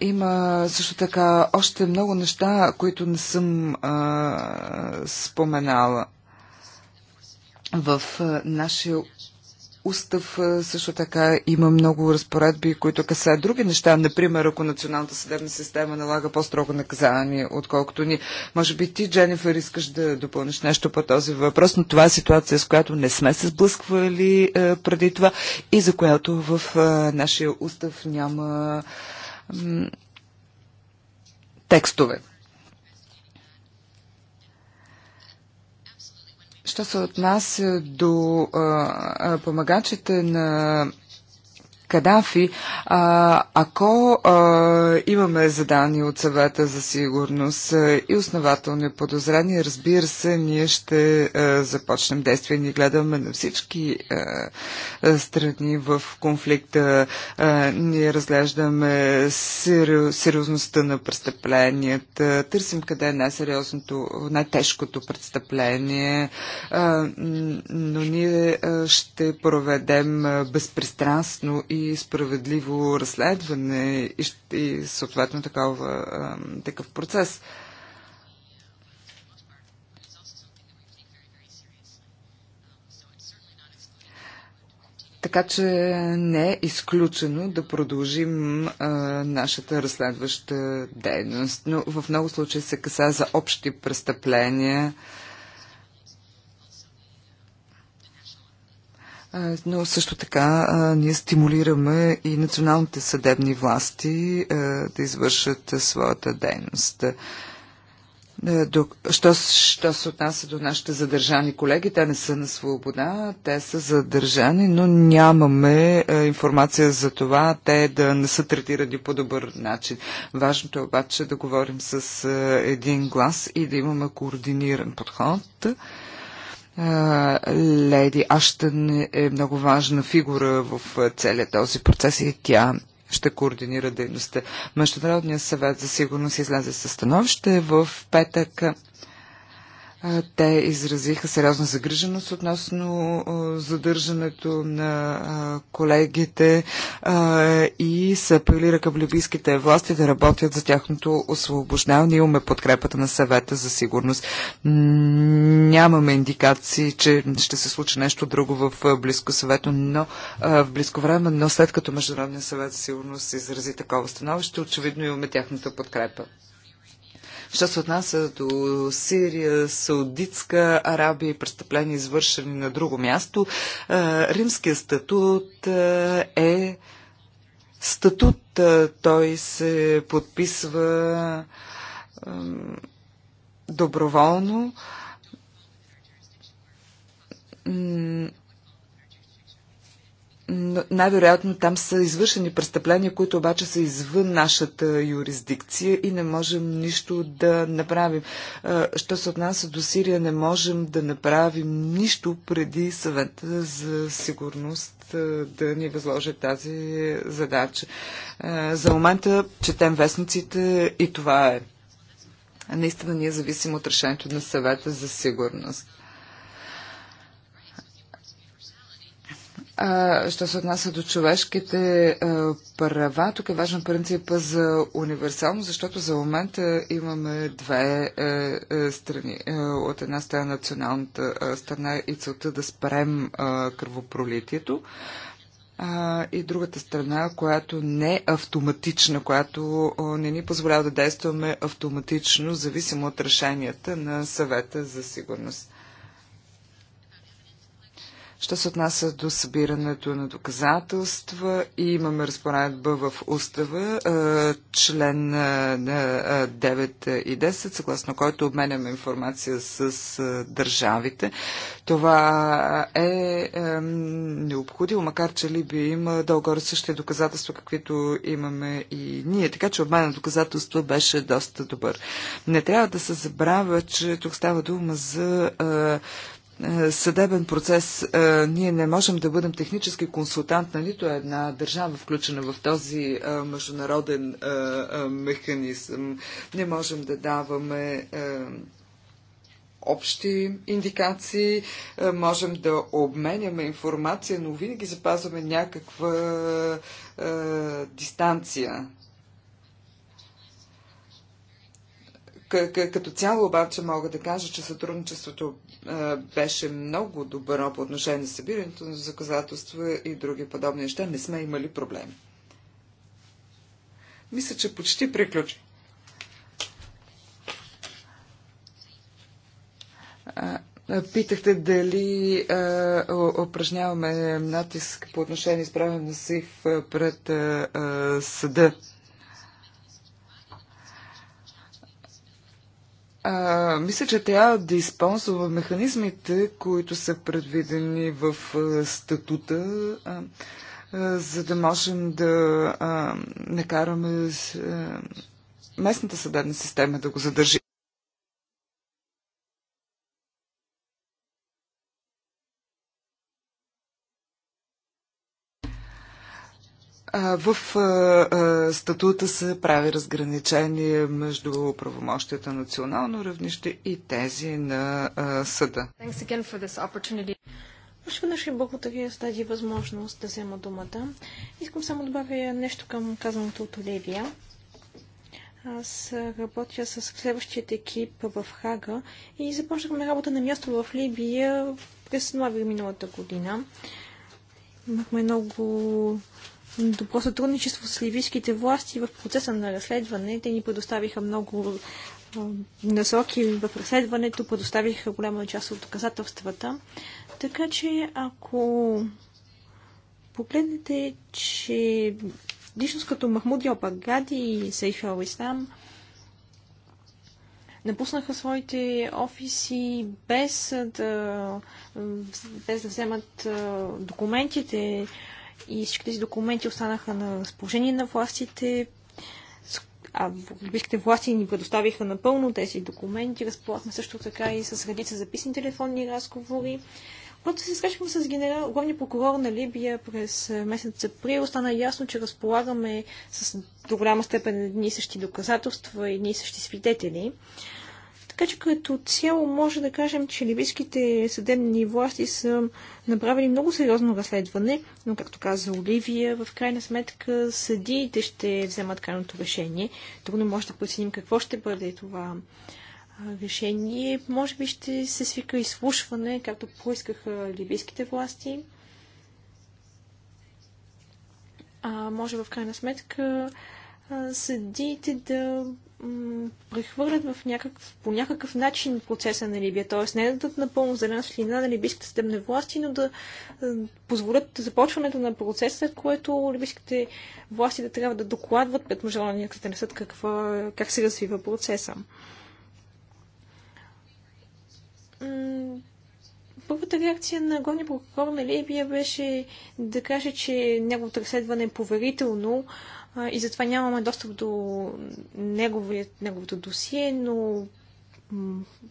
има също така още много неща, които не съм споменала. В нашия устав също така има много разпоредби, които касаят други неща. Например, ако националната съдебна система налага по-строго наказание, отколкото ни. Може би ти, Дженифър, искаш да допълниш нещо по този въпрос, но това е ситуация, с която не сме се сблъсквали е, преди това и за която в е, нашия устав няма е, текстове. Що се отнася до а, помагачите на Кадафи, а, ако а, имаме задания от съвета за сигурност а, и основателни подозрения, разбира се, ние ще а, започнем действие. Ние гледаме на всички а, страни в конфликта. А, ние разглеждаме сери... сериозността на престъпленията, търсим къде е най-сериозното, най-тежкото престъпление, а, но ние а, ще проведем безпристрастно и и справедливо разследване и, и съответно такова, такъв процес. Така че не е изключено да продължим а, нашата разследваща дейност. Но в много случаи се каса за общи престъпления, а, Но също така ние стимулираме и националните съдебни власти да извършат своята дейност. Що, що се отнася до нашите задържани колеги, те не са на свобода, те са задържани, но нямаме е, информация за това те да не са третирани по добър начин. Важното е обаче да говорим с е, един глас и да имаме координиран подход. Леди Аштън е много важна фигура в целият този процес и тя ще координира дейността. Международният съвет за сигурност излезе със становище в петък. Те изразиха сериозна загриженост относно задържането на колегите и се апелира към ливийските власти да работят за тяхното освобождаване. Имаме подкрепата на съвета за сигурност. Нямаме индикации, че ще се случи нещо друго в близко съвето, но в близко време, но след като Международния съвет за сигурност изрази такова становище, очевидно имаме тяхната подкрепа. Що се отнася до Сирия, Саудитска Арабия и престъпления, извършени на друго място, е, римският статут е, е статут. Е, той се подписва доброволно най-вероятно там са извършени престъпления, които обаче са извън нашата юрисдикция и не можем нищо да направим. Що се отнася до Сирия, не можем да направим нищо преди съвета за сигурност да ни възложи тази задача. За момента четем вестниците и това е. Наистина ние зависим от решението на съвета за сигурност. А, що се отнася до човешките а, права, тук е важен принципа за универсално, защото за момента имаме две а, е, а, е, страни. А, е, от една страна националната а, страна и целта да спрем а, кръвопролитието а, и другата страна, която не е автоматична, която не ни позволява да действаме автоматично, зависимо от решенията на съвета за сигурност. Що се отнася до събирането на доказателства, и имаме разпоредба в устава, член на 9 и 10, съгласно който обменяме информация с държавите. Това е необходимо, макар че ли би има дългоре същите доказателства, каквито имаме и ние. Така че обмен на доказателства беше доста добър. Не трябва да се забравя, че тук става дума за е, съдебен процес е, ние не можем да бъдем технически консултант на нали? нито е една държава, включена в този международен механизъм. Не можем да даваме общи индикации, можем да обменяме информация, но винаги запазваме някаква дистанция като цяло обаче мога да кажа, че сътрудничеството е, беше много добро по отношение на събирането на заказателства и други подобни неща. Не сме имали проблеми. Мисля, че почти приключи. Е, питахте дали а, е, упражняваме натиск по отношение изправен на СИФ пред а, съда. А, мисля, че трябва да използва механизмите, които са предвидени в статута, а, а, за да можем да накараме местната съдебна система да го задържи. В статута се прави разграничение между правомощията на национално равнище и тези на съда. Още веднъж ви благодаря за тази възможност да взема думата. Искам само да добавя нещо към казаното от Оливия. Аз работя с следващият екип в Хага и започнахме работа на място в Либия през ноември миналата година. Имахме много добро сътрудничество с ливийските власти в процеса на разследване. Те ни предоставиха много насоки в разследването, предоставиха голяма част от доказателствата. Така че, ако погледнете, че личност като Махмуд Йопагади и Сейф Ал Ислам напуснаха своите офиси без да, без да вземат документите, и всички тези документи останаха на разположение на властите. А либийските власти ни предоставиха напълно тези документи. Разполагахме също така и с редица записни телефонни разговори. Когато се срещахме с генерал, главния прокурор на Либия през е, месец април, стана ясно, че разполагаме с до голяма степен едни и същи доказателства, и едни и същи свидетели. Така че като цяло може да кажем, че ливийските съдебни власти са направили много сериозно разследване, но както каза Оливия, в крайна сметка съдиите ще вземат крайното решение. Трудно може да преценим какво ще бъде това решение. Може би ще се свика изслушване, както поискаха ливийските власти. А може в крайна сметка съдиите да прехвърлят в някакъв, по някакъв начин процеса на Либия. Т.е. не да дадат напълно зелена слина на либийските съдебни власти, но да позволят започването на процеса, което либийските власти да трябва да докладват пред Международния съдебен съд каква, как се развива процеса. Първата реакция на главния прокурор на Либия беше да каже, че неговото разследване е поверително, и затова нямаме достъп до неговото досие, но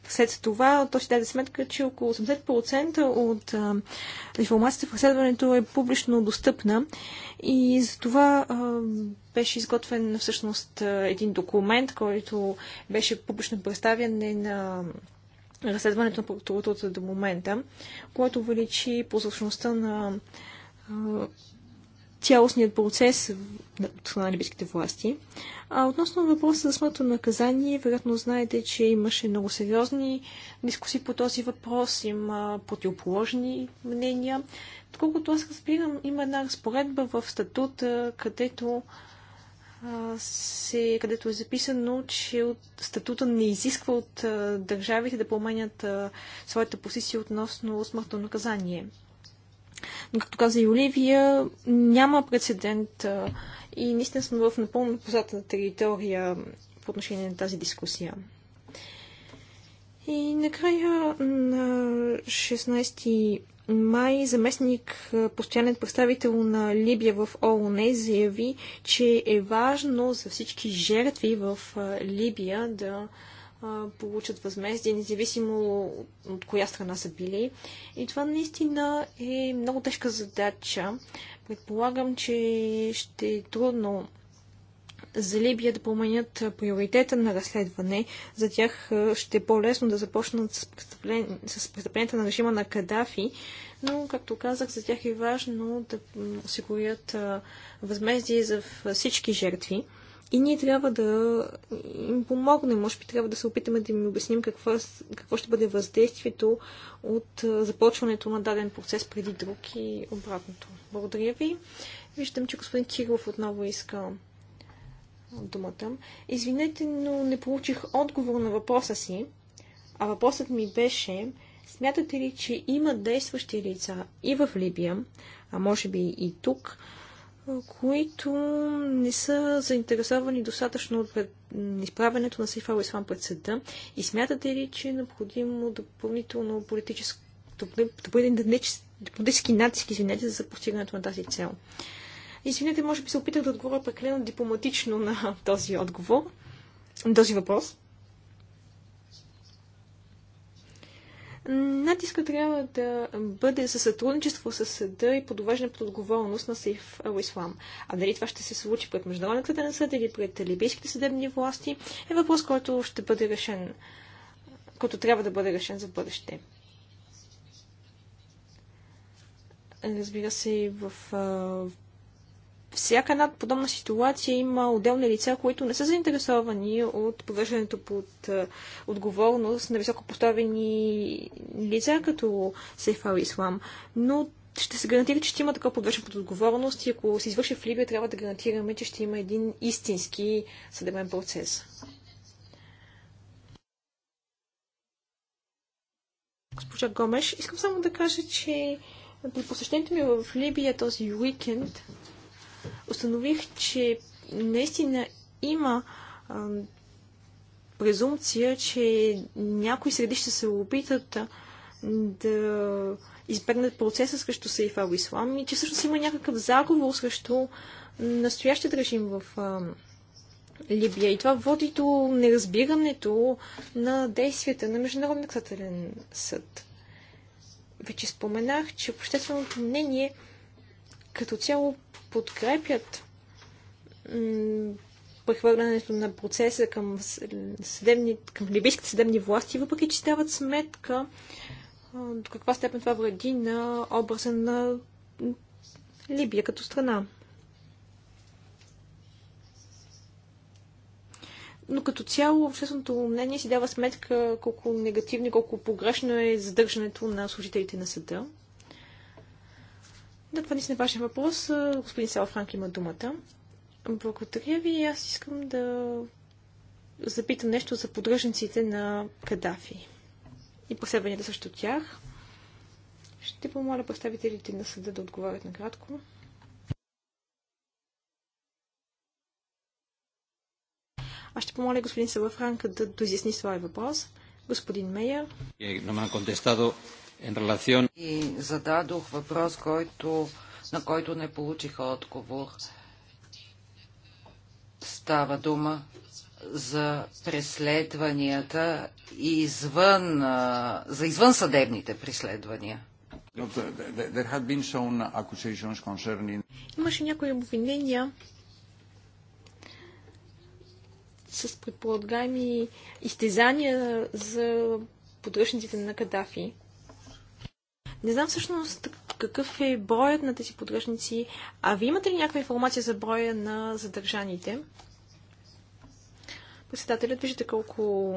след това той ще даде сметка, че около 80% от информацията в разследването е публично достъпна и за това а, беше изготвен всъщност един документ, който беше публично представяне на разследването на прокуратурата до момента, което увеличи прозрачността на цялостният процес от страна на власти. А относно въпроса за смъртно наказание, вероятно знаете, че имаше много сериозни дискусии по този въпрос, има противоположни мнения. колкото аз разбирам, има една разпоредба в статута, където се, където е записано, че от, статута не изисква от държавите да променят своята позиция относно смъртно наказание. Но като каза и Оливия, няма прецедент и наистина сме в напълно позната територия по отношение на тази дискусия. И накрая на 16 май заместник постоянен представител на Либия в ООН заяви, че е важно за всички жертви в Либия да получат възмездие, независимо от коя страна са били. И това наистина е много тежка задача. Предполагам, че ще е трудно за Либия да променят приоритета на разследване. За тях ще е по-лесно да започнат с, престъплен... с престъпленията на режима на Кадафи, но, както казах, за тях е важно да осигурят възмездие за всички жертви. И ние трябва да им помогнем, може би трябва да се опитаме да им обясним какво, какво ще бъде въздействието от започването на даден процес преди друг и обратното. Благодаря ви. Виждам, че господин Киров отново иска думата. Извинете, но не получих отговор на въпроса си. А въпросът ми беше, смятате ли, че има действащи лица и в Либия, а може би и тук, които не са заинтересовани достатъчно от изправенето на Сейф Ислам пред съда и смятате ли, че е необходимо допълнително политическо политически натиск, извинете, за постигането на тази цел. Извинете, може би се опитах да отговоря прекалено дипломатично на [laughs] този отговор, на този въпрос. Натиска трябва да бъде за сътрудничество с съда и подовеждане под отговорност на Сейф Ислам. А дали това ще се случи пред Международната на съд или пред либийските съдебни власти е въпрос, който ще бъде решен, който трябва да бъде решен за бъдеще. Разбира се, в всяка една подобна ситуация има отделни лица, които не са заинтересовани от повеждането под е, отговорност на високо поставени лица, като сейфа Ислам. Но ще се гарантира, че ще има такова подвършен под отговорност и ако се извърши в Либия, трябва да гарантираме, че ще има един истински съдебен процес. Госпожа Гомеш, искам само да кажа, че при посещението ми в Либия този уикенд установих, че наистина има а, презумпция, че някои среди ще се опитат да избегнат процеса срещу Саиф ал Ислам и че всъщност има някакъв заговор срещу настоящият режим в а, Либия. И това води до неразбирането на действията на Международния наказателен съд. Вече споменах, че общественото мнение като цяло подкрепят прехвърлянето на процеса към, съдебни, към либийските съдебни власти, въпреки че стават сметка до каква степен това вреди на образа на Либия като страна. Но като цяло общественото мнение си дава сметка колко негативно и колко погрешно е задържането на служителите на съда. Да, това наистина е вашия въпрос. Господин Франк има думата. Благодаря ви. Аз искам да запитам нещо за поддръжниците на Кадафи и последванията също тях. Ще помоля представителите на съда да отговарят накратко. Аз ще помоля господин Салафранка да доизясни своя въпрос. Господин Мейер. Е, не ме Relación... Е, И зададох въпрос, който, на който не получих отговор. Става дума за преследванията извън, за извънсъдебните преследвания. Имаше някои обвинения с предполагаеми изтезания за подръжниците на Кадафи. Не знам всъщност какъв е броят на тези подръжници. А вие имате ли някаква информация за броя на задържаните? Председателят виждате колко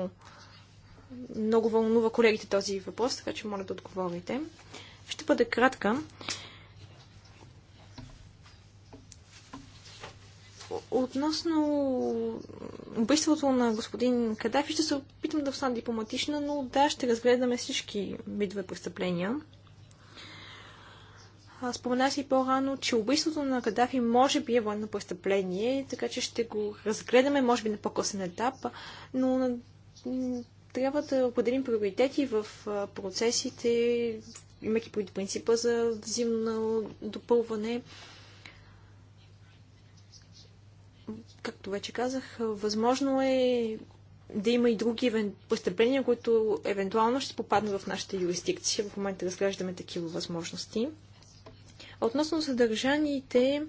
много вълнува колегите този въпрос, така че моля да отговорите. Ще бъде кратка. Относно убийството на господин Кадафи, ще се опитам да остана дипломатична, но да, ще разгледаме всички видове престъпления. Спомена си по-рано, че убийството на Кадафи може би е военно престъпление, така че ще го разгледаме, може би на по-късен етап, но трябва да определим приоритети в процесите, имайки преди принципа за взаимно допълване. Както вече казах, възможно е да има и други престъпления, които евентуално ще попаднат в нашата юрисдикция. В момента разглеждаме такива възможности. Относно съдържаните,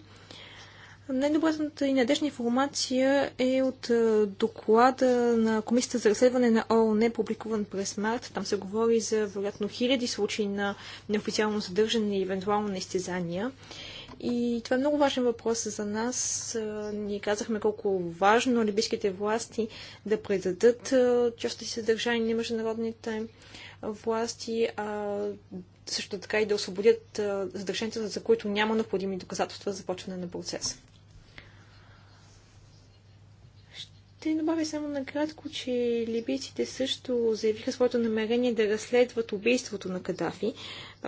най-добрата и надежна информация е от е, доклада на Комисията за разследване на ООН, публикуван през март. Там се говори за, вероятно, хиляди случаи на неофициално съдържане и евентуално на изтезания. И това е много важен въпрос за нас. Е, ние казахме колко важно либийските власти да предадат е, части съдържание на международните власти, а също така и да освободят задържаните, за които няма необходими доказателства за започване на процес. Ще добавя само накратко, че либийците също заявиха своето намерение да разследват убийството на Кадафи.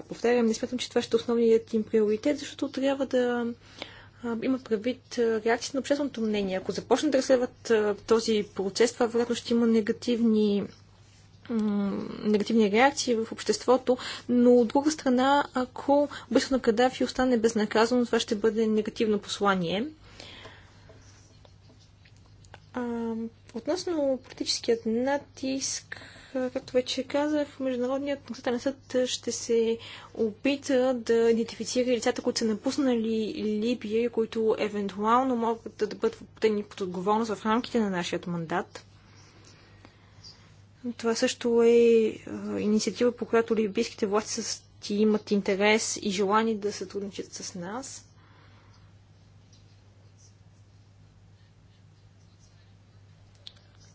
Повтарям, не смятам, че това ще е основният им приоритет, защото трябва да има предвид реакция на общественото мнение. Ако започнат да разследват този процес, това вероятно ще има негативни негативни реакции в обществото, но от друга страна, ако убийството на Кадафи остане безнаказано, това ще бъде негативно послание. относно политическият натиск, както вече казах, Международният наказателен съд ще се опита да идентифицира лицата, които са напуснали Либия и които евентуално могат да бъдат подени под отговорност в рамките на нашия мандат. Това също е инициатива, по която либийските власти имат интерес и желание да сътрудничат с нас.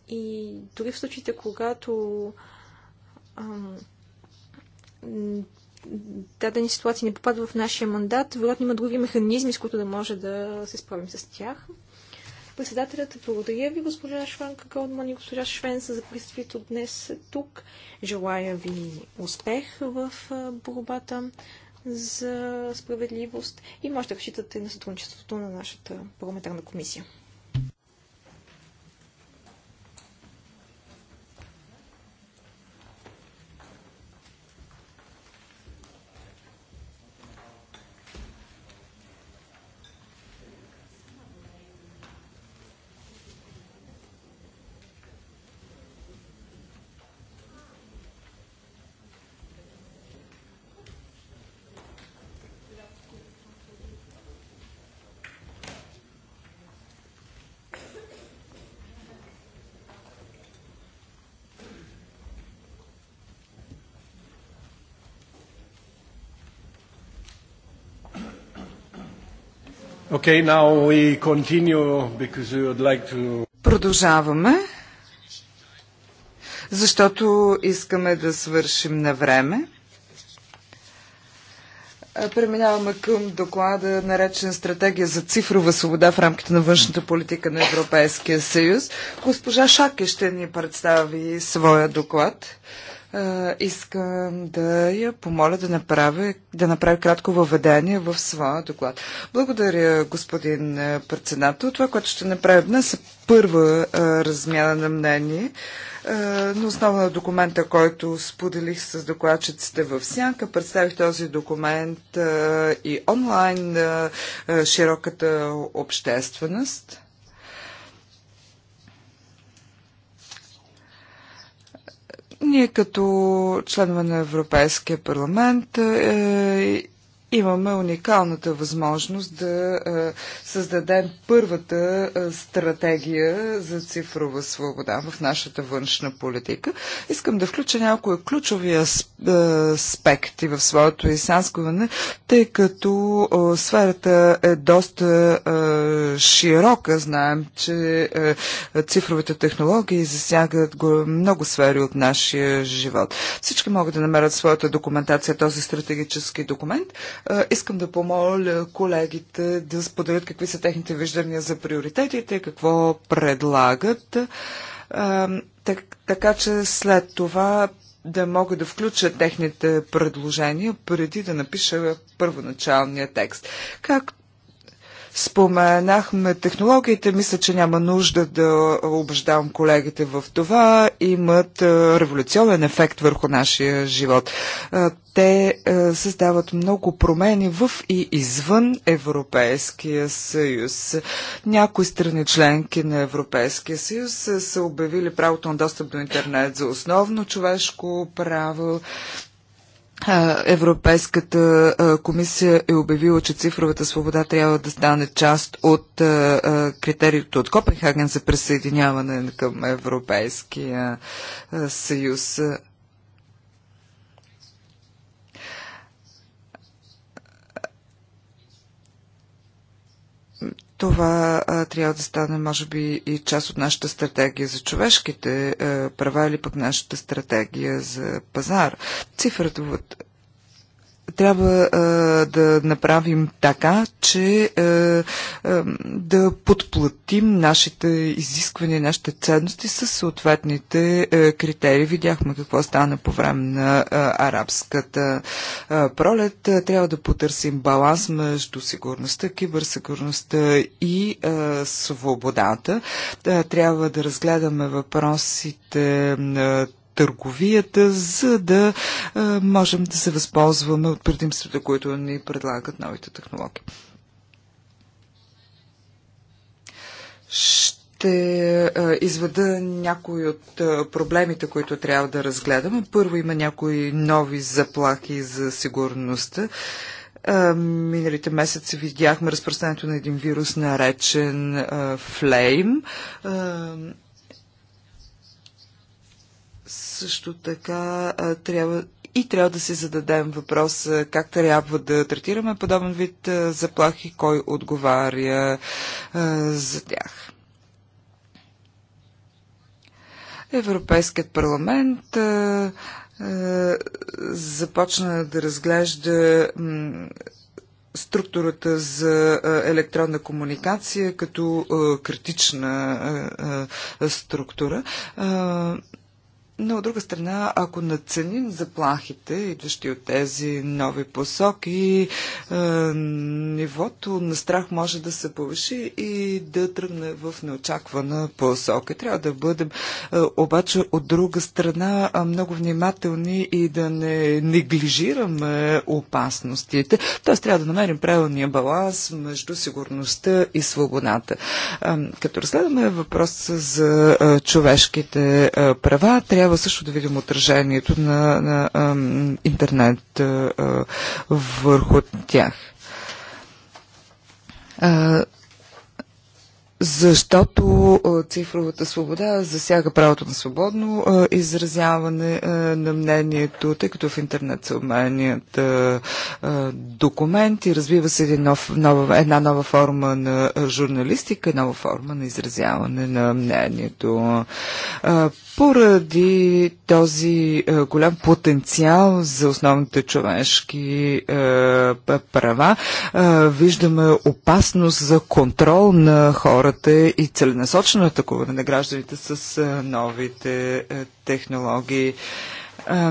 И дори в случаите, когато ам, дадени ситуации не попадат в нашия мандат, вероятно има други механизми, с които да може да се справим с тях. Председателят, благодаря ви, госпожа Шванка Голдман и госпожа Швенса за присъствието днес тук. Желая ви успех в борбата за справедливост и може да разчитате на сътрудничеството на нашата парламентарна комисия. Okay, now we continue because we would like to... Продължаваме, защото искаме да свършим на време. Преминаваме към доклада, наречен Стратегия за цифрова свобода в рамките на външната политика на Европейския съюз. Госпожа Шаке ще ни представи своя доклад искам да я помоля да направи, да направи кратко въведение в своя доклад. Благодаря, господин председател. Това, което ще направя днес е първа размяна на мнение на основа на документа, който споделих с докладчиците в Сянка. Представих този документ и онлайн широката общественост. Ние като членове на Европейския парламент е, имаме уникалната възможност да е, създадем първата е, стратегия за цифрова свобода в нашата външна политика. Искам да включа някои ключови е, аспекти в своето изсанскване, тъй като сферата е доста широка. Знаем, че цифровите технологии засягат много сфери от нашия живот. Всички могат да намерят своята документация, този стратегически документ. Е, искам да помоля колегите да споделят какви са техните виждания за приоритетите, какво предлагат, е, така че след това да мога да включа техните предложения преди да напиша първоначалния текст. Както Споменахме технологиите, мисля, че няма нужда да убеждавам колегите в това. Имат е, революционен ефект върху нашия живот. Е, те е, създават много промени в и извън Европейския съюз. Някои страни членки на Европейския съюз са обявили правото на достъп до интернет за основно човешко право. Европейската комисия е обявила, че цифровата свобода трябва да стане част от критериите от Копенхаген за присъединяване към Европейския съюз. Това а, трябва да стане, може би, и част от нашата стратегия за човешките а, права или пък нашата стратегия за пазар. Цифрата трябва а, да направим така, че а, а, да подплатим нашите изисквания, нашите ценности с съответните а, критерии. Видяхме какво стана по време на а, арабската а, пролет. А, трябва да потърсим баланс между сигурността, киберсигурността и а, свободата. А, трябва да разгледаме въпросите на търговията, за да можем да се възползваме от предимствата, които ни предлагат новите технологии. Ще изведа някои от проблемите, които трябва да разгледаме. Първо има някои нови заплахи за сигурността. Миналите месеци видяхме разпространението на един вирус, наречен Флейм. Също така трябва и трябва да си зададем въпрос как трябва да третираме подобен вид заплахи, кой отговаря за тях. Европейският парламент а, а, започна да разглежда структурата за електронна комуникация като а, критична а, а, структура. А, но от друга страна, ако наценим заплахите, идващи от тези нови посоки, е, нивото на страх може да се повиши и да тръгне в неочаквана посока. Трябва да бъдем е, обаче от друга страна е, много внимателни и да не неглижираме опасностите. Тоест трябва да намерим правилния баланс между сигурността и свободата. Е, като разследваме въпроса за е, човешките е, права, трябва трябва също да видим отражението на, на а, интернет а, върху тях защото е, цифровата свобода засяга правото на свободно е, изразяване е, на мнението, тъй като в интернет се обменят документи, развива се една нова, една нова форма на журналистика, нова форма на изразяване на мнението. Поради този голям потенциал за основните човешки права, виждаме опасност за контрол на хора, хората и целенасочено атакуване на гражданите с новите технологии.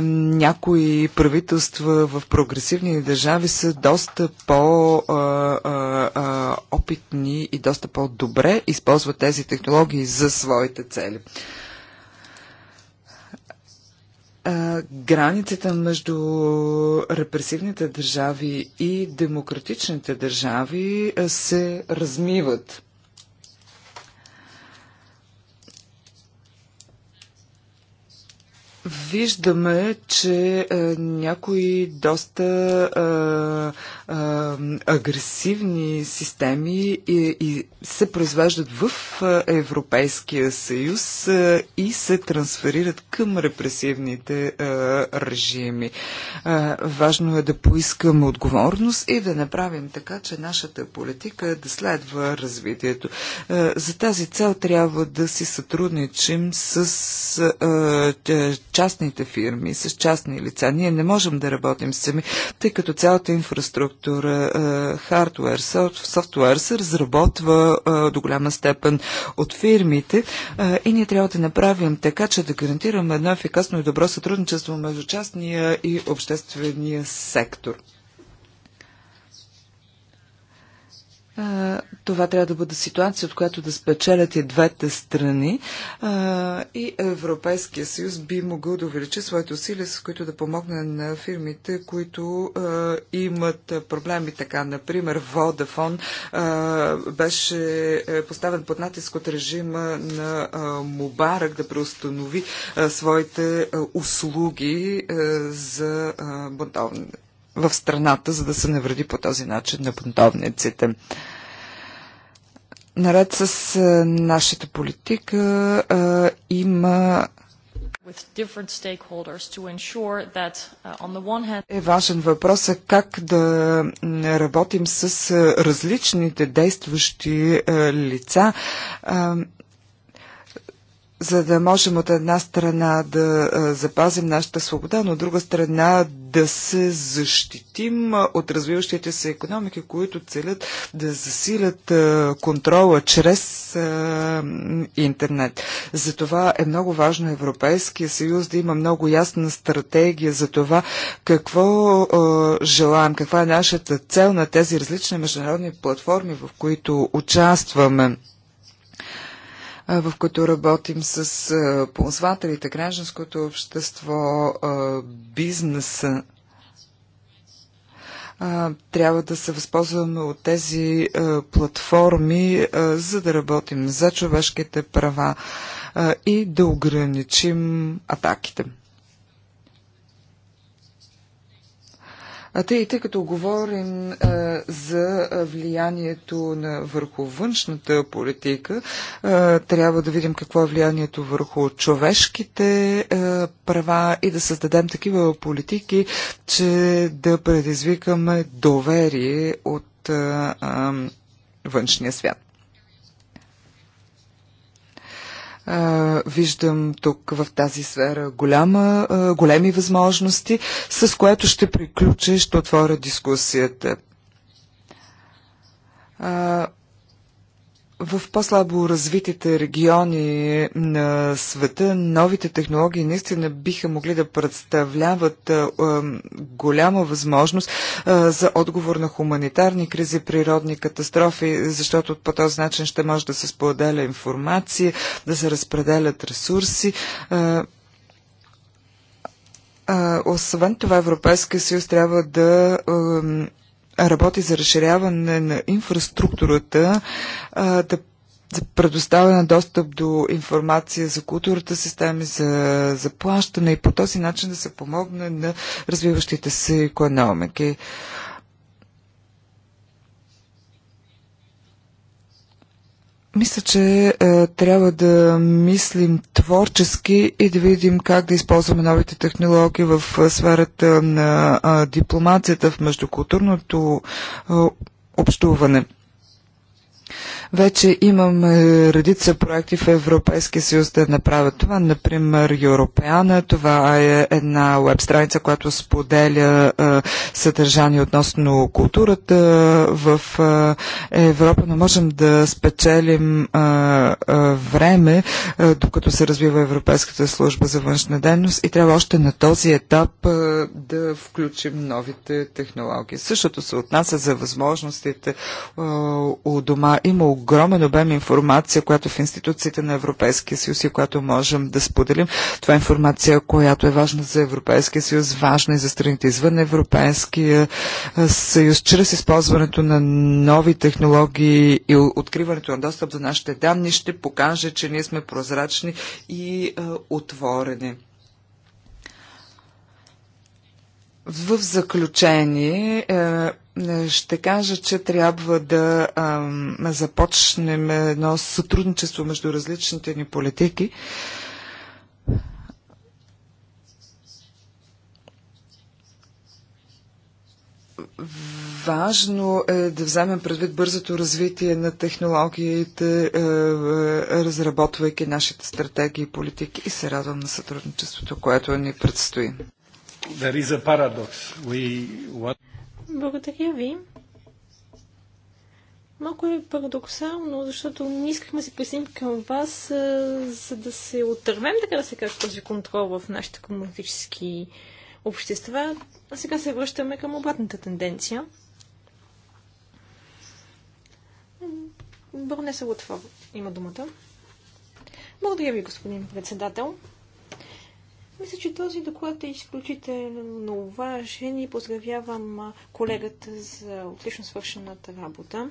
Някои правителства в прогресивни държави са доста по-опитни и доста по-добре използват тези технологии за своите цели границата между репресивните държави и демократичните държави се размиват. Виждаме, че е, някои доста е, а, агресивни системи и, и се произвеждат в Европейския съюз а, и се трансферират към репресивните а, режими. А, важно е да поискаме отговорност и да направим така, че нашата политика да следва развитието. А, за тази цел трябва да си сътрудничим с а, частните фирми, с частни лица. Ние не можем да работим сами, тъй като цялата инфраструктура инфраструктура, е, хардвер, софтуер се разработва е, до голяма степен от фирмите е, и ние трябва да направим така, че да гарантираме едно ефикасно и добро сътрудничество между частния и обществения сектор. Това трябва да бъде ситуация, от която да спечелят и двете страни и Европейския съюз би могъл да увеличи своите усилия, с които да помогне на фирмите, които имат проблеми. Така, например, Водафон беше е, поставен под натиск от режима на Мубарак да преустанови своите услуги за бунтовните в страната, за да се навреди по този начин на бунтовниците. Наред с е, нашата политика а, е, има uh, е важен въпрос е как да работим с е, различните действащи лица за да можем от една страна да запазим нашата свобода, но от друга страна да се защитим от развиващите се економики, които целят да засилят контрола чрез интернет. Затова е много важно Европейския съюз да има много ясна стратегия за това какво желаем, каква е нашата цел на тези различни международни платформи, в които участваме в които работим с ползвателите, гражданското общество, бизнеса трябва да се възползваме от тези платформи, за да работим за човешките права и да ограничим атаките. А тъй, тъй като говорим а, за влиянието на, върху външната политика, а, трябва да видим какво е влиянието върху човешките а, права и да създадем такива политики, че да предизвикаме доверие от а, а, външния свят. виждам тук в тази сфера голяма, големи възможности, с което ще приключа и ще отворя дискусията в по-слабо развитите региони на света новите технологии наистина биха могли да представляват а, а, голяма възможност а, за отговор на хуманитарни кризи, природни катастрофи, защото по този начин ще може да се споделя информация, да се разпределят ресурси. Освен това, Европейския съюз трябва да работи за разширяване на инфраструктурата, да за предоставяне на достъп до информация за културата, системи за заплащане и по този начин да се помогне на развиващите се економики. Мисля, че е, трябва да мислим творчески и да видим как да използваме новите технологии в е, сферата на а, е, дипломацията, в междукултурното а, е, общуване. Вече имаме редица проекти в Европейския съюз да направят това. Например, Европеана. Това е една веб страница, която споделя е, съдържание относно културата в е, Европа, но можем да спечелим е, време, докато се развива Европейската служба за външна дейност и трябва още на този етап да включим новите технологии. Същото се отнася за възможностите у дома. Има огромен обем информация, която е в институциите на Европейския съюз и която можем да споделим. Това е информация, която е важна за Европейския съюз, важна и за страните извън Европейския съюз, чрез използването на нови технологии и откриването на достъп до нашите данни ще покаже, че ние сме прозрачни и отворени. В заключение е, е, ще кажа, че трябва да започнем едно сътрудничество между различните ни политики. Важно е да вземем предвид бързото развитие на технологиите, е, разработвайки нашите стратегии и политики и се радвам на сътрудничеството, което ни предстои. There is a paradox. We want... Благодаря ви. Малко е парадоксално, защото ние искахме да се присъединим към вас, за да се отървем, така да се каже, този контрол в нашите комунистически общества. А сега се връщаме към обратната тенденция. Бронеса Лотвор има думата. Благодаря ви, господин председател. Мисля, че този доклад е изключително важен и поздравявам колегата за отлично свършената работа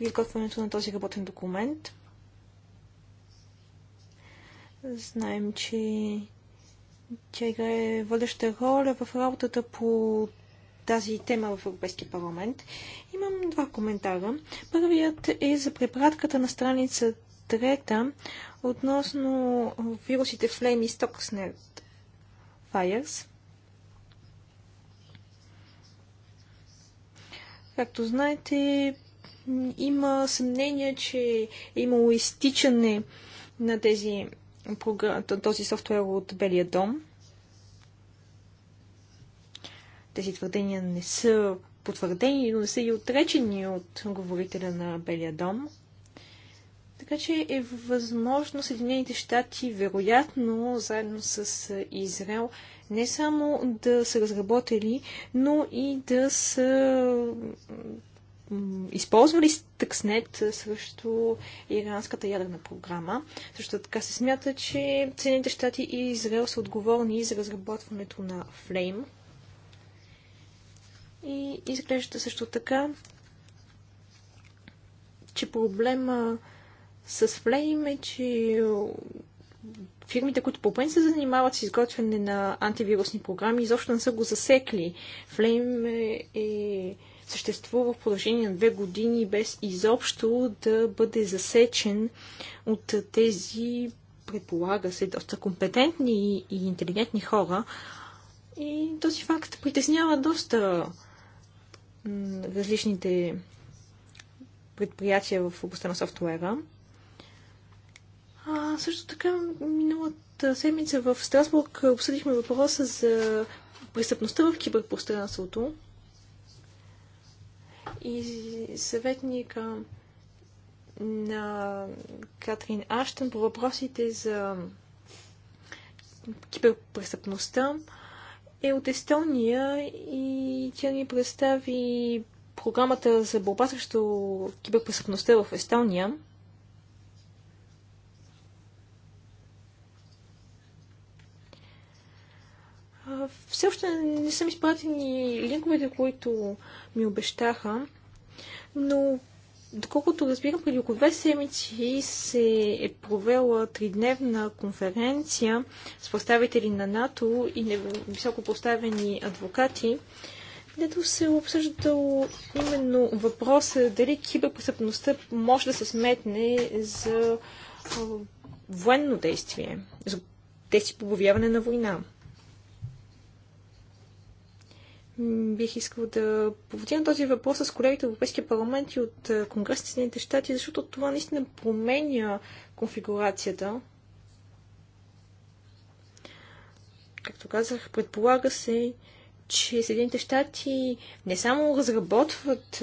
изготвянето на този работен документ. Знаем, че тя играе водеща роля в работата по тази тема в Европейския парламент. Имам два коментара. Първият е за препратката на страница трета относно вирусите Flame и Stuxnet Fires. Както знаете, има съмнение, че е имало изтичане на тези, този софтуер от Белия дом. Тези твърдения не са потвърдени, но не са и отречени от говорителя на Белия дом. Така че е възможно Съединените щати, вероятно, заедно с Израел, не само да са разработили, но и да са използвали стъкснет срещу иранската ядрена програма. Също така се смята, че Съединените щати и Израел са отговорни за разработването на Флейм. И изглежда също така, че проблема с време, е, че фирмите, които по принцип се занимават с изготвяне на антивирусни програми, изобщо не са го засекли. Флейм е, е съществува в продължение на две години без изобщо да бъде засечен от тези, предполага се, доста компетентни и, и интелигентни хора. И този факт притеснява доста различните предприятия в областта на софтуера. А, също така, миналата седмица в Страсбург обсъдихме въпроса за престъпността в киберпространството. И съветника на Катрин Аштън по въпросите за киберпрестъпността е от Естония и тя ни представи програмата за борба срещу киберпрестъпността в Естония. още не съм изпратени линковете, които ми обещаха, но доколкото разбирам, преди около две седмици се е провела тридневна конференция с представители на НАТО и високо поставени адвокати, където се е обсъждало именно въпроса дали киберпрестъпността може да се сметне за военно действие, за действие по обявяване на война бих искал да повдигна този въпрос с колегите от Европейския парламент и от Конгреса на Съединените щати, защото това наистина променя конфигурацията. Както казах, предполага се, че Съединените щати не само разработват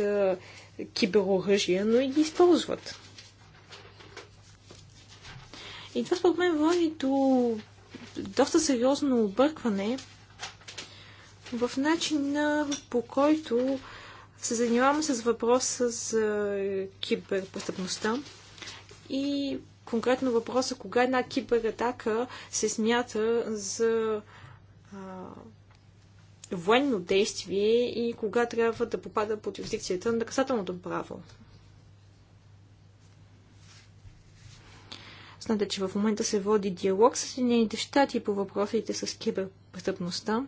кибероръжия, но и ги използват. И това според мен води до доста сериозно объркване, в начина по който се занимаваме с въпроса за киберпрестъпността и конкретно въпроса кога една кибератака се смята за а, военно действие и кога трябва да попада под юрисдикцията на наказателното право. Знаете, че в момента се води диалог с Съединените щати по въпросите с киберпрестъпността.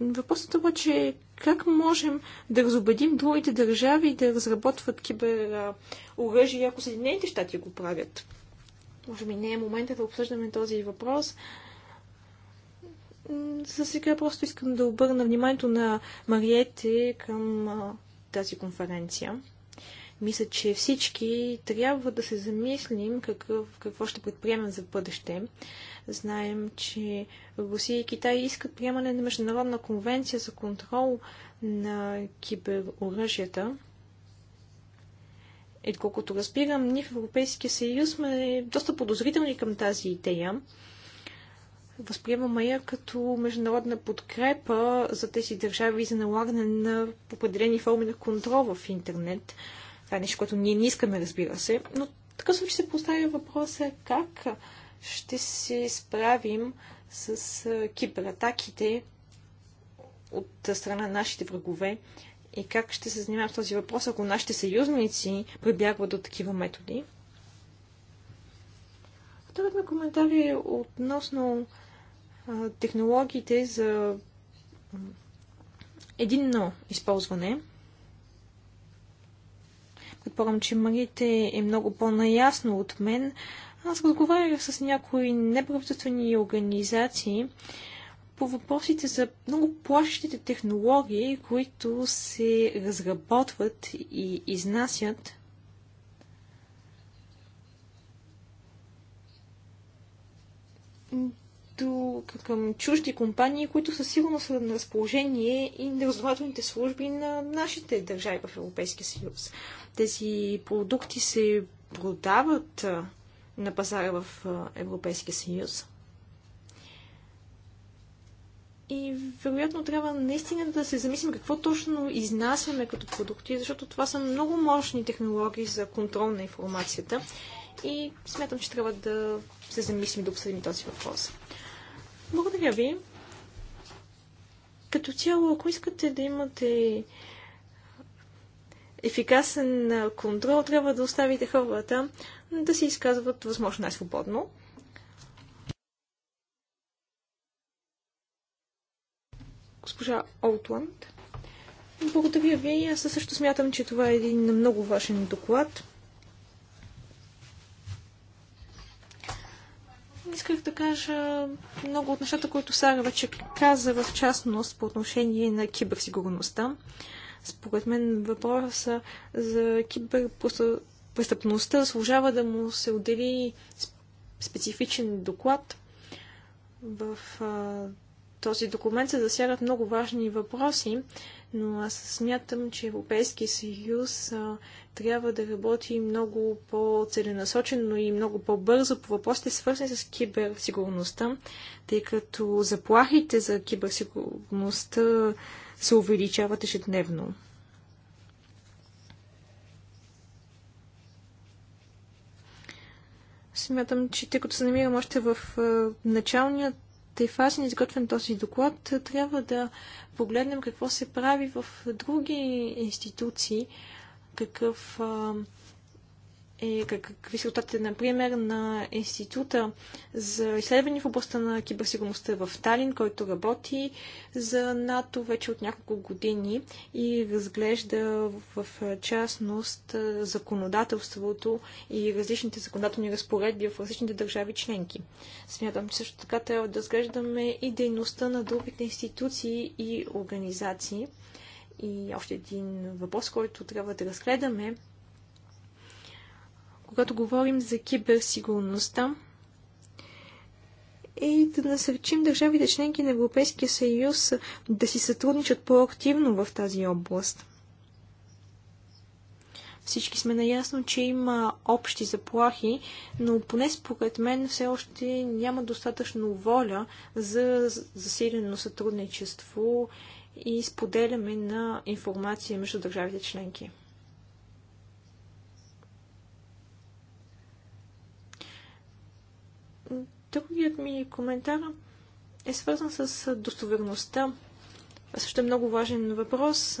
Въпросът е обаче е как можем да разобедим другите държави да разработват кибероръжие, ако Съединените щати го правят. Може би не е момента да обсъждаме този въпрос. За сега просто искам да обърна вниманието на Мариете към тази конференция. Мисля, че всички трябва да се замислим какъв, какво ще предприемем за бъдеще. Знаем, че Русия и Китай искат приемане на Международна конвенция за контрол на кибероръжията. И е, колкото разбирам, ние в Европейския съюз сме доста подозрителни към тази идея. Възприемаме я като международна подкрепа за тези държави за налагане на определени форми на контрол в интернет. Това е нещо, което ние не искаме, разбира се. Но така случай се поставя въпроса как ще се справим с кибератаките от страна на нашите врагове и как ще се занимавам с този въпрос, ако нашите съюзници прибягват до такива методи. Вторият ми коментар е относно технологиите за единно използване. Предполагам, че Марите е много по-наясно от мен аз разговарях с някои неправителствени организации по въпросите за много плащите технологии, които се разработват и изнасят до, към чужди компании, които със сигурност са на разположение и на разузнавателните служби на нашите държави в Европейския съюз. Тези продукти се продават на пазара в Европейския съюз. И вероятно трябва наистина да се замислим какво точно изнасяме като продукти, защото това са много мощни технологии за контрол на информацията. И смятам, че трябва да се замислим и да обсъдим този въпрос. Благодаря ви. Като цяло, ако искате да имате ефикасен контрол, трябва да оставите хората да се изказват възможно най-свободно. Госпожа Олтланд. Благодаря ви. Аз също смятам, че това е един много важен доклад. исках да кажа много от нещата, които Сара вече каза в частност по отношение на киберсигурността. Според мен въпроса за киберпространството престъпността служава да му се отдели специфичен доклад. В а, този документ се засягат много важни въпроси, но аз смятам, че Европейския съюз а, трябва да работи много по-целенасочено и много по-бързо по въпросите, свързани с киберсигурността, тъй като заплахите за киберсигурността се увеличават ежедневно. Смятам, че тъй като се намирам още в е, началният е фази на изготвен този доклад, трябва да погледнем какво се прави в други институции, какъв а, е, е какви са резултатите, например, на Института за изследвания в областта на киберсигурността в Талин, който работи за НАТО вече от няколко години и разглежда в, в частност законодателството и различните законодателни разпоредби в различните държави членки. Смятам, че също така трябва да разглеждаме и дейността на другите институции и организации. И още един въпрос, който трябва да разгледаме когато говорим за киберсигурността, е да насърчим държавите членки на Европейския съюз да си сътрудничат по-активно в тази област. Всички сме наясно, че има общи заплахи, но поне според мен все още няма достатъчно воля за засилено сътрудничество и споделяме на информация между държавите членки. Другият ми коментар е свързан с достоверността. Това също е много важен въпрос.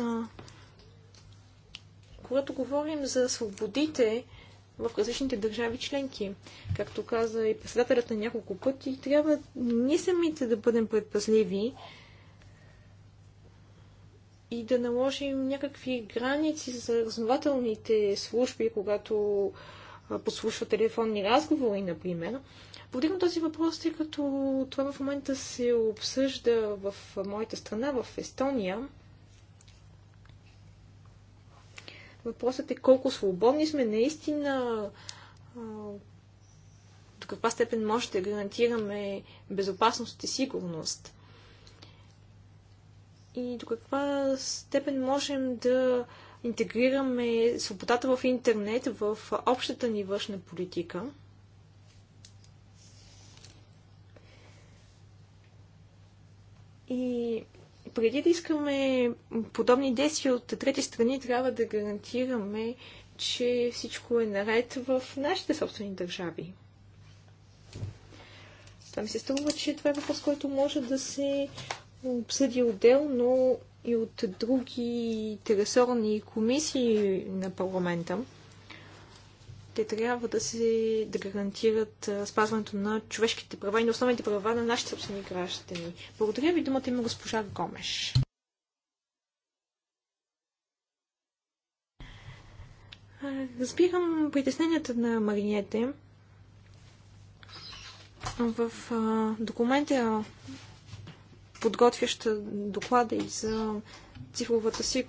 Когато говорим за свободите в различните държави членки, както каза и председателят на няколко пъти, трябва ние самите да бъдем предпазливи и да наложим някакви граници за разнователните служби, когато послушва телефонни разговори, например, Повдигам този въпрос, тъй като това в момента се обсъжда в моята страна, в Естония. Въпросът е колко свободни сме наистина, до каква степен може да гарантираме безопасност и сигурност. И до каква степен можем да интегрираме свободата в интернет в общата ни външна политика. И преди да искаме подобни действия от трети страни, трябва да гарантираме, че всичко е наред в нашите собствени държави. Това ми се струва, че това е въпрос, който може да се обсъди отделно и от други тересорни комисии на парламента те трябва да се да гарантират спазването на човешките права и на основните права на нашите собствени граждани. Благодаря ви, думата има госпожа Гомеш. Разбирам притесненията на Мариете. В документа, подготвяща доклада и за цифровата си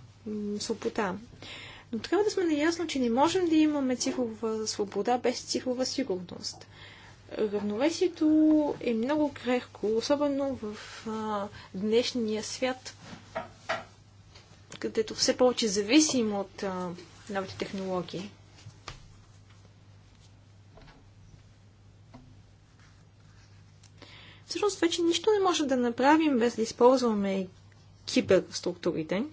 свобода. Но трябва да сме наясно, че не можем да имаме цифрова свобода без цифрова сигурност. Равновесието е много крехко, особено в а, днешния свят, където все повече зависим от а, новите технологии. Всъщност вече нищо не можем да направим без да използваме киберструктурите.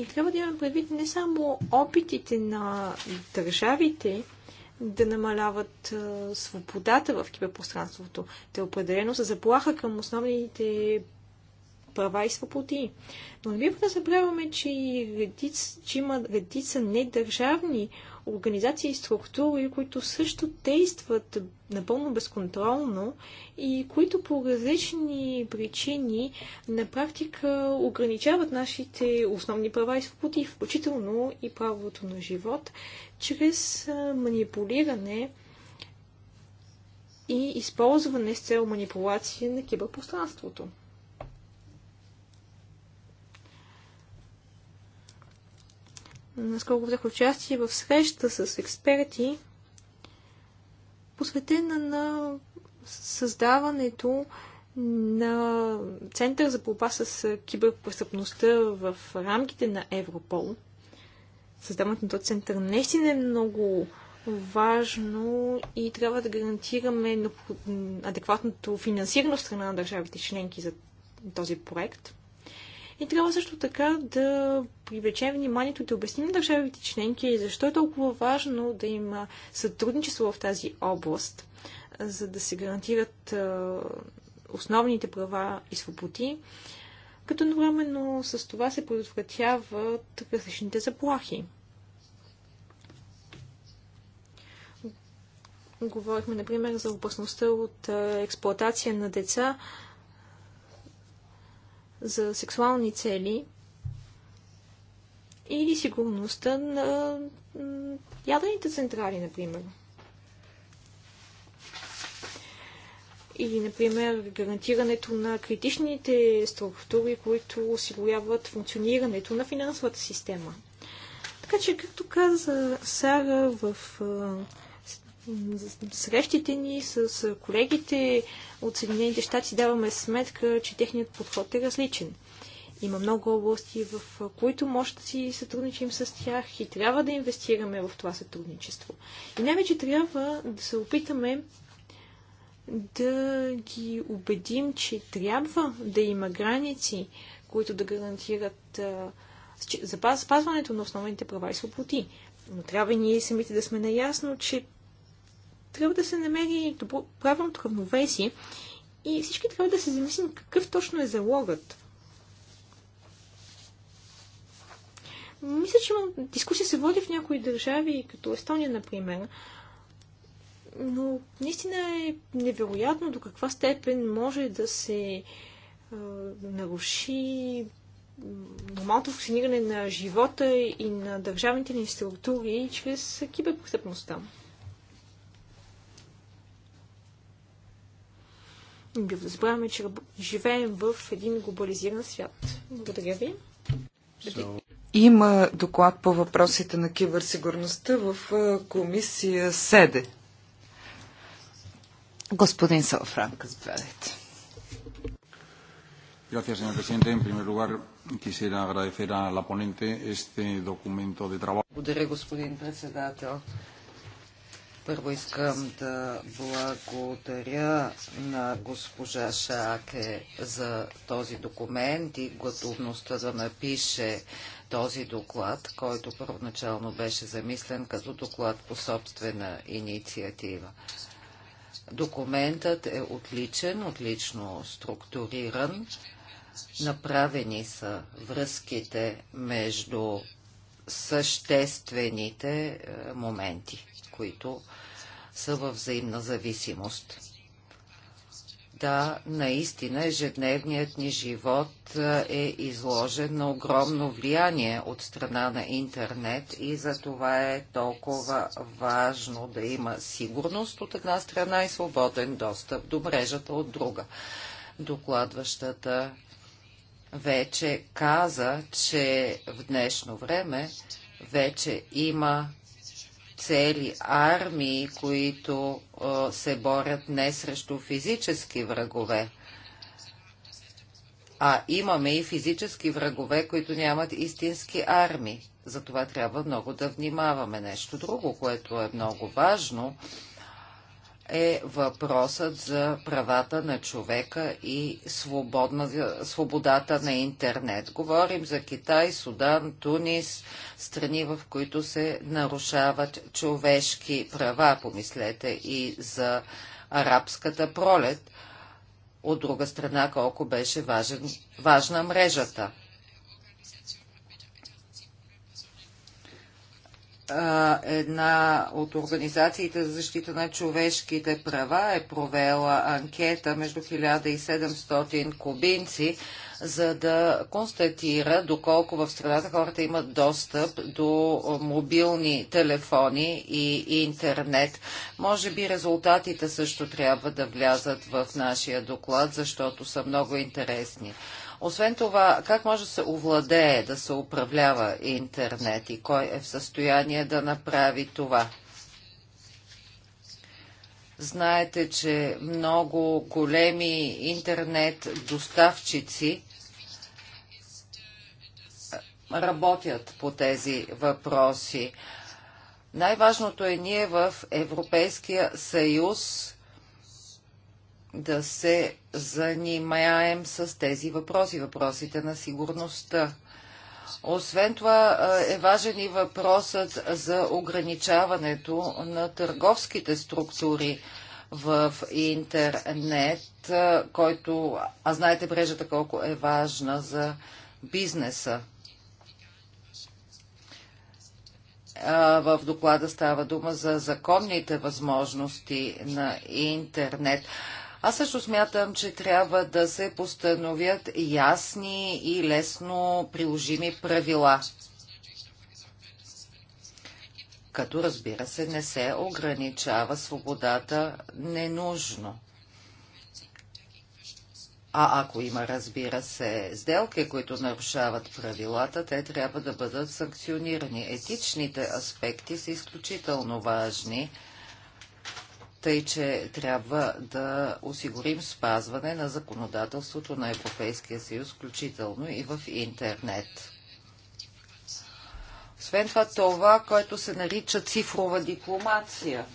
И трябва да имаме предвид не само опитите на държавите да намаляват свободата в киберпространството. Те определено са заплаха към основните права и свободи. Но не бива да забравяме, че, че има редица недържавни организации и структури, които също действат напълно безконтролно и които по различни причини на практика ограничават нашите основни права и свободи, включително и правото на живот, чрез манипулиране и използване с цел манипулация на киберпространството. Наскоро взех участие в среща с експерти, посветена на създаването на Център за борба с киберпрестъпността в рамките на Европол. Създаването на този център наистина е много важно и трябва да гарантираме адекватното финансиране от страна на държавите членки за този проект. И трябва също така да привлечем вниманието и да обясним на държавите членки защо е толкова важно да има сътрудничество в тази област, за да се гарантират основните права и свободи, като едновременно с това се предотвратяват различните заплахи. Говорихме, например, за опасността от експлоатация на деца за сексуални цели или сигурността на ядрените централи, например. Или, например, гарантирането на критичните структури, които осигуряват функционирането на финансовата система. Така че, както каза Сара в срещите ни с колегите от Съединените щати даваме сметка, че техният подход е различен. Има много области, в които може да си сътрудничим с тях и трябва да инвестираме в това сътрудничество. И най-вече трябва да се опитаме да ги убедим, че трябва да има граници, които да гарантират запазването на основните права и свободи. Но трябва и ние самите да сме наясно, че трябва да се намери добро, правилното равновесие и всички трябва да се замислим какъв точно е залогът. Мисля, че дискусия се води в някои държави, като Естония, например, но наистина е невероятно до каква степен може да се е, наруши нормалното функциониране на живота и на държавните ни структури чрез киберпрестъпността. Да разбравяме, че живеем в един глобализиран свят. Благодаря ви. Има доклад по въпросите на киберсигурността в комисия СЕДЕ. Господин Салфранк, заповядайте. Gracias, señor presidente. En primer lugar, quisiera agradecer a la ponente este documento de trabajo. Благодаря, господин председател. Първо искам да благодаря на госпожа Шаке за този документ и готовността да напише този доклад, който първоначално беше замислен като доклад по собствена инициатива. Документът е отличен, отлично структуриран. Направени са връзките между съществените е, моменти които са във взаимна зависимост. Да, наистина ежедневният ни живот е изложен на огромно влияние от страна на интернет и за това е толкова важно да има сигурност от една страна и свободен достъп до мрежата от друга. Докладващата вече каза, че в днешно време вече има цели армии, които а, се борят не срещу физически врагове, а имаме и физически врагове, които нямат истински армии. Затова трябва много да внимаваме. Нещо друго, което е много важно, е въпросът за правата на човека и свободна, свободата на интернет. Говорим за Китай, Судан, Тунис, страни в които се нарушават човешки права, помислете и за арабската пролет. От друга страна, колко беше важен, важна мрежата. една от организациите за защита на човешките права е провела анкета между 1700 кубинци, за да констатира доколко в страната хората имат достъп до мобилни телефони и интернет. Може би резултатите също трябва да влязат в нашия доклад, защото са много интересни. Освен това, как може да се овладее, да се управлява интернет и кой е в състояние да направи това? Знаете, че много големи интернет доставчици работят по тези въпроси. Най-важното е ние в Европейския съюз да се занимаем с тези въпроси, въпросите на сигурността. Освен това е важен и въпросът за ограничаването на търговските структури в интернет, който, а знаете брежата колко е важна за бизнеса. В доклада става дума за законните възможности на интернет. Аз също смятам, че трябва да се постановят ясни и лесно приложими правила. Като разбира се, не се ограничава свободата ненужно. А ако има, разбира се, сделки, които нарушават правилата, те трябва да бъдат санкционирани. Етичните аспекти са изключително важни тъй че трябва да осигурим спазване на законодателството на Европейския съюз, включително и в интернет. Освен това, това, което се нарича цифрова дипломация.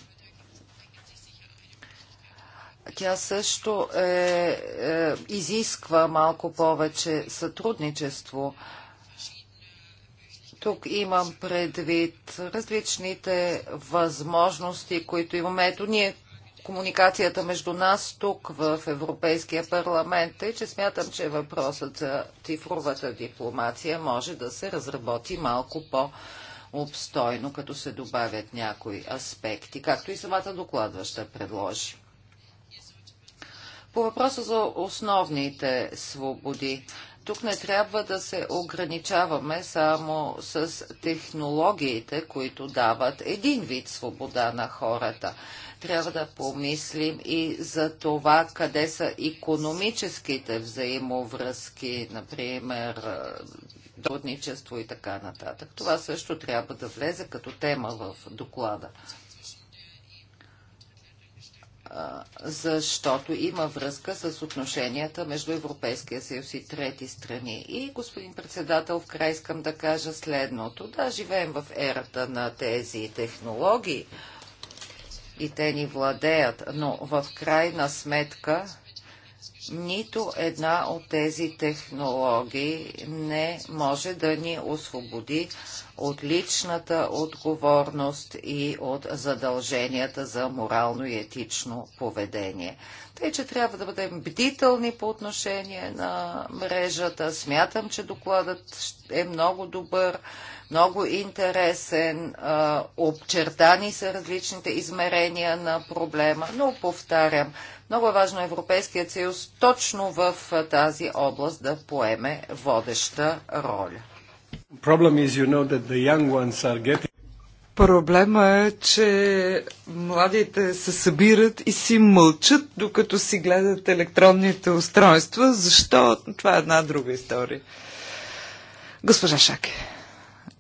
Тя също е, е, изисква малко повече сътрудничество. Е, тук имам предвид различните възможности, които имаме. Ето ние комуникацията между нас тук в Европейския парламент е, че смятам, че въпросът за цифровата дипломация може да се разработи малко по- обстойно, като се добавят някои аспекти, както и самата докладваща предложи. По въпроса за основните свободи, тук не трябва да се ограничаваме само с технологиите, които дават един вид свобода на хората. Трябва да помислим и за това къде са економическите взаимовръзки, например трудничество и така нататък. Това също трябва да влезе като тема в доклада защото има връзка с отношенията между Европейския съюз и трети страни. И, господин председател, в край искам да кажа следното. Да, живеем в ерата на тези технологии и те ни владеят, но в крайна сметка нито една от тези технологии не може да ни освободи от личната отговорност и от задълженията за морално и етично поведение. Тъй, е, че трябва да бъдем бдителни по отношение на мрежата. Смятам, че докладът е много добър, много интересен. Обчертани са различните измерения на проблема, но повтарям, много е важно Европейският съюз точно в тази област да поеме водеща роля. Проблемът е, че know, that the Проблема е, че младите се събират и си мълчат, докато си гледат електронните устройства. Защо? Това е една друга история. Госпожа Шаке,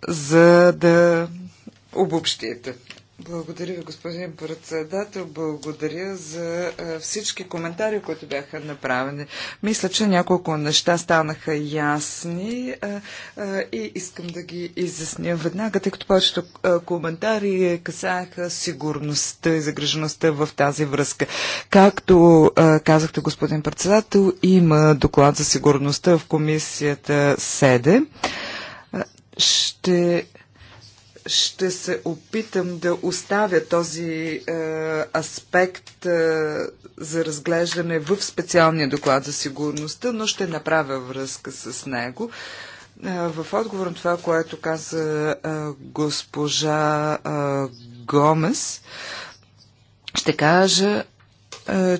за да обобщите. Благодаря ви, господин председател. Благодаря за всички коментари, които бяха направени. Мисля, че няколко неща станаха ясни и искам да ги изясня веднага, тъй като повечето коментари касаеха сигурността и загрежеността в тази връзка. Както казахте, господин председател, има доклад за сигурността в комисията СЕДЕ. Ще ще се опитам да оставя този е, аспект е, за разглеждане в специалния доклад за сигурността, но ще направя връзка с него. Е, в отговор на това, което каза е, госпожа е, Гомес, ще кажа, е,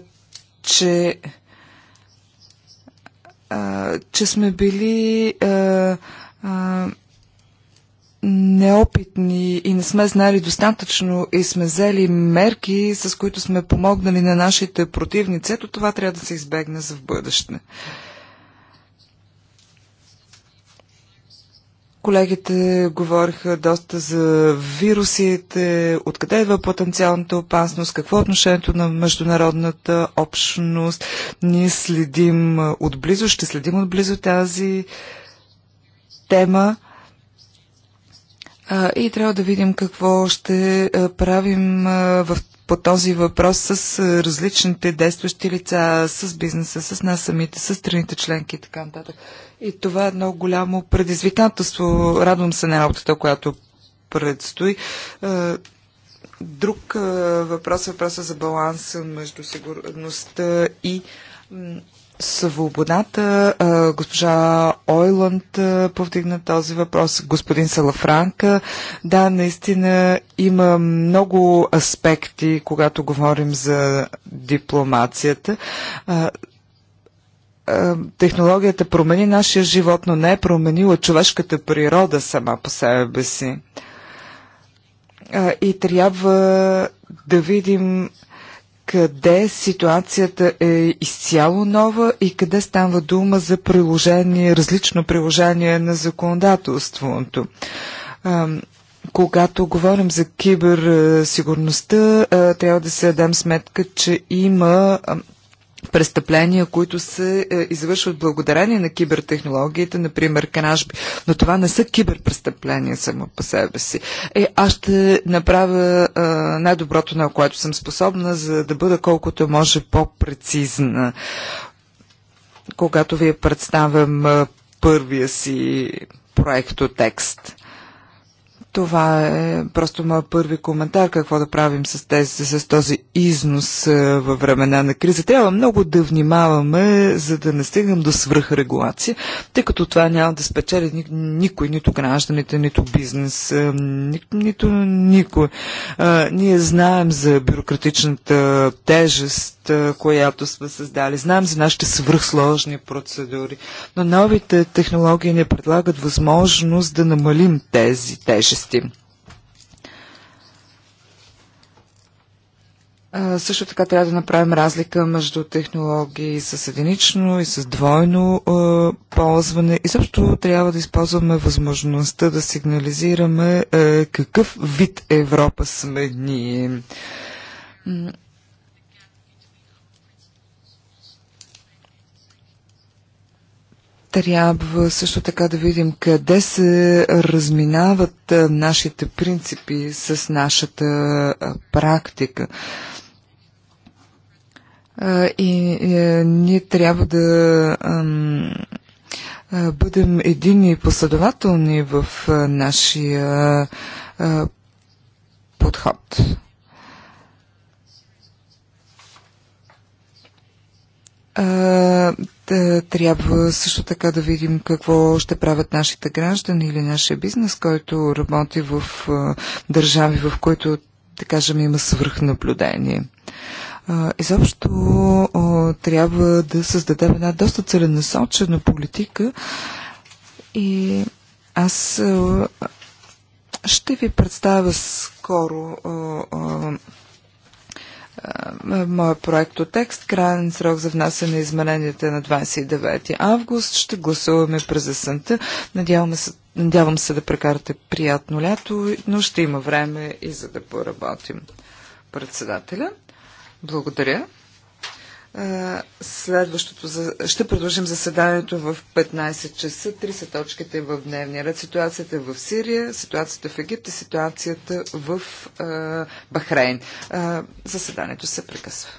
че, е, че сме били. Е, е, неопитни и не сме знали достатъчно и сме взели мерки, с които сме помогнали на нашите противници. Ето това трябва да се избегне за в бъдеще. Колегите говориха доста за вирусите, откъде идва потенциалната опасност, какво е отношението на международната общност. Ние следим отблизо, ще следим отблизо тази тема и трябва да видим какво ще правим в, по този въпрос с различните действащи лица, с бизнеса, с нас самите, с страните членки и така нататък. И това е едно голямо предизвикателство. Радвам се на работата, която предстои. Друг въпрос е въпроса за баланса между сигурността и свободата. Госпожа Ойланд повдигна този въпрос. Господин Салафранка. Да, наистина има много аспекти, когато говорим за дипломацията. Технологията промени нашия живот, но не е променила човешката природа сама по себе си. И трябва да видим къде ситуацията е изцяло нова и къде става дума за приложение, различно приложение на законодателството. Когато говорим за киберсигурността, трябва да се дадем сметка, че има престъпления, които се е, извършват благодарение на кибертехнологиите, например кражби. Но това не са киберпрестъпления само по себе си. Е, аз ще направя е, най-доброто, на което съм способна, за да бъда колкото може по-прецизна, когато ви представям е, първия си проектотекст. текст. Това е просто моят първи коментар, какво да правим с, тези, с този износ е, във времена на криза. Трябва много да внимаваме, за да не стигнем до свръхрегулация, тъй като това няма да спечели никой, нито гражданите, нито бизнес, е, ни, нито никой. А, е, ние знаем за бюрократичната тежест която сме създали. Знаем за нашите свръхсложни процедури, но новите технологии не предлагат възможност да намалим тези тежести. Също така трябва да направим разлика между технологии с единично и с двойно е, ползване. И също трябва да използваме възможността да сигнализираме е, какъв вид Европа сме ние. Трябва също така да видим къде се разминават нашите принципи с нашата практика. И е, ние трябва да бъдем едини и последователни в нашия подход. Е, трябва също така да видим какво ще правят нашите граждани или нашия бизнес, който работи в е, държави, в които, да кажем, има свръхнаблюдение. Е, изобщо трябва да създадем една доста целенасочена политика и аз ще ви представя скоро моя проектотекст. Крайен срок за внасяне на измененията е на 29 август. Ще гласуваме през есента. Надяваме се, надявам се да прекарате приятно лято, но ще има време и за да поработим. Председателя, благодаря. Следващото за... ще продължим заседанието в 15 часа. Три са точките в дневния ред. Ситуацията в Сирия, ситуацията в Египет и ситуацията в Бахрейн. заседанието се прекъсва.